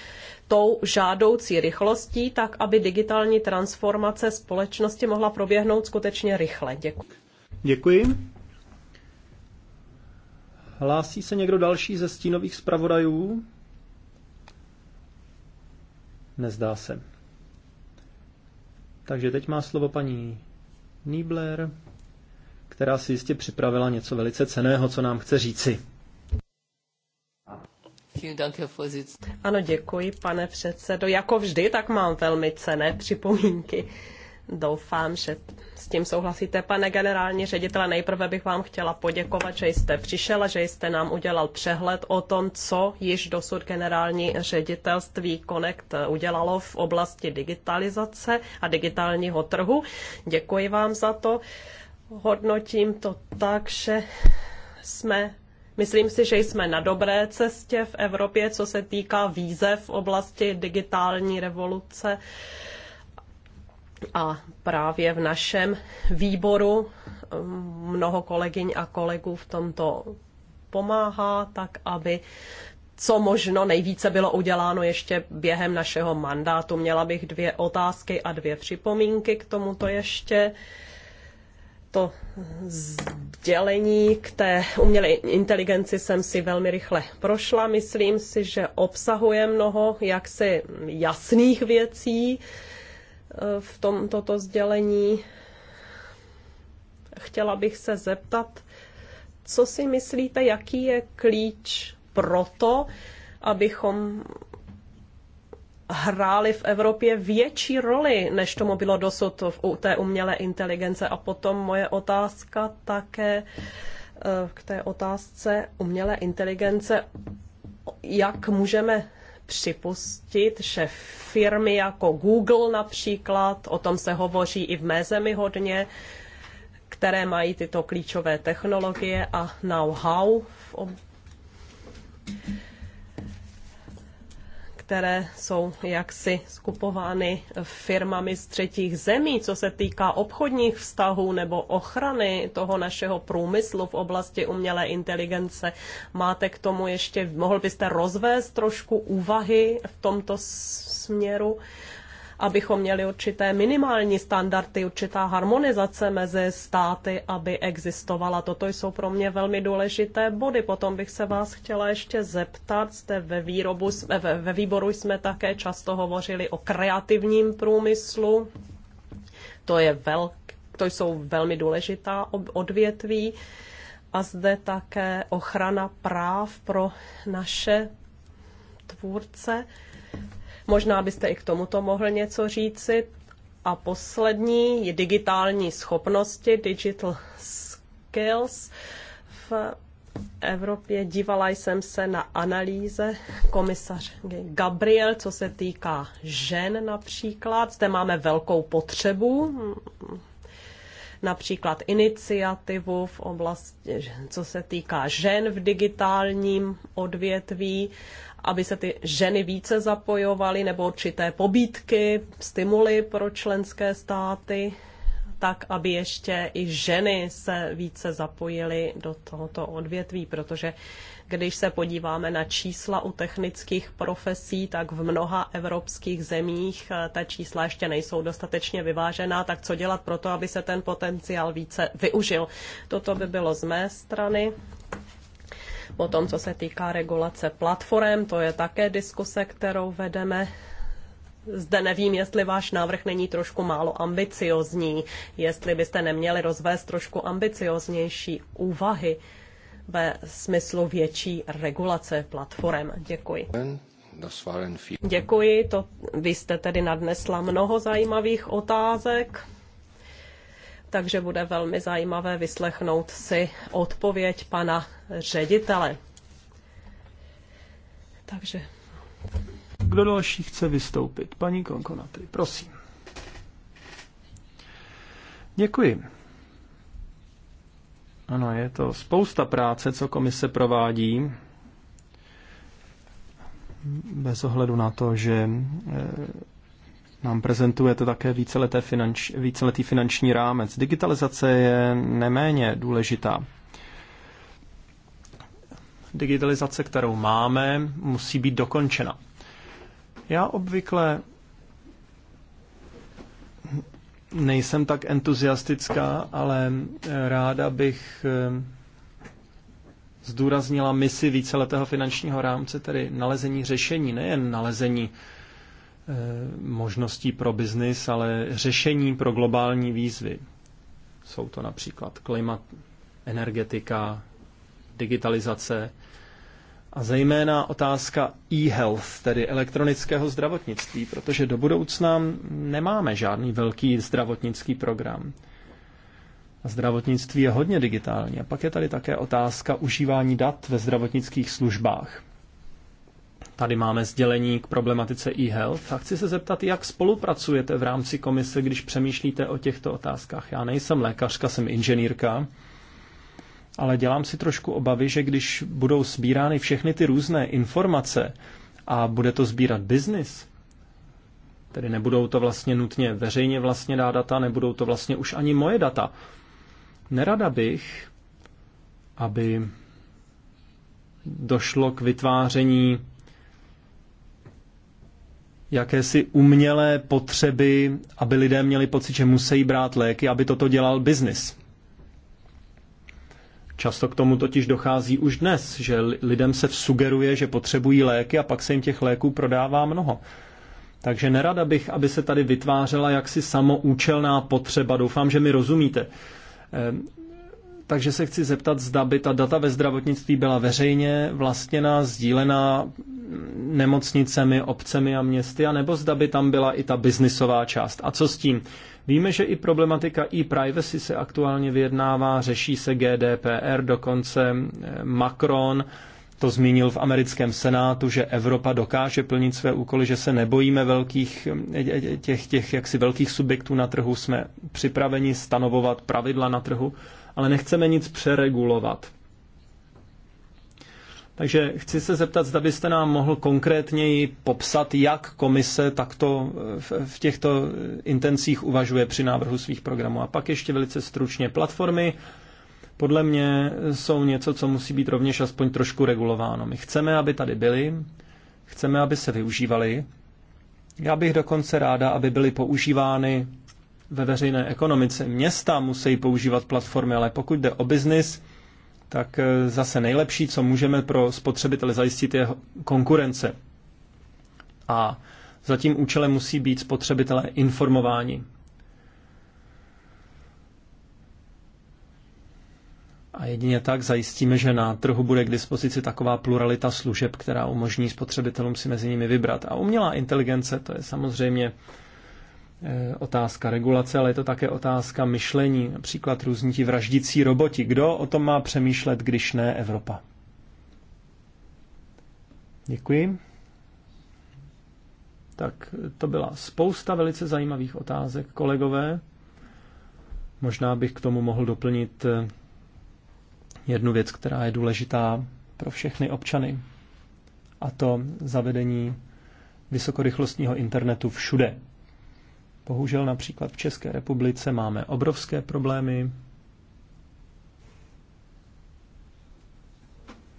tou žádoucí rychlostí, tak aby digitální transformace společnosti mohla proběhnout skutečně rychle. Děkuji. Děkuji. Hlásí se někdo další ze stínových zpravodajů? Nezdá se. Takže teď má slovo paní Niebler, která si jistě připravila něco velice ceného, co nám chce říci. Ano, děkuji, pane předsedo. Jako vždy, tak mám velmi cené připomínky. Doufám, že s tím souhlasíte, pane generální ředitele. Nejprve bych vám chtěla poděkovat, že jste přišel a že jste nám udělal přehled o tom, co již dosud generální ředitelství Connect udělalo v oblasti digitalizace a digitálního trhu. Děkuji vám za to. Hodnotím to tak, že jsme Myslím si, že jsme na dobré cestě v Evropě, co se týká výzev v oblasti digitální revoluce. A právě v našem výboru um, mnoho kolegyň a kolegů v tomto pomáhá, tak aby co možno nejvíce bylo uděláno ještě během našeho mandátu. Měla bych dvě otázky a dvě připomínky k tomuto ještě. Uh, to sdělení k té umělé inteligenci jsem si velmi rychle prošla. Myslím si, že obsahuje mnoho jaksi jasných věcí eh, v tomto sdělení. Chtěla bych se zeptat, co si myslíte, jaký je klíč pro to, abychom hrály v Evropě větší roli, než tomu bylo dosud u té umělé inteligence. A potom moje otázka také eh, k té otázce umělé inteligence, jak můžeme připustit, že firmy jako Google například, o tom se hovoří i v mé zemi hodně, které mají tyto klíčové technologie a know-how v ob které jsou jaksi skupovány firmami z třetích zemí, co se týká obchodních vztahů nebo ochrany toho našeho průmyslu v oblasti umělé inteligence. Máte k tomu ještě, mohl byste rozvést trošku úvahy v tomto směru? abychom měli určité minimální standardy, určitá harmonizace mezi státy, aby existovala. Toto jsou pro mě velmi důležité body. Potom bych se vás chtěla ještě zeptat, jste ve, výrobu, ve, ve výboru jsme také často hovořili o kreativním průmyslu. To je velk, to jsou velmi důležitá odvětví a zde také ochrana práv pro naše tvůrce. Možná byste i k tomuto mohl něco říci. A poslední je digitální schopnosti, digital skills. V Evropě dívala jsem se na analýze komisař Gabriel, co se týká žen například. Zde máme velkou potřebu například iniciativu v oblasti, co se týká žen v digitálním odvětví aby se ty ženy více zapojovaly, nebo určité pobídky, stimuly pro členské státy, tak aby ještě i ženy se více zapojily do tohoto odvětví, protože když se podíváme na čísla u technických profesí, tak v mnoha evropských zemích eh, ta čísla ještě nejsou dostatečně vyvážená, tak co dělat pro to, aby se ten potenciál více využil. Toto by bylo z mé strany. Potom, co se týká regulace platform, to je také diskuse, kterou vedeme zde nevím, jestli váš návrh není trošku málo ambiciozní, jestli byste neměli rozvést trošku ambicioznější úvahy ve smyslu větší regulace platform. Děkuji. Děkuji, to vy jste tedy nadnesla mnoho zajímavých otázek takže bude velmi zajímavé vyslechnout si odpověď pana ředitele. Takže. Kdo další chce vystoupit? Paní Konkonatry, prosím. Děkuji. Ano, je to spousta práce, co komise provádí. Bez ohledu na to, že eh, nám prezentujete také víceleté finanč, víceletý finanční rámec. Digitalizace je neméně důležitá. Digitalizace, kterou máme, musí být dokončena. Já obvykle nejsem tak entuziastická, ale ráda bych eh, zdůraznila misi víceletého finančního rámce, tedy nalezení řešení, nejen nalezení Eh, možností pro biznis, ale řešení pro globální výzvy. Jsou to například klimat, energetika, digitalizace a zejména otázka e-health, tedy elektronického zdravotnictví, protože do budoucna nemáme žádný velký zdravotnický program. A zdravotnictví je hodně digitální. A pak je tady také otázka užívání dat ve zdravotnických službách. Tady máme sdělení k problematice e-health a chci se zeptat, jak spolupracujete v rámci komise, když přemýšlíte o těchto otázkách. Já nejsem lékařka, jsem inženýrka, ale dělám si trošku obavy, že když budou sbírány všechny ty různé informace a bude to sbírat biznis, tedy nebudou to vlastně nutně veřejně vlastně dá data, nebudou to vlastně už ani moje data. Nerada bych, aby došlo k vytváření jakési umělé potřeby, aby lidé měli pocit, že musí brát léky, aby toto dělal biznis. Často k tomu totiž dochází už dnes, že lidem se sugeruje, že potřebují léky a pak se jim těch léků prodává mnoho. Takže nerada bych, aby se tady vytvářela jaksi samoučelná potřeba. Doufám, že mi rozumíte. Ehm, takže se chci zeptat, zda by ta data ve zdravotnictví byla veřejně vlastněná, sdílená nemocnicemi, obcemi a městy, anebo zda by tam byla i ta biznisová část. A co s tím? Víme, že i problematika e-privacy se aktuálně vyjednává, řeší se GDPR, dokonce eh, Macron to zmínil v americkém senátu, že Evropa dokáže plnit své úkoly, že se nebojíme velkých, eh, těch, těch jaksi velkých subjektů na trhu, jsme připraveni stanovovat pravidla na trhu ale nechceme nic přeregulovat. Takže chci se zeptat, zda byste nám mohl konkrétněji popsat, jak komise takto eh, v těchto eh, intencích uvažuje při návrhu svých programů. A pak ještě velice stručně platformy. Podle mě eh, jsou něco, co musí být rovněž aspoň trošku regulováno. My chceme, aby tady byly, chceme, aby se využívaly. Já bych dokonce ráda, aby byly používány ve veřejné ekonomice. Města musí používat platformy, ale pokud jde o biznis, tak eh, zase nejlepší, co můžeme pro spotřebitele zajistit, je konkurence. A za tím účelem musí být spotřebitelé informováni. A jedině tak zajistíme, že na trhu bude k dispozici taková pluralita služeb, která umožní spotřebitelům si mezi nimi vybrat. A umělá inteligence, to je samozřejmě Eh, otázka regulace, ale je to také otázka myšlení, například různí ti vraždící roboti. Kdo o tom má přemýšlet, když ne Evropa? Děkuji. Tak to byla spousta velice zajímavých otázek, kolegové. Možná bych k tomu mohl doplnit eh, jednu věc, která je důležitá pro všechny občany, a to zavedení vysokorychlostního internetu všude Bohužel například v České republice máme obrovské problémy,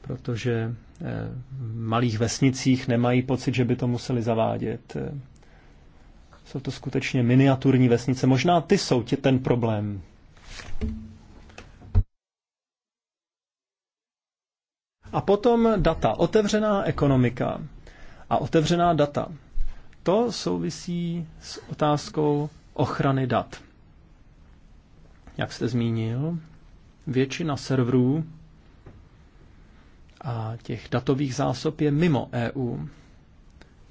protože eh, v malých vesnicích nemají pocit, že by to museli zavádět. Eh, jsou to skutečně miniaturní vesnice. Možná ty jsou ti ten problém. A potom data. Otevřená ekonomika a otevřená data to souvisí s otázkou ochrany dat. Jak jste zmínil, většina serverů a těch datových zásob je mimo EU.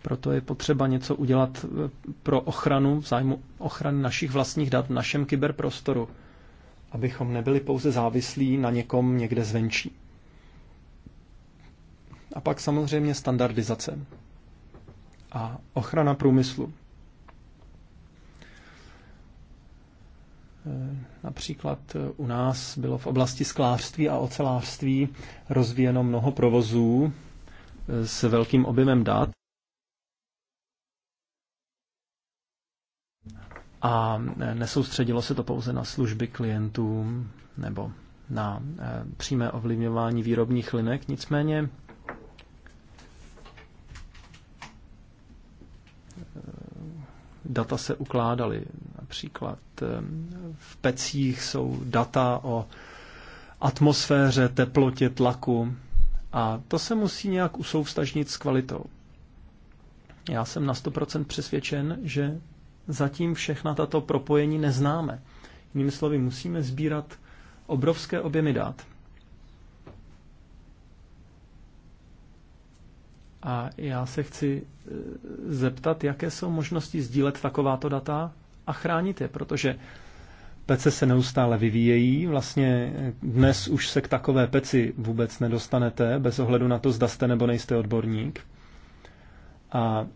Proto je potřeba něco udělat eh, pro ochranu, v zájmu ochrany našich vlastních dat v našem kyberprostoru, abychom nebyli pouze závislí na někom někde zvenčí. A pak samozřejmě standardizace a ochrana průmyslu. Například u nás bylo v oblasti sklářství a ocelářství rozvíjeno mnoho provozů s velkým objemem dat. A nesoustředilo se to pouze na služby klientům nebo na eh, přímé ovlivňování výrobních linek, nicméně data se ukládaly. Například v pecích jsou data o atmosféře, teplotě, tlaku a to se musí nějak usoustažnit s kvalitou. Já jsem na 100% přesvědčen, že zatím všechna tato propojení neznáme. Jinými slovy, musíme sbírat obrovské objemy dat A já se chci eh, zeptat, jaké jsou možnosti sdílet takováto data a chránit je, protože pece se neustále vyvíjejí. Vlastně eh, dnes už se k takové peci vůbec nedostanete, bez ohledu na to, zda jste nebo nejste odborník. A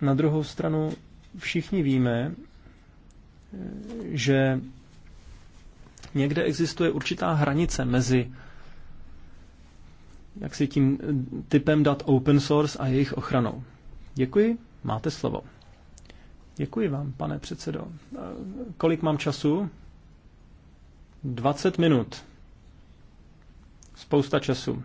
na druhou stranu všichni víme, eh, že někde existuje určitá hranice mezi jak si tím eh, typem dat open source a jejich ochranou. Děkuji, máte slovo. Děkuji vám, pane předsedo. Eh, kolik mám času? 20 minut. Spousta času.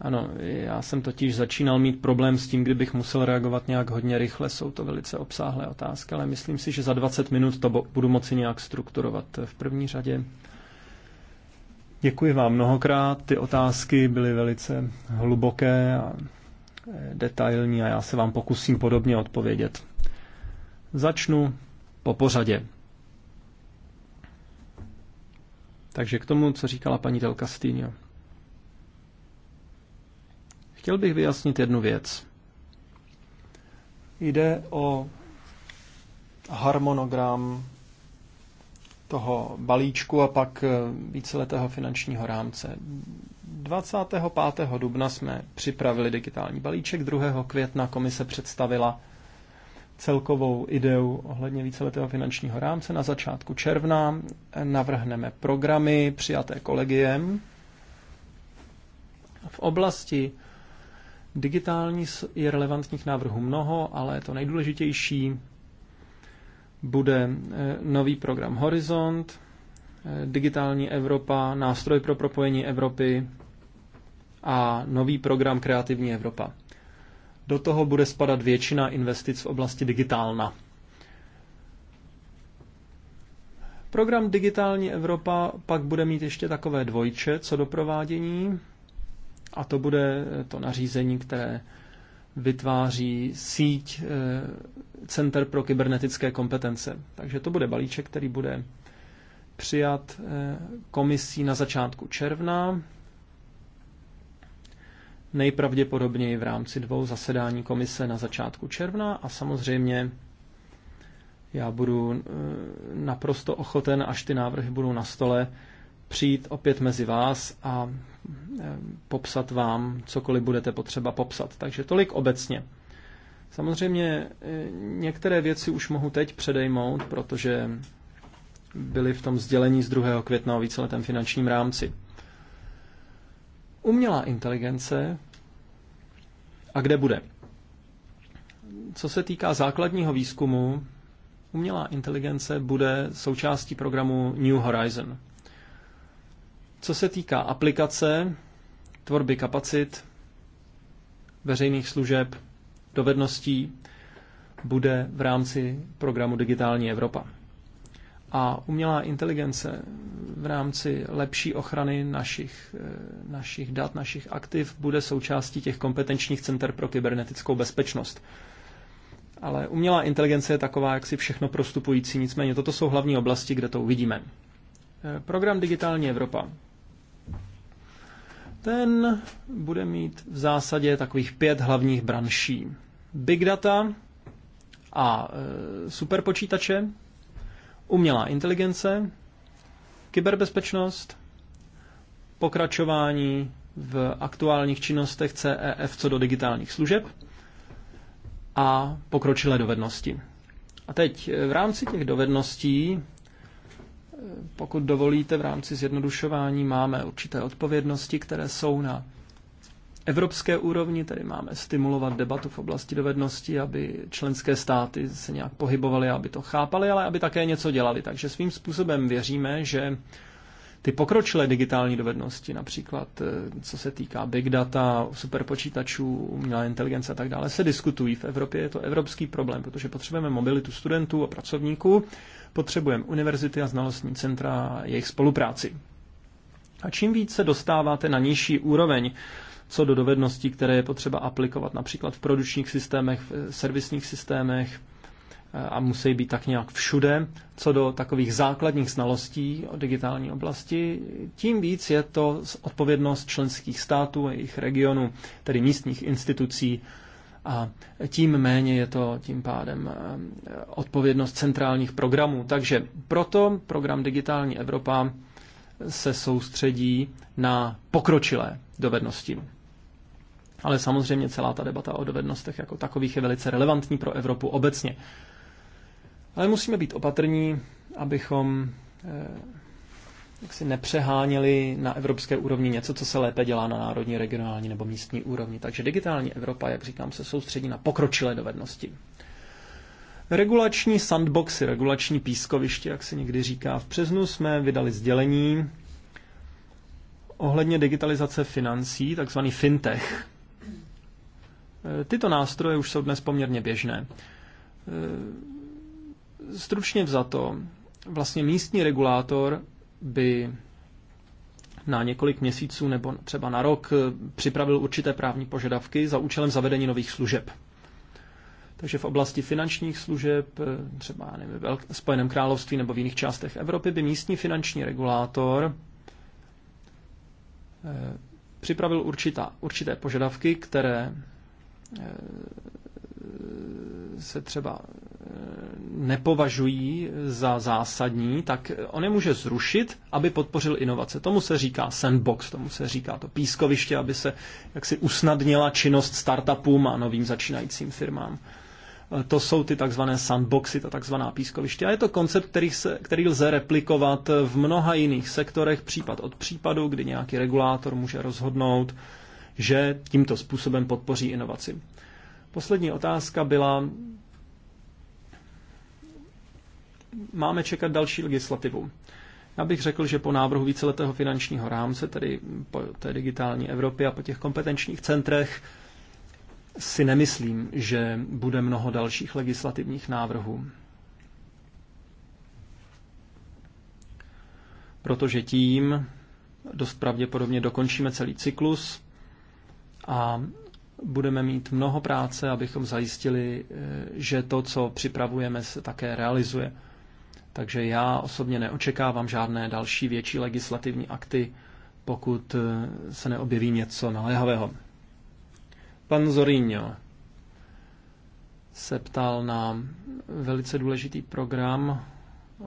Ano, já jsem totiž začínal mít problém s tím, kdybych musel reagovat nějak hodně rychle. Jsou to velice obsáhlé otázky, ale myslím si, že za 20 minut to budu moci nějak strukturovat. V první řadě Děkuji vám mnohokrát. Ty otázky byly velice hluboké a detailní a já se vám pokusím podobně odpovědět. Začnu po pořadě. Takže k tomu, co říkala paní Del Castillo. Chtěl bych vyjasnit jednu věc. Jde o harmonogram toho balíčku a pak eh, víceletého finančního rámce. 25. dubna jsme připravili digitální balíček, 2. května komise představila celkovou ideu ohledně víceletého finančního rámce. Na začátku června navrhneme programy přijaté kolegiem. V oblasti digitální je relevantních návrhů mnoho, ale to nejdůležitější bude eh, nový program Horizont, eh, Digitální Evropa, nástroj pro propojení Evropy a nový program Kreativní Evropa. Do toho bude spadat většina investic v oblasti digitálna. Program Digitální Evropa pak bude mít ještě takové dvojče co do provádění, a to bude to nařízení, které vytváří síť eh, Center pro kybernetické kompetence. Takže to bude balíček, který bude přijat eh, komisí na začátku června, nejpravděpodobněji v rámci dvou zasedání komise na začátku června a samozřejmě já budu eh, naprosto ochoten, až ty návrhy budou na stole, přijít opět mezi vás a eh, popsat vám, cokoliv budete potřeba popsat. Takže tolik obecně. Samozřejmě eh, některé věci už mohu teď předejmout, protože byly v tom sdělení z 2. května o víceletém finančním rámci. Umělá inteligence a kde bude? Co se týká základního výzkumu, umělá inteligence bude součástí programu New Horizon. Co se týká aplikace, tvorby kapacit, veřejných služeb, dovedností, bude v rámci programu Digitální Evropa. A umělá inteligence v rámci lepší ochrany našich, eh, našich dat, našich aktiv, bude součástí těch kompetenčních center pro kybernetickou bezpečnost. Ale umělá inteligence je taková, jak si všechno prostupující, nicméně toto jsou hlavní oblasti, kde to uvidíme. Eh, program Digitální Evropa ten bude mít v zásadě takových pět hlavních branší. Big data a e, superpočítače, umělá inteligence, kyberbezpečnost, pokračování v aktuálních činnostech CEF co do digitálních služeb a pokročilé dovednosti. A teď e, v rámci těch dovedností pokud dovolíte, v rámci zjednodušování máme určité odpovědnosti, které jsou na evropské úrovni, tedy máme stimulovat debatu v oblasti dovedností, aby členské státy se nějak pohybovaly, aby to chápali, ale aby také něco dělali. Takže svým způsobem věříme, že ty pokročilé digitální dovednosti, například eh, co se týká big data, superpočítačů, umělá inteligence a tak dále, se diskutují. V Evropě je to evropský problém, protože potřebujeme mobilitu studentů a pracovníků, potřebujeme univerzity a znalostní centra a jejich spolupráci. A čím více dostáváte na nižší úroveň, co do dovedností, které je potřeba aplikovat například v produčních systémech, v eh, servisních systémech, a musí být tak nějak všude, co do takových základních znalostí o digitální oblasti, tím víc je to odpovědnost členských států a jejich regionů, tedy místních institucí, a tím méně je to tím pádem eh, odpovědnost centrálních programů. Takže proto program Digitální Evropa se soustředí na pokročilé dovednosti. Ale samozřejmě celá ta debata o dovednostech jako takových je velice relevantní pro Evropu obecně. Ale musíme být opatrní, abychom eh, jak si nepřeháněli na evropské úrovni něco, co se lépe dělá na národní, regionální nebo místní úrovni. Takže digitální Evropa, jak říkám, se soustředí na pokročilé dovednosti. Regulační sandboxy, regulační pískoviště, jak se někdy říká. V březnu jsme vydali sdělení ohledně digitalizace financí, takzvaný fintech. Eh, tyto nástroje už jsou dnes poměrně běžné eh, Stručně vzato, vlastně místní regulátor by na několik měsíců nebo třeba na rok připravil určité právní požadavky za účelem zavedení nových služeb. Takže v oblasti finančních služeb, třeba nevím, v Spojeném království nebo v jiných částech Evropy, by místní finanční regulátor eh, připravil určitá, určité požadavky, které eh, se třeba nepovažují za zásadní, tak on je může zrušit, aby podpořil inovace. Tomu se říká sandbox, tomu se říká to pískoviště, aby se jaksi usnadnila činnost startupům a novým začínajícím firmám. E, to jsou ty takzvané sandboxy, ta takzvaná pískoviště. A je to koncept, který, se, který lze replikovat v mnoha jiných sektorech, případ od případu, kdy nějaký regulátor může rozhodnout, že tímto způsobem podpoří inovaci. Poslední otázka byla, máme čekat další legislativu. Já bych řekl, že po návrhu víceletého finančního rámce, tedy po té digitální Evropě a po těch kompetenčních centrech, si nemyslím, že bude mnoho dalších legislativních návrhů. Protože tím dost pravděpodobně dokončíme celý cyklus a budeme mít mnoho práce, abychom zajistili, eh, že to, co připravujeme, se také realizuje. Takže já osobně neočekávám žádné další větší legislativní akty, pokud eh, se neobjeví něco naléhavého. Pan Zorinho se ptal na velice důležitý program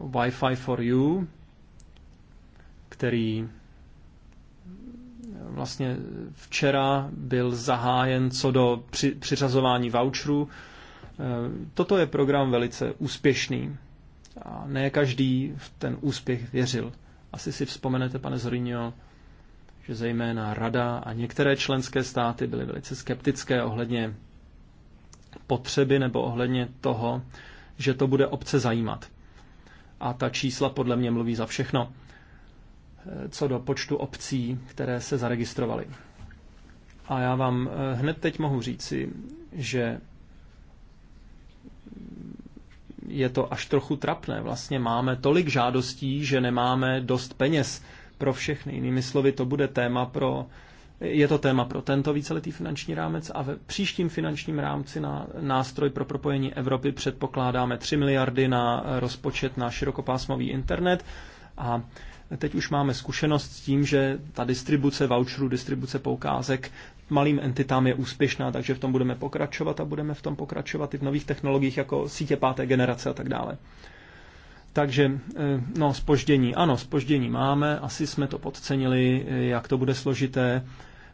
Wi-Fi for You, který vlastně včera byl zahájen co do při, přiřazování voucherů. Eh, toto je program velice úspěšný a ne každý v ten úspěch věřil. Asi si vzpomenete, pane Zorinio, že zejména Rada a některé členské státy byly velice skeptické ohledně potřeby nebo ohledně toho, že to bude obce zajímat. A ta čísla podle mě mluví za všechno, co do počtu obcí, které se zaregistrovaly. A já vám eh, hned teď mohu říci, že je to až trochu trapné. Vlastně máme tolik žádostí, že nemáme dost peněz pro všechny. Jinými slovy, to bude téma pro, je to téma pro tento víceletý finanční rámec a ve příštím finančním rámci na nástroj pro propojení Evropy předpokládáme 3 miliardy na rozpočet na širokopásmový internet a teď už máme zkušenost s tím, že ta distribuce voucherů, distribuce poukázek malým entitám je úspěšná, takže v tom budeme pokračovat a budeme v tom pokračovat i v nových technologiích jako sítě páté generace a tak dále. Takže, eh, no, spoždění. Ano, spoždění máme, asi jsme to podcenili, eh, jak to bude složité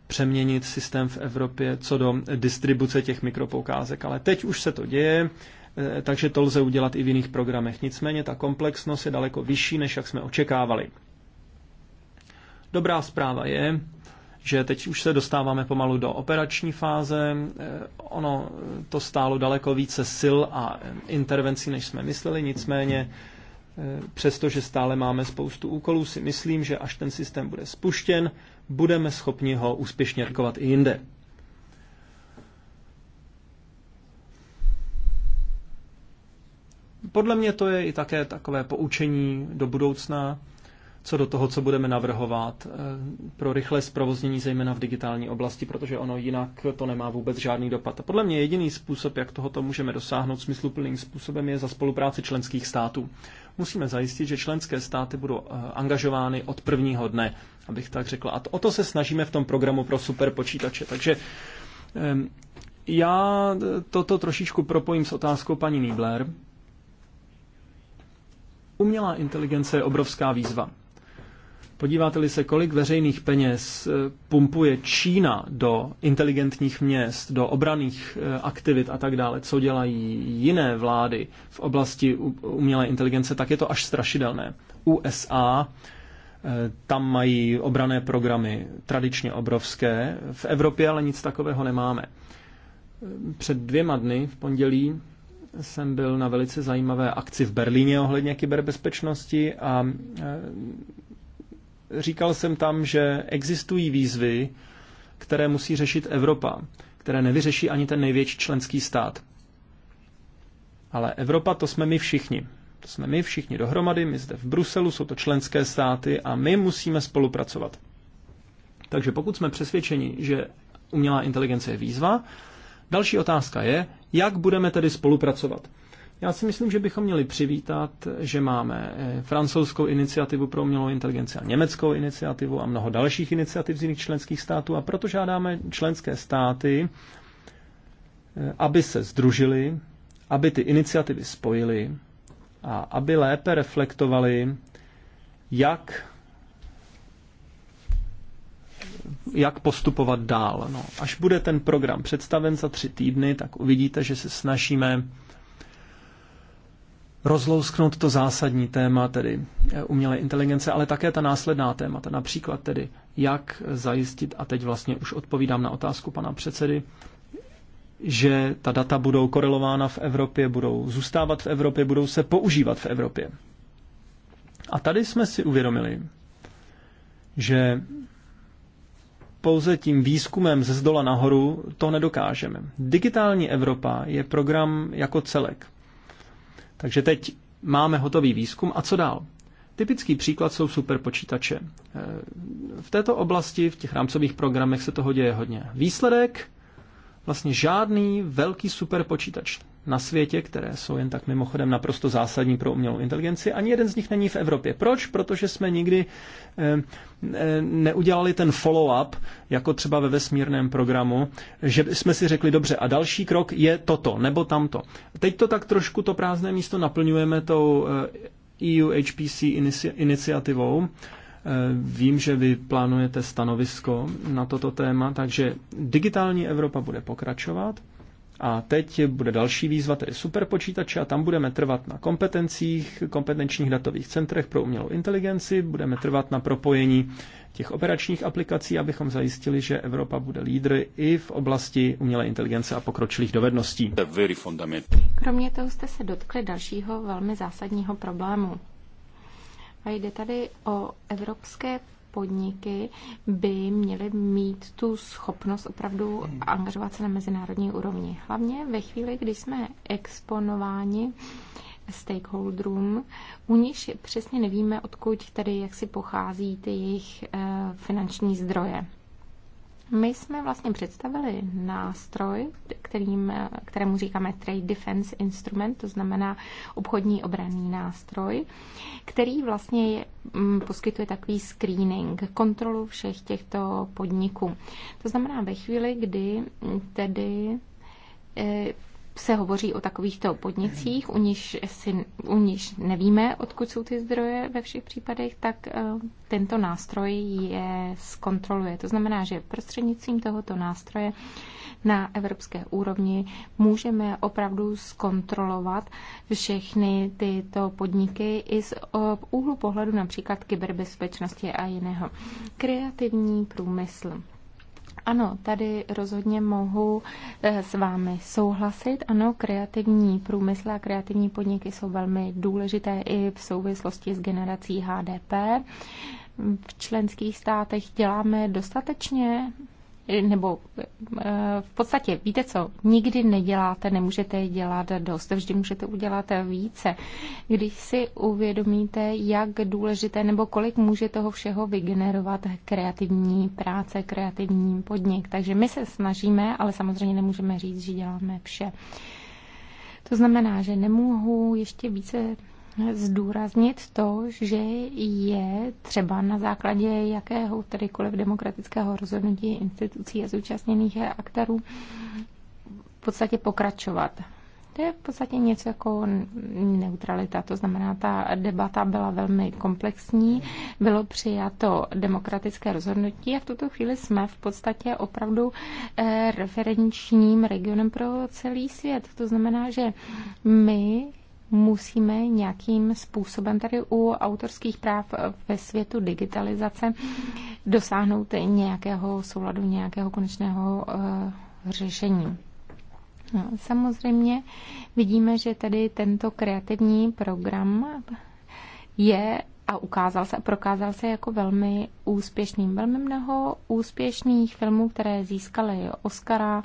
přeměnit systém v Evropě co do distribuce těch mikropoukázek. Ale teď už se to děje, eh, takže to lze udělat i v jiných programech. Nicméně ta komplexnost je daleko vyšší, než jak jsme očekávali. Dobrá zpráva je, že teď už se dostáváme pomalu do operační fáze. Eh, ono eh, to stálo daleko více sil a eh, intervencí, než jsme mysleli, nicméně přestože stále máme spoustu úkolů, si myslím, že až ten systém bude spuštěn, budeme schopni ho úspěšně rkovat i jinde. Podle mě to je i také takové poučení do budoucna, co do toho, co budeme navrhovat eh, pro rychlé zprovoznění, zejména v digitální oblasti, protože ono jinak to nemá vůbec žádný dopad. A podle mě jediný způsob, jak tohoto můžeme dosáhnout smysluplným způsobem, je za spolupráci členských států. Musíme zajistit, že členské státy budou eh, angažovány od prvního dne, abych tak řekl. A o to se snažíme v tom programu pro superpočítače. Takže ehm, já eh, toto trošičku propojím s otázkou paní Niebler. Umělá inteligence je obrovská výzva. Podíváte-li se, kolik veřejných peněz eh, pumpuje Čína do inteligentních měst, do obraných eh, aktivit a tak dále, co dělají jiné vlády v oblasti umělé inteligence, tak je to až strašidelné. USA eh, tam mají obrané programy tradičně obrovské, v Evropě ale nic takového nemáme. Před dvěma dny v pondělí jsem byl na velice zajímavé akci v Berlíně ohledně kyberbezpečnosti a Říkal jsem tam, že existují výzvy, které musí řešit Evropa, které nevyřeší ani ten největší členský stát. Ale Evropa to jsme my všichni. To jsme my všichni dohromady, my zde v Bruselu, jsou to členské státy a my musíme spolupracovat. Takže pokud jsme přesvědčeni, že umělá inteligence je výzva, další otázka je, jak budeme tedy spolupracovat. Já si myslím, že bychom měli přivítat, že máme eh, francouzskou iniciativu pro umělou inteligenci a německou iniciativu a mnoho dalších iniciativ z jiných členských států a proto žádáme členské státy, eh, aby se združili, aby ty iniciativy spojili a aby lépe reflektovali, jak jak postupovat dál. No, až bude ten program představen za tři týdny, tak uvidíte, že se snažíme rozlousknout to zásadní téma, tedy eh, umělé inteligence, ale také ta následná témata, například tedy jak zajistit, a teď vlastně už odpovídám na otázku pana předsedy, že ta data budou korelována v Evropě, budou zůstávat v Evropě, budou se používat v Evropě. A tady jsme si uvědomili, že pouze tím výzkumem ze zdola nahoru to nedokážeme. Digitální Evropa je program jako celek. Takže teď máme hotový výzkum a co dál? Typický příklad jsou superpočítače. E, v této oblasti, v těch rámcových programech se toho děje hodně. Výsledek? Vlastně žádný velký superpočítač na světě, které jsou jen tak mimochodem naprosto zásadní pro umělou inteligenci. Ani jeden z nich není v Evropě. Proč? Protože jsme nikdy eh, eh, neudělali ten follow-up, jako třeba ve vesmírném programu, že jsme si řekli, dobře, a další krok je toto, nebo tamto. Teď to tak trošku to prázdné místo naplňujeme tou EU eh, e HPC iniciativou. Vím, že vy plánujete stanovisko na toto téma, takže digitální Evropa bude pokračovat. A teď bude další výzva, tedy superpočítače, a tam budeme trvat na kompetencích, kompetenčních datových centrech pro umělou inteligenci, budeme trvat na propojení těch operačních aplikací, abychom zajistili, že Evropa bude lídr i v oblasti umělé inteligence a pokročilých dovedností. Kromě toho jste se dotkli dalšího velmi zásadního problému. A jde tady o evropské podniky by měly mít tu schopnost opravdu angažovat se na mezinárodní úrovni. Hlavně ve chvíli, kdy jsme exponováni stakeholderům, u nich přesně nevíme, odkud tedy jak si pochází ty jejich eh, finanční zdroje. My jsme vlastně představili nástroj, kterým, kterému říkáme Trade Defense Instrument, to znamená obchodní obranný nástroj, který vlastně mm, poskytuje takový screening, kontrolu všech těchto podniků. To znamená ve chvíli, kdy tedy eh, se hovoří o takovýchto podnicích, u níž, si, u níž nevíme, odkud jsou ty zdroje ve všech případech, tak eh, tento nástroj je zkontroluje. To znamená, že prostřednictvím tohoto nástroje na evropské úrovni můžeme opravdu zkontrolovat všechny tyto podniky i z úhlu pohledu například kyberbezpečnosti a jiného. Kreativní průmysl. Ano, tady rozhodně mohu eh, s vámi souhlasit. Ano, kreativní průmysl a kreativní podniky jsou velmi důležité i v souvislosti s generací HDP. V členských státech děláme dostatečně nebo eh, v podstatě, víte co, nikdy neděláte, nemůžete dělat dost, vždy můžete udělat více. Když si uvědomíte, jak důležité nebo kolik může toho všeho vygenerovat kreativní práce, kreativní podnik. Takže my se snažíme, ale samozřejmě nemůžeme říct, že děláme vše. To znamená, že nemohu ještě více zdůraznit to, že je třeba na základě jakého tedykoliv demokratického rozhodnutí institucí a zúčastněných aktérů v podstatě pokračovat. To je v podstatě něco jako neutralita, to znamená, ta debata byla velmi komplexní, bylo přijato demokratické rozhodnutí a v tuto chvíli jsme v podstatě opravdu eh, referenčním regionem pro celý svět. To znamená, že my musíme nějakým způsobem tady u autorských práv ve světu digitalizace dosáhnout nějakého souladu, nějakého konečného eh, řešení. No, samozřejmě vidíme, že tady tento kreativní program je a ukázal se, prokázal se jako velmi úspěšným. Velmi mnoho úspěšných filmů, které získaly Oscara,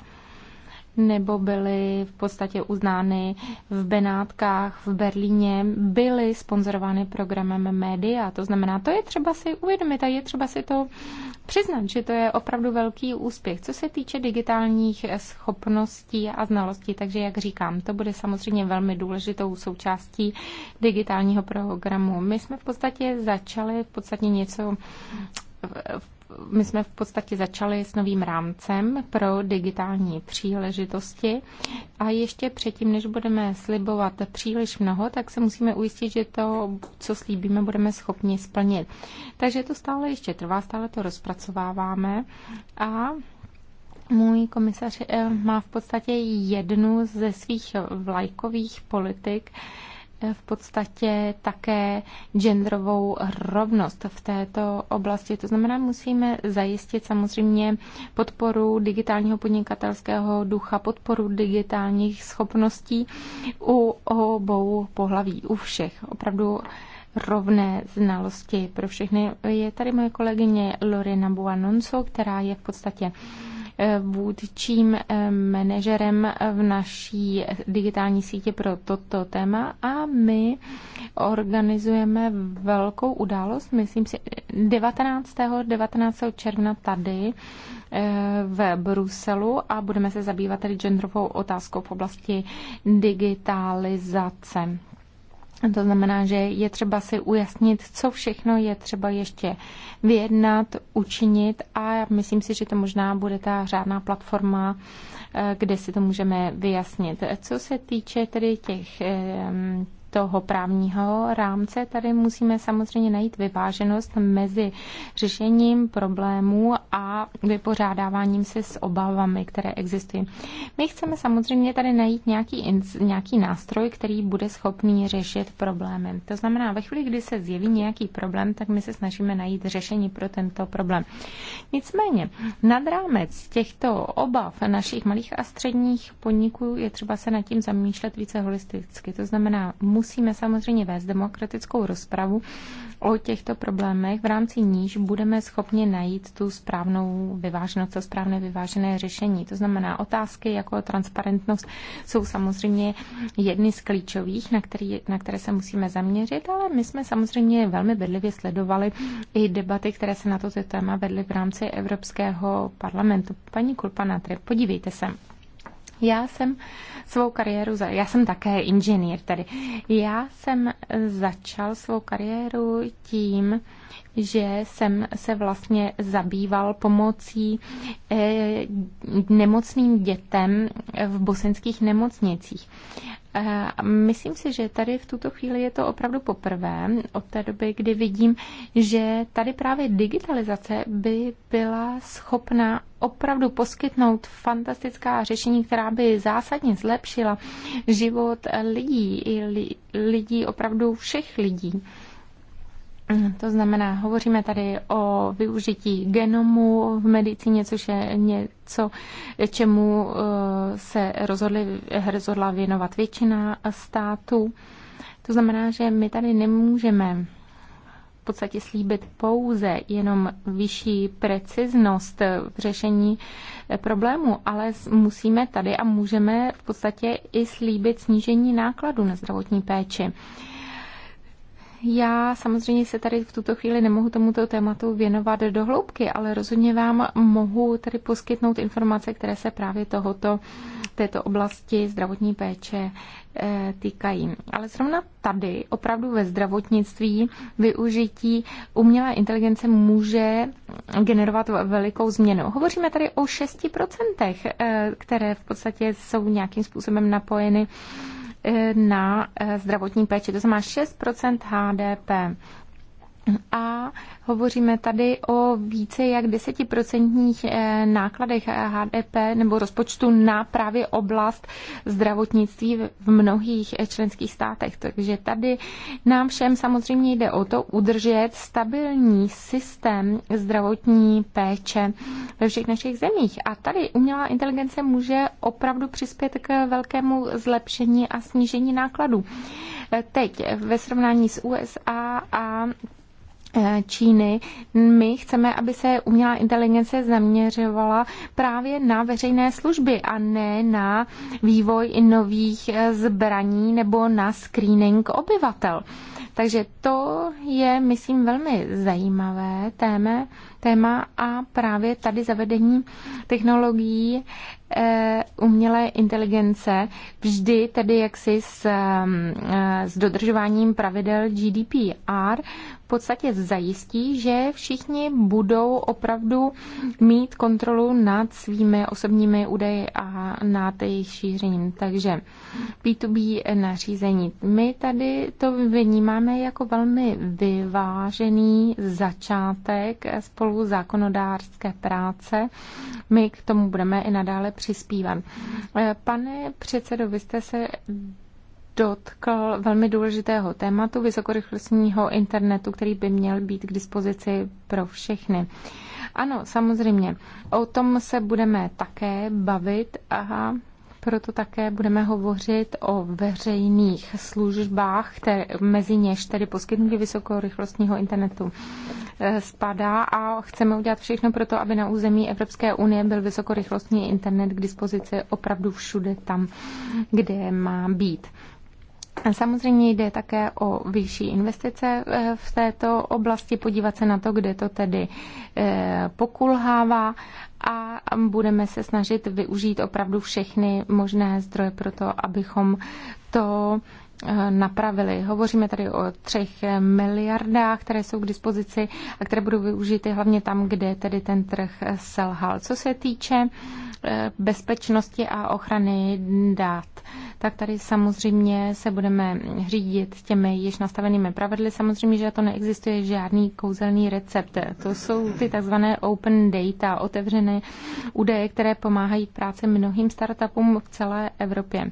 nebo byly v podstatě uznány v Benátkách, v Berlíně, byly sponzorovány programem média. To znamená, to je třeba si uvědomit a je třeba si to přiznat, že to je opravdu velký úspěch, co se týče digitálních schopností a znalostí. Takže, jak říkám, to bude samozřejmě velmi důležitou součástí digitálního programu. My jsme v podstatě začali v podstatě něco v my jsme v podstatě začali s novým rámcem pro digitální příležitosti a ještě předtím, než budeme slibovat příliš mnoho, tak se musíme ujistit, že to, co slíbíme, budeme schopni splnit. Takže to stále ještě trvá, stále to rozpracováváme a můj komisař eh, má v podstatě jednu ze svých vlajkových politik, v podstatě také genderovou rovnost v této oblasti. To znamená, musíme zajistit samozřejmě podporu digitálního podnikatelského ducha, podporu digitálních schopností u obou pohlaví, u všech. Opravdu rovné znalosti pro všechny. Je tady moje kolegyně Lorena Buanonso, která je v podstatě vůdčím eh, manažerem v naší digitální síti pro toto téma a my organizujeme velkou událost, myslím si 19. 19. června tady eh, v Bruselu a budeme se zabývat tedy genderovou otázkou v oblasti digitalizace. To znamená, že je třeba si ujasnit, co všechno je třeba ještě vyjednat, učinit a myslím si, že to možná bude ta řádná platforma, eh, kde si to můžeme vyjasnit. Co se týče tedy těch eh, toho právního rámce tady musíme samozřejmě najít vyváženost mezi řešením problémů a vypořádáváním se s obavami, které existují. My chceme samozřejmě tady najít nějaký, nějaký nástroj, který bude schopný řešit problémy. To znamená, ve chvíli, kdy se zjeví nějaký problém, tak my se snažíme najít řešení pro tento problém. Nicméně, nad rámec těchto obav našich malých a středních podniků je třeba se nad tím zamýšlet více holisticky. To znamená, musíme samozřejmě vést demokratickou rozpravu o těchto problémech, v rámci níž budeme schopni najít tu správnou vyváženost, to správné vyvážené řešení. To znamená, otázky jako transparentnost jsou samozřejmě jedny z klíčových, na, který, na které se musíme zaměřit, ale my jsme samozřejmě velmi bedlivě sledovali i debaty, které se na toto téma vedly v rámci Evropského parlamentu. Paní Kulpanatry, podívejte se. Já jsem svou kariéru, za... já jsem také inženýr tedy. Já jsem začal svou kariéru tím, že jsem se vlastně zabýval pomocí eh, nemocným dětem v bosenských nemocnicích. Eh, myslím si, že tady v tuto chvíli je to opravdu poprvé od té doby, kdy vidím, že tady právě digitalizace by byla schopna opravdu poskytnout fantastická řešení, která by zásadně zlepšila život lidí, lidí opravdu všech lidí. Mhm, to znamená, hovoříme tady o využití genomu v medicíně, což je něco, čemu eh, se rozhodli, rozhodla věnovat většina států. To znamená, že my tady nemůžeme v podstatě slíbit pouze jenom vyšší preciznost v řešení problému, ale musíme tady a můžeme v podstatě i slíbit snížení nákladů na zdravotní péči. Já samozřejmě se tady v tuto chvíli nemohu tomuto tématu věnovat do hloubky, ale rozhodně vám mohu tady poskytnout informace, které se právě tohoto, této oblasti zdravotní péče eh, týkají. Ale zrovna tady, opravdu ve zdravotnictví, využití umělé inteligence může generovat velikou změnu. Hovoříme tady o 6%, eh, které v podstatě jsou nějakým způsobem napojeny na eh, zdravotní péči, to znamená 6 HDP. A Hovoříme tady o více jak desetiprocentních eh, nákladech HDP eh, nebo rozpočtu na právě oblast zdravotnictví v mnohých eh, členských státech. Takže tady nám všem samozřejmě jde o to udržet stabilní systém zdravotní péče ve všech našich zemích. A tady umělá inteligence může opravdu přispět k velkému zlepšení a snížení nákladů. Teď ve srovnání s USA a Eh, Číny. My chceme, aby se umělá inteligence zaměřovala právě na veřejné služby a ne na vývoj nových eh, zbraní nebo na screening obyvatel. Takže to je, myslím, velmi zajímavé téma téma a právě tady zavedení technologií eh, umělé inteligence vždy tedy jaksi s, mm, eh, s dodržováním pravidel GDPR v podstatě zajistí, že všichni budou opravdu mít kontrolu nad svými osobními údaji a nad jejich šířením. Takže p 2 b nařízení. My tady to vnímáme jako velmi vyvážený začátek spolu návrhu zákonodárské práce. My k tomu budeme i nadále přispívat. Eh, pane předsedo, vy jste se dotkl velmi důležitého tématu vysokorychlostního internetu, který by měl být k dispozici pro všechny. Ano, samozřejmě. O tom se budeme také bavit. Aha, proto také budeme hovořit o veřejných službách, které, mezi něž tedy poskytnutí vysokorychlostního internetu eh, spadá a chceme udělat všechno pro to, aby na území Evropské unie byl vysokorychlostní internet k dispozici opravdu všude tam, kde má být. Samozřejmě jde také o vyšší investice eh, v této oblasti, podívat se na to, kde to tedy eh, pokulhává a budeme se snažit využít opravdu všechny možné zdroje pro to, abychom to eh, napravili. Hovoříme tady o třech miliardách, které jsou k dispozici a které budou využity hlavně tam, kde tedy ten trh selhal. Co se týče Eh, bezpečnosti a ochrany dát, tak tady samozřejmě se budeme řídit těmi již nastavenými pravidly. Samozřejmě, že to neexistuje žádný kouzelný recept. To jsou ty takzvané open data, otevřené údaje, které pomáhají práci mnohým startupům v celé Evropě.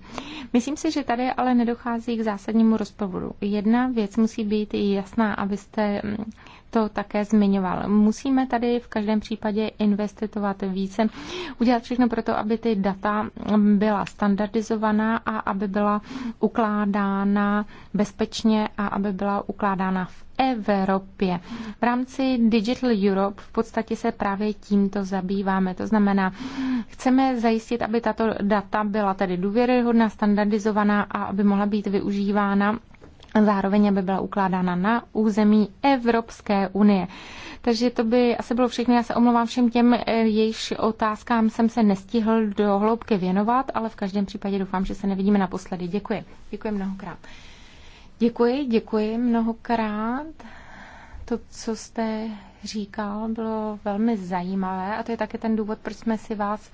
Myslím si, že tady ale nedochází k zásadnímu rozpovodu. Jedna věc musí být jasná, abyste mm, to také zmiňoval. Musíme tady v každém případě investovat více, udělat všechno pro to, aby ty data byla standardizovaná a aby byla ukládána bezpečně a aby byla ukládána v Evropě. V rámci Digital Europe v podstatě se právě tímto zabýváme. To znamená, chceme zajistit, aby tato data byla tedy důvěryhodná, standardizovaná a aby mohla být využívána zároveň aby byla ukládána na území Evropské unie. Takže to by asi bylo všechno. Já se omlouvám všem těm, jejichž otázkám jsem se nestihl do hloubky věnovat, ale v každém případě doufám, že se nevidíme naposledy. Děkuji. Děkuji mnohokrát. Děkuji, děkuji mnohokrát. To, co jste říkal, bylo velmi zajímavé a to je také ten důvod, proč jsme si vás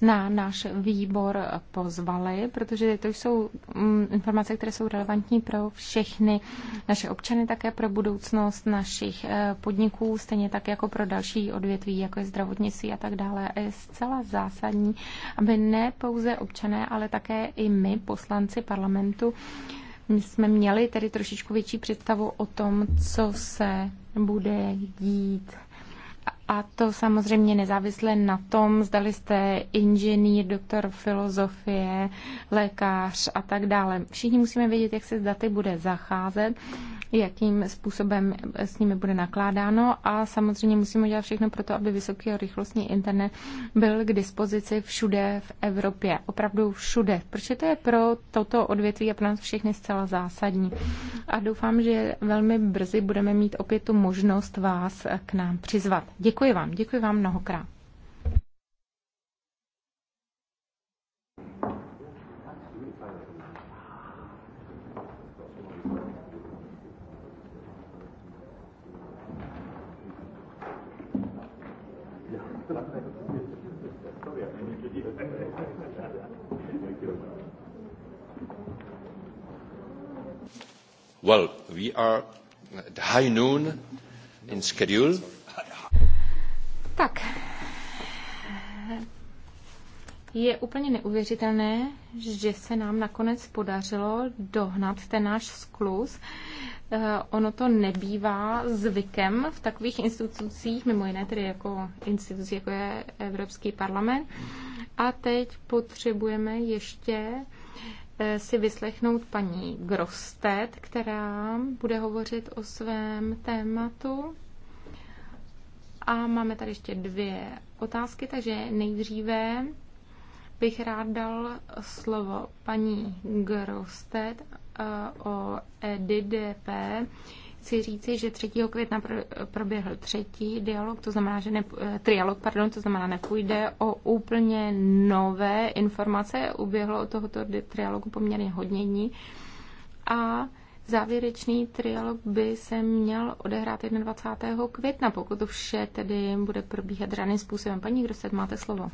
na náš výbor pozvali, protože to jsou mm, informace, které jsou relevantní pro všechny naše občany, také pro budoucnost našich eh, podniků, stejně tak jako pro další odvětví, jako je zdravotnictví a tak dále. Je zcela zásadní, aby ne pouze občané, ale také i my, poslanci parlamentu, my jsme měli tedy trošičku větší představu o tom, co se bude dít a to samozřejmě nezávisle na tom, zdali jste inženýr, doktor filozofie, lékař a tak dále. Všichni musíme vědět, jak se s daty bude zacházet, jakým způsobem s nimi bude nakládáno a samozřejmě musíme dělat všechno pro to, aby vysoký a rychlostní internet byl k dispozici všude v Evropě, opravdu všude, protože to je pro toto odvětví a pro nás všechny zcela zásadní. A doufám, že velmi brzy budeme mít opět tu možnost vás k nám přizvat. Děkuji. Děkuji vám, děkuji vám mnohokrát. Well, we are at high noon in schedule. Tak, je úplně neuvěřitelné, že se nám nakonec podařilo dohnat ten náš sklus. Eh, ono to nebývá zvykem v takových institucích, mimo jiné tedy jako instituci, jako je Evropský parlament. A teď potřebujeme ještě eh, si vyslechnout paní Grostet, která bude hovořit o svém tématu. A máme tady ještě dvě otázky, takže nejdříve bych rád dal slovo paní Grosted eh, o EDDP. Chci říci, že 3. května proběhl třetí dialog, to znamená, že ne, eh, trialog, pardon, to znamená, nepůjde o úplně nové informace. Uběhlo od tohoto trialogu poměrně hodně dní. A Závěrečný trialog by se měl odehrát 21. května, pokud to vše tedy bude probíhat řádným způsobem. Paní Groset, máte slovo.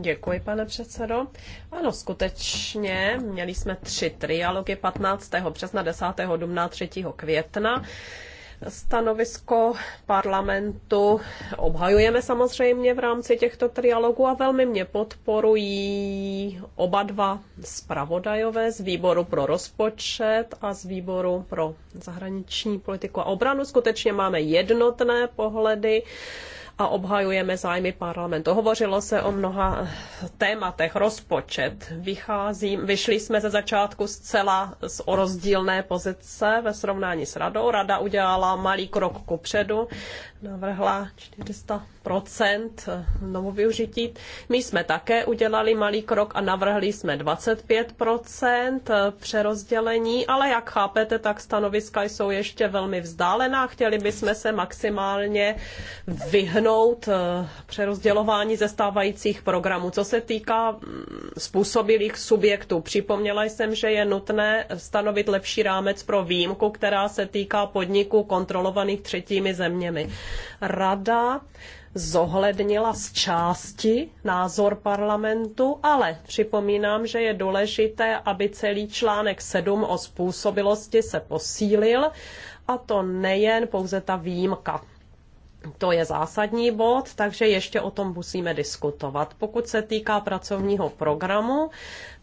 Děkuji, pane předsedo. Ano, skutečně, měli jsme tři trialogy 15. března, 10. dubna, 3. května. Stanovisko parlamentu obhajujeme samozřejmě v rámci těchto trialogů a velmi mě podporují oba dva zpravodajové z výboru pro rozpočet a z výboru pro zahraniční politiku a obranu. Skutečně máme jednotné pohledy a obhajujeme zájmy parlamentu. Hovořilo se o mnoha tématech, rozpočet. Vycházím, vyšli jsme ze začátku zcela z rozdílné pozice ve srovnání s radou. Rada udělala malý krok ku předu, navrhla 400% novou využití. My jsme také udělali malý krok a navrhli jsme 25% přerozdělení, ale jak chápete, tak stanoviska jsou ještě velmi vzdálená. Chtěli bychom se maximálně vyhnout navrhnout eh, přerozdělování ze stávajících programů. Co se týká mm, způsobilých subjektů, připomněla jsem, že je nutné stanovit lepší rámec pro výjimku, která se týká podniků kontrolovaných třetími zeměmi. Rada zohlednila z části názor parlamentu, ale připomínám, že je důležité, aby celý článek 7 o způsobilosti se posílil, a to nejen pouze ta výjimka to je zásadní bod, takže ještě o tom musíme diskutovat. Pokud se týká pracovního programu,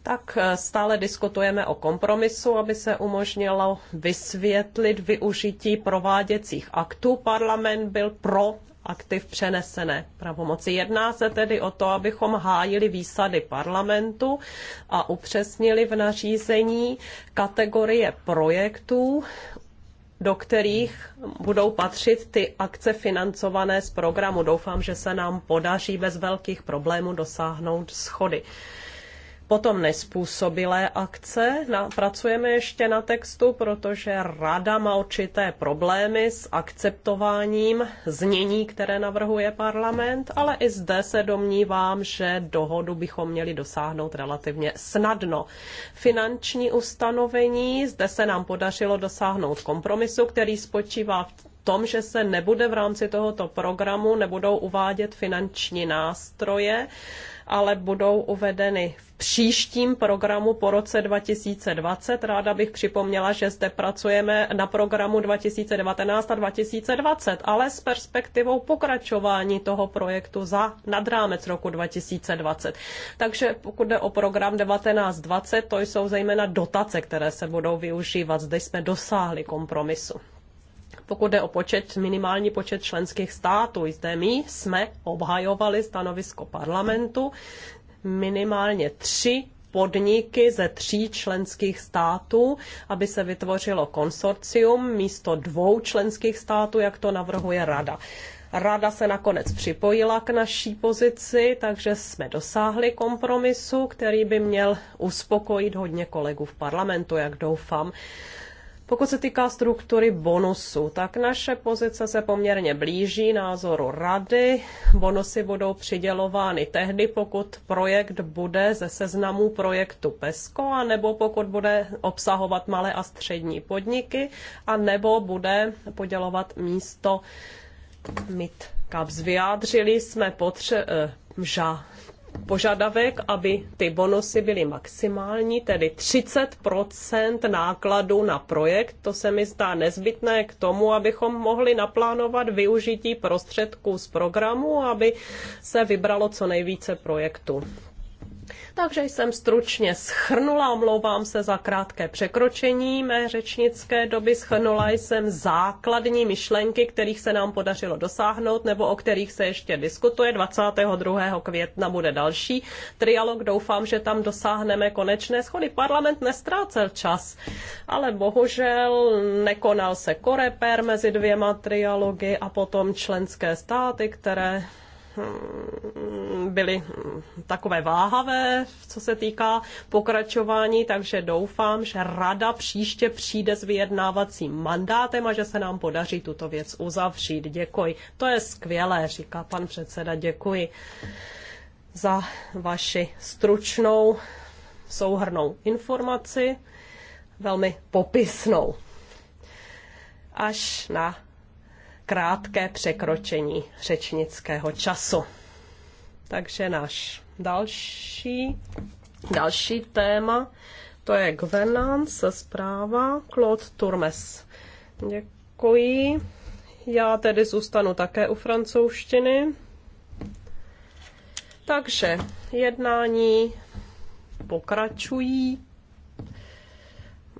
tak eh, stále diskutujeme o kompromisu, aby se umožnilo vysvětlit využití prováděcích aktů. Parlament byl pro aktiv přenesené pravomoci. Jedná se tedy o to, abychom hájili výsady parlamentu a upřesnili v nařízení kategorie projektů, do kterých budou patřit ty akce financované z programu. Doufám, že se nám podaří bez velkých problémů dosáhnout schody. Potom nespůsobilé akce. Na, pracujeme ještě na textu, protože rada má určité problémy s akceptováním znění, které navrhuje parlament, ale i zde se domnívám, že dohodu bychom měli dosáhnout relativně snadno. Finanční ustanovení, zde se nám podařilo dosáhnout kompromisu, který spočívá v tom, že se nebude v rámci tohoto programu nebudou uvádět finanční nástroje, ale budou uvedeny v příštím programu po roce 2020. Ráda bych připomněla, že zde pracujeme na programu 2019 a 2020, ale s perspektivou pokračování toho projektu za nad rámec roku 2020. Takže pokud jde o program 1920, to jsou zejména dotace, které se budou využívat. Zde jsme dosáhli kompromisu. Pokud jde o počet, minimální počet členských států, zde my jsme obhajovali stanovisko parlamentu minimálně tři podniky ze tří členských států, aby se vytvořilo konsorcium místo dvou členských států, jak to navrhuje Rada. Rada se nakonec připojila k naší pozici, takže jsme dosáhli kompromisu, který by měl uspokojit hodně kolegů v parlamentu, jak doufám. Pokud se týká struktury bonusu, tak naše pozice se poměrně blíží názoru rady. Bonusy budou přidělovány tehdy, pokud projekt bude ze seznamu projektu PESCO, nebo pokud bude obsahovat malé a střední podniky, a nebo bude podělovat místo MIT. Kaps. Vyjádřili jsme potře- eh, ža požadavek, aby ty bonusy byly maximální, tedy 30 nákladů na projekt. To se mi zdá nezbytné k tomu, abychom mohli naplánovat využití prostředků z programu, aby se vybralo co nejvíce projektů. Takže jsem stručně schrnula, omlouvám se za krátké překročení mé řečnické doby, schrnula jsem základní myšlenky, kterých se nám podařilo dosáhnout nebo o kterých se ještě diskutuje. 22. května bude další trialog, doufám, že tam dosáhneme konečné schody. Parlament nestrácel čas, ale bohužel nekonal se koreper mezi dvěma trialogy a potom členské státy, které Hm, byly takové váhavé, co se týká pokračování, takže doufám, že rada příště přijde s vyjednávacím mandátem a že se nám podaří tuto věc uzavřít. Děkuji. To je skvělé, říká pan předseda. Děkuji za vaši stručnou souhrnou informaci, velmi popisnou. Až na krátké překročení řečnického času. Takže náš další, další téma, to je governance, zpráva Claude Turmes. Děkuji. Já tedy zůstanu také u francouzštiny. Takže jednání pokračují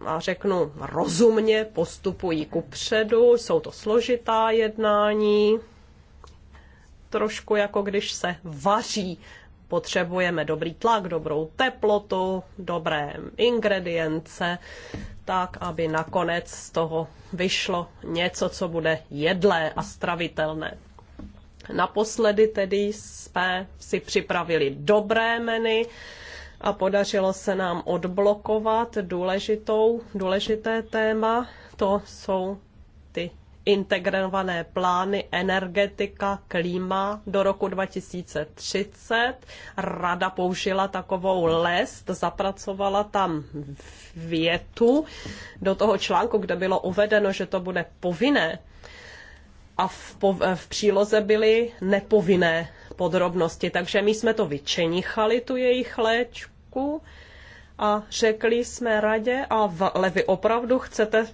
a řeknu, rozumně postupují ku předu, jsou to složitá jednání, trošku jako když se vaří. Potřebujeme dobrý tlak, dobrou teplotu, dobré ingredience, tak, aby nakonec z toho vyšlo něco, co bude jedlé a stravitelné. Naposledy tedy jsme si připravili dobré menu, a podařilo se nám odblokovat důležitou, důležité téma. To jsou ty integrované plány energetika, klima do roku 2030. Rada použila takovou lest, zapracovala tam větu do toho článku, kde bylo uvedeno, že to bude povinné. A v, po, v příloze byly nepovinné podrobnosti. Takže my jsme to vyčenichali, tu jejich léčku a řekli jsme radě, a v, ale vy opravdu chcete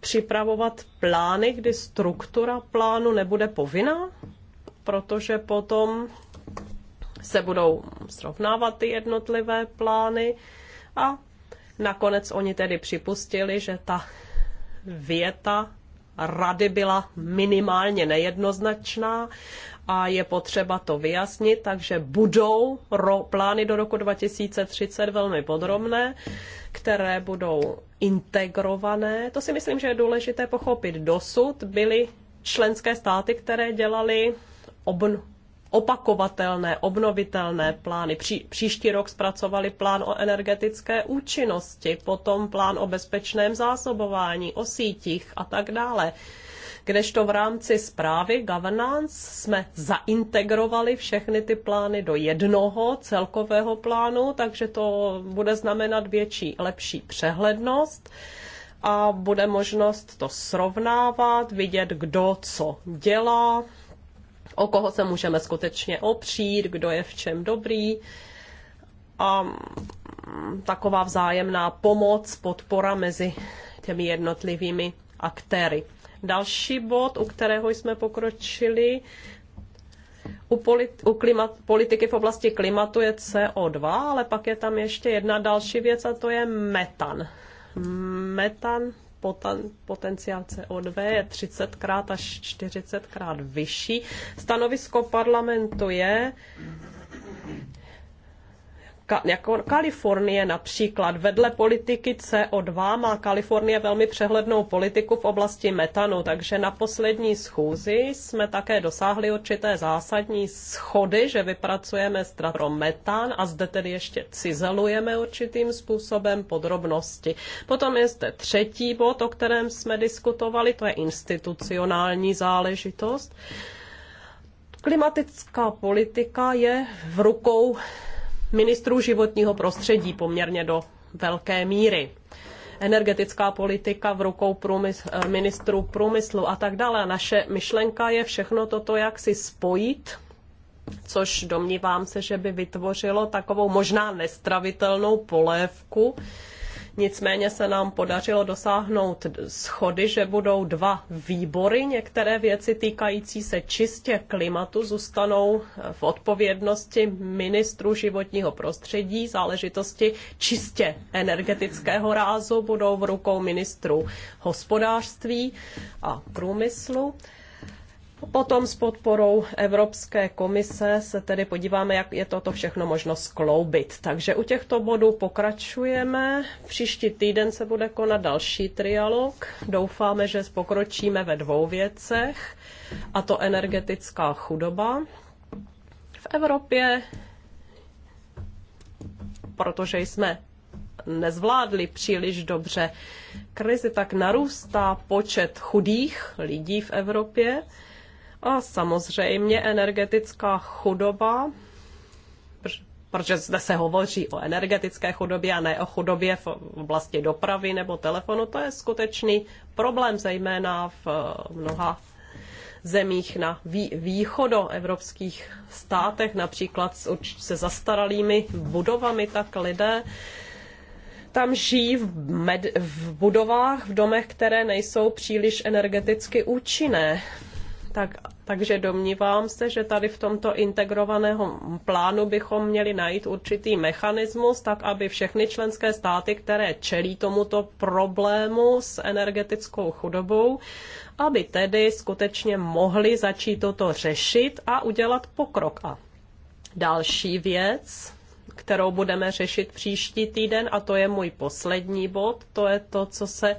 připravovat plány, kdy struktura plánu nebude povinná, protože potom se budou srovnávat ty jednotlivé plány a nakonec oni tedy připustili, že ta věta rady byla minimálně nejednoznačná a je potřeba to vyjasnit, takže budou ro, plány do roku 2030 velmi podrobné, které budou integrované. To si myslím, že je důležité pochopit. Dosud byly členské státy, které dělaly obn, opakovatelné, obnovitelné plány. Pří, příští rok zpracovali plán o energetické účinnosti, potom plán o bezpečném zásobování, o sítích a tak dále kdežto v rámci zprávy governance jsme zaintegrovali všechny ty plány do jednoho celkového plánu, takže to bude znamenat větší, lepší přehlednost a bude možnost to srovnávat, vidět, kdo co dělá, o koho se můžeme skutečně opřít, kdo je v čem dobrý. A taková vzájemná pomoc, podpora mezi těmi jednotlivými aktéry. Další bod, u kterého jsme pokročili, u, polit, u klimat, politiky v oblasti klimatu je CO2, ale pak je tam ještě jedna další věc a to je metan. Metan poten, potenciál CO2 je 30krát až 40krát vyšší. Stanovisko parlamentu je, jako Kalifornie například. Vedle politiky CO2 má Kalifornie velmi přehlednou politiku v oblasti metanu, takže na poslední schůzi jsme také dosáhli určité zásadní schody, že vypracujeme pro metan a zde tedy ještě cizelujeme určitým způsobem podrobnosti. Potom je zde třetí bod, o kterém jsme diskutovali, to je institucionální záležitost. Klimatická politika je v rukou ministrů životního prostředí poměrně do velké míry energetická politika v rukou průmysl, eh, ministru průmyslu a tak dále. Naše myšlenka je všechno toto, jak si spojit, což domnívám se, že by vytvořilo takovou možná nestravitelnou polévku, Nicméně se nám podařilo dosáhnout schody, že budou dva výbory. Některé věci týkající se čistě klimatu zůstanou v odpovědnosti ministru životního prostředí. Záležitosti čistě energetického rázu budou v rukou ministru hospodářství a průmyslu. Potom s podporou Evropské komise se tedy podíváme, jak je toto všechno možno skloubit. Takže u těchto bodů pokračujeme. Příští týden se bude konat další trialog. Doufáme, že pokročíme ve dvou věcech, a to energetická chudoba. V Evropě, protože jsme nezvládli příliš dobře krizi, tak narůstá počet chudých lidí v Evropě a samozřejmě energetická chudoba, protože zde se hovoří o energetické chudobě a ne o chudobě v oblasti dopravy nebo telefonu, to je skutečný problém, zejména v eh, mnoha zemích na vý, východoevropských státech, například s, se zastaralými budovami, tak lidé tam žijí v, med, v budovách, v domech, které nejsou příliš energeticky účinné. Tak takže domnívám se, že tady v tomto integrovaného plánu bychom měli najít určitý mechanismus, tak aby všechny členské státy, které čelí tomuto problému s energetickou chudobou, aby tedy skutečně mohli začít toto řešit a udělat pokrok. A další věc, kterou budeme řešit příští týden, a to je můj poslední bod, to je to, co se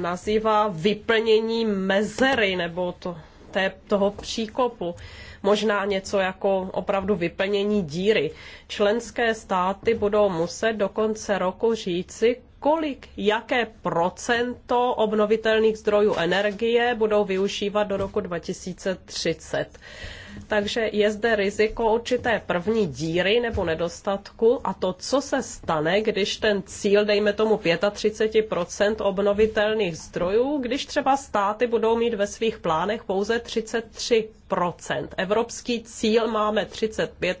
nazývá vyplnění mezery, nebo to té, toho příkopu. Možná něco jako opravdu vyplnění díry. Členské státy budou muset do konce roku říci, kolik, jaké procento obnovitelných zdrojů energie budou využívat do roku 2030 takže je zde riziko určité první díry nebo nedostatku a to, co se stane, když ten cíl, dejme tomu 35% obnovitelných zdrojů, když třeba státy budou mít ve svých plánech pouze 33 Evropský cíl máme 35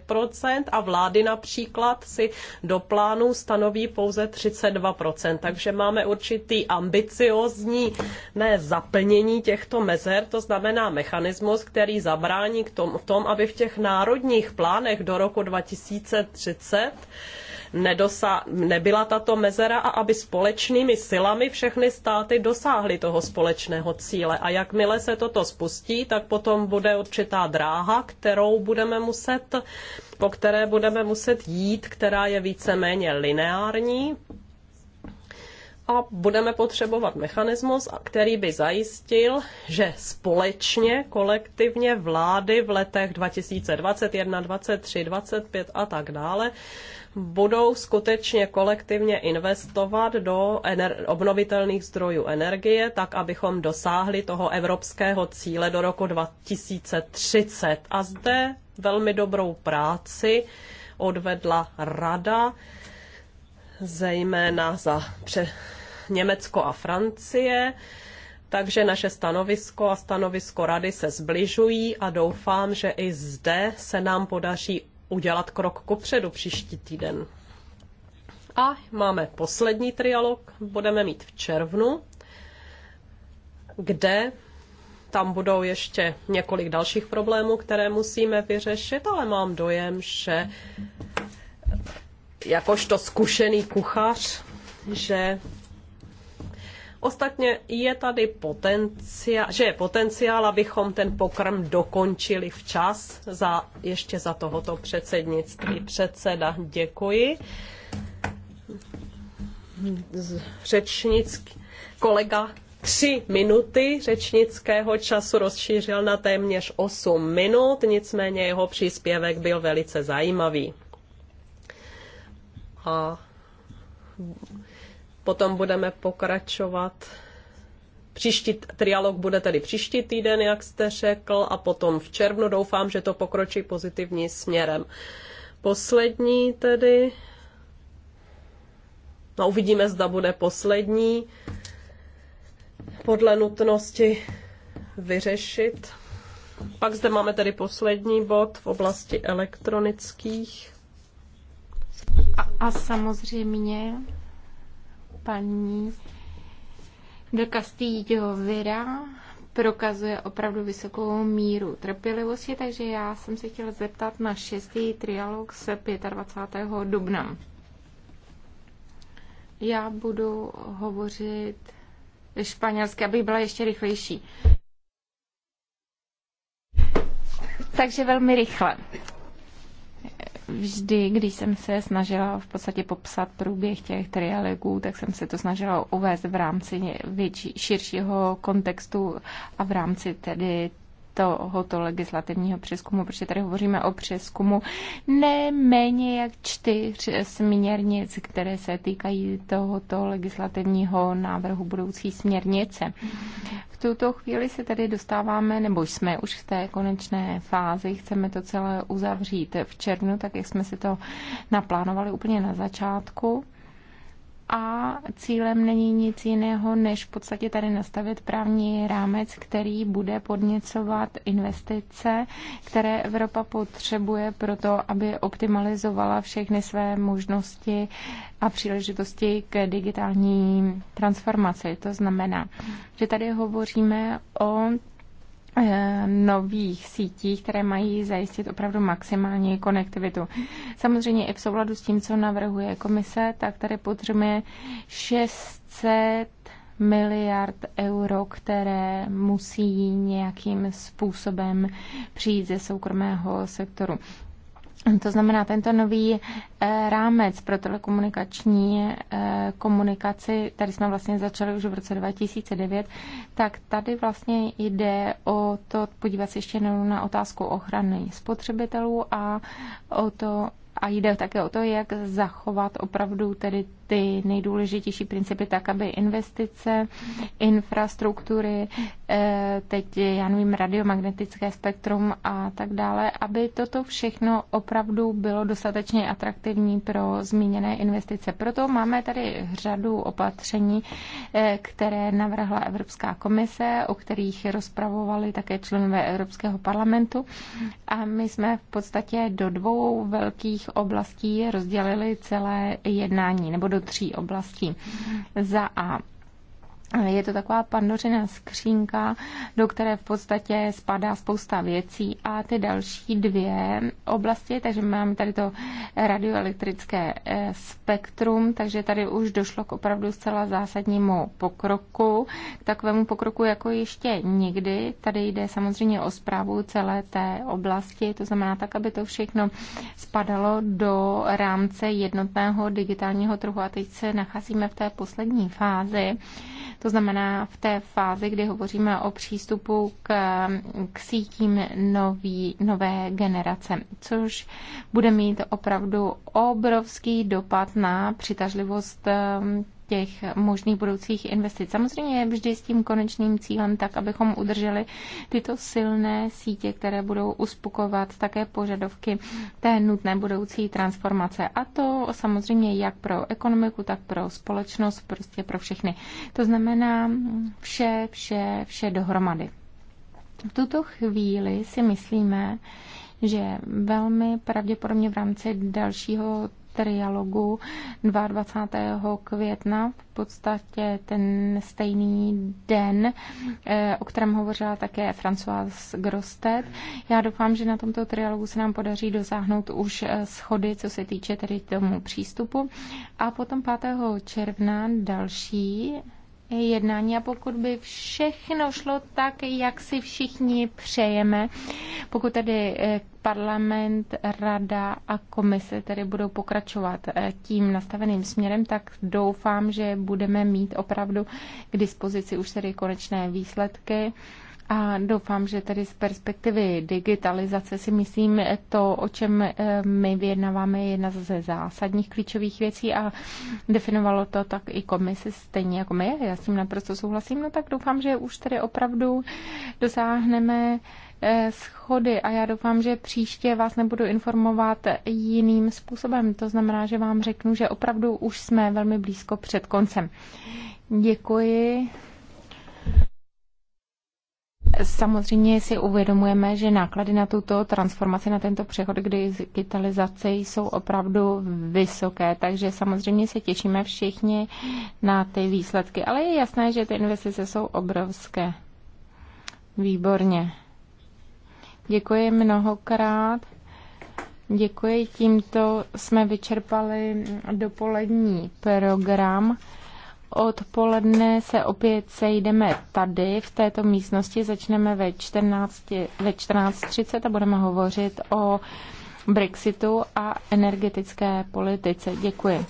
a vlády například si do plánu stanoví pouze 32 takže máme určitý ambiciozní ne zaplnění těchto mezer, to znamená mechanismus, který zabrání k tom, v tom, aby v těch národních plánech do roku 2030 nedosa- nebyla tato mezera a aby společnými silami všechny státy dosáhly toho společného cíle. A jakmile se toto spustí, tak potom bude určitá dráha, kterou budeme muset, po které budeme muset jít, která je víceméně lineární, a budeme potřebovat mechanismus, který by zajistil, že společně, kolektivně vlády v letech 2021, 2023, 2025 a tak dále budou skutečně kolektivně investovat do obnovitelných zdrojů energie, tak abychom dosáhli toho evropského cíle do roku 2030. A zde velmi dobrou práci odvedla rada, zejména za pře- Německo a Francie. Takže naše stanovisko a stanovisko rady se zbližují a doufám, že i zde se nám podaří udělat krok kopředu příští týden. A máme poslední trialog, budeme mít v červnu, kde tam budou ještě několik dalších problémů, které musíme vyřešit, ale mám dojem, že jakožto zkušený kuchař, že Ostatně je tady potenciál, že je potenciál, abychom ten pokrm dokončili včas za, ještě za tohoto předsednictví. Předseda, děkuji. Řečnický kolega tři minuty řečnického času rozšířil na téměř 8 minut, nicméně jeho příspěvek byl velice zajímavý. A Potom budeme pokračovat. Příští trialog bude tedy příští týden, jak jste řekl, a potom v červnu doufám, že to pokročí pozitivní směrem. Poslední tedy. No uvidíme, zda bude poslední. Podle nutnosti vyřešit. Pak zde máme tedy poslední bod v oblasti elektronických. A, a samozřejmě paní Do Castillo Vira prokazuje opravdu vysokou míru trpělivosti, takže já jsem se chtěla zeptat na šestý trialog z 25. dubna. Já budu hovořit španělsky, aby byla ještě rychlejší. Takže velmi rychle vždy, když jsem se snažila v podstatě popsat průběh těch trialogů, tak jsem se to snažila uvést v rámci větší, širšího kontextu a v rámci tedy tohoto legislativního přeskumu, protože tady hovoříme o přeskumu neméně jak čtyř směrnic, které se týkají tohoto legislativního návrhu budoucí směrnice. V tuto chvíli se tady dostáváme, nebo jsme už v té konečné fázi, chceme to celé uzavřít v červnu, tak jak jsme si to naplánovali úplně na začátku a cílem není nic jiného, než v podstatě tady nastavit právní rámec, který bude podněcovat investice, které Evropa potřebuje pro to, aby optimalizovala všechny své možnosti a příležitosti k digitální transformaci. To znamená, že tady hovoříme o Eh, nových sítí, které mají zajistit opravdu maximální konektivitu. Samozřejmě i v souladu s tím, co navrhuje komise, tak tady potřebujeme 600 miliard euro, které musí nějakým způsobem přijít ze soukromého sektoru. To znamená, tento nový eh, rámec pro telekomunikační eh, komunikaci, tady jsme vlastně začali už v roce 2009, tak tady vlastně jde o to podívat se ještě jednou na otázku ochrany spotřebitelů a o to a jde také o to, jak zachovat opravdu tedy ty nejdůležitější principy tak, aby investice, infrastruktury, eh, teď já nevím, radiomagnetické spektrum a tak dále, aby toto všechno opravdu bylo dostatečně atraktivní pro zmíněné investice. Proto máme tady řadu opatření, eh, které navrhla Evropská komise, o kterých rozpravovali také členové Evropského parlamentu. A my jsme v podstatě do dvou velkých oblastí rozdělili celé jednání, nebo do tří oblastí. Za A je to taková pandořina skřínka, do které v podstatě spadá spousta věcí a ty další dvě oblasti, takže máme tady to radioelektrické eh, spektrum, takže tady už došlo k opravdu zcela zásadnímu pokroku, k takovému pokroku jako ještě nikdy. Tady jde samozřejmě o zprávu celé té oblasti, to znamená tak, aby to všechno spadalo do rámce jednotného digitálního trhu a teď se nacházíme v té poslední fázi, to znamená v té fázi, kdy hovoříme o přístupu k, k sítím nový, nové generace, což bude mít opravdu obrovský dopad na přitažlivost těch možných budoucích investic. Samozřejmě je vždy s tím konečným cílem tak, abychom udrželi tyto silné sítě, které budou uspokovat také požadovky té nutné budoucí transformace. A to samozřejmě jak pro ekonomiku, tak pro společnost, prostě pro všechny. To znamená vše, vše, vše dohromady. V tuto chvíli si myslíme, že velmi pravděpodobně v rámci dalšího trialogu 22. května, v podstatě ten stejný den, eh, o kterém hovořila také François Grostet. Já doufám, že na tomto trialogu se nám podaří dosáhnout už eh, schody, co se týče tedy tomu přístupu. A potom 5. června další jednání a pokud by všechno šlo tak, jak si všichni přejeme, pokud tedy eh, parlament, rada a komise tedy budou pokračovat eh, tím nastaveným směrem, tak doufám, že budeme mít opravdu k dispozici už tedy konečné výsledky a doufám, že tedy z perspektivy digitalizace si myslím, to, o čem eh, my vyjednáváme, je jedna ze zásadních klíčových věcí a definovalo to tak i komise stejně jako my. Já s tím naprosto souhlasím, no tak doufám, že už tedy opravdu dosáhneme eh, schody a já doufám, že příště vás nebudu informovat jiným způsobem. To znamená, že vám řeknu, že opravdu už jsme velmi blízko před koncem. Děkuji. Samozřejmě si uvědomujeme, že náklady na tuto transformaci, na tento přechod k digitalizaci jsou opravdu vysoké, takže samozřejmě se těšíme všichni na ty výsledky, ale je jasné, že ty investice jsou obrovské. Výborně. Děkuji mnohokrát. Děkuji. Tímto jsme vyčerpali dopolední program. Odpoledne se opět sejdeme tady, v této místnosti. Začneme ve 14.30 ve 14.30 a budeme hovořit o Brexitu a energetické politice. Děkuji.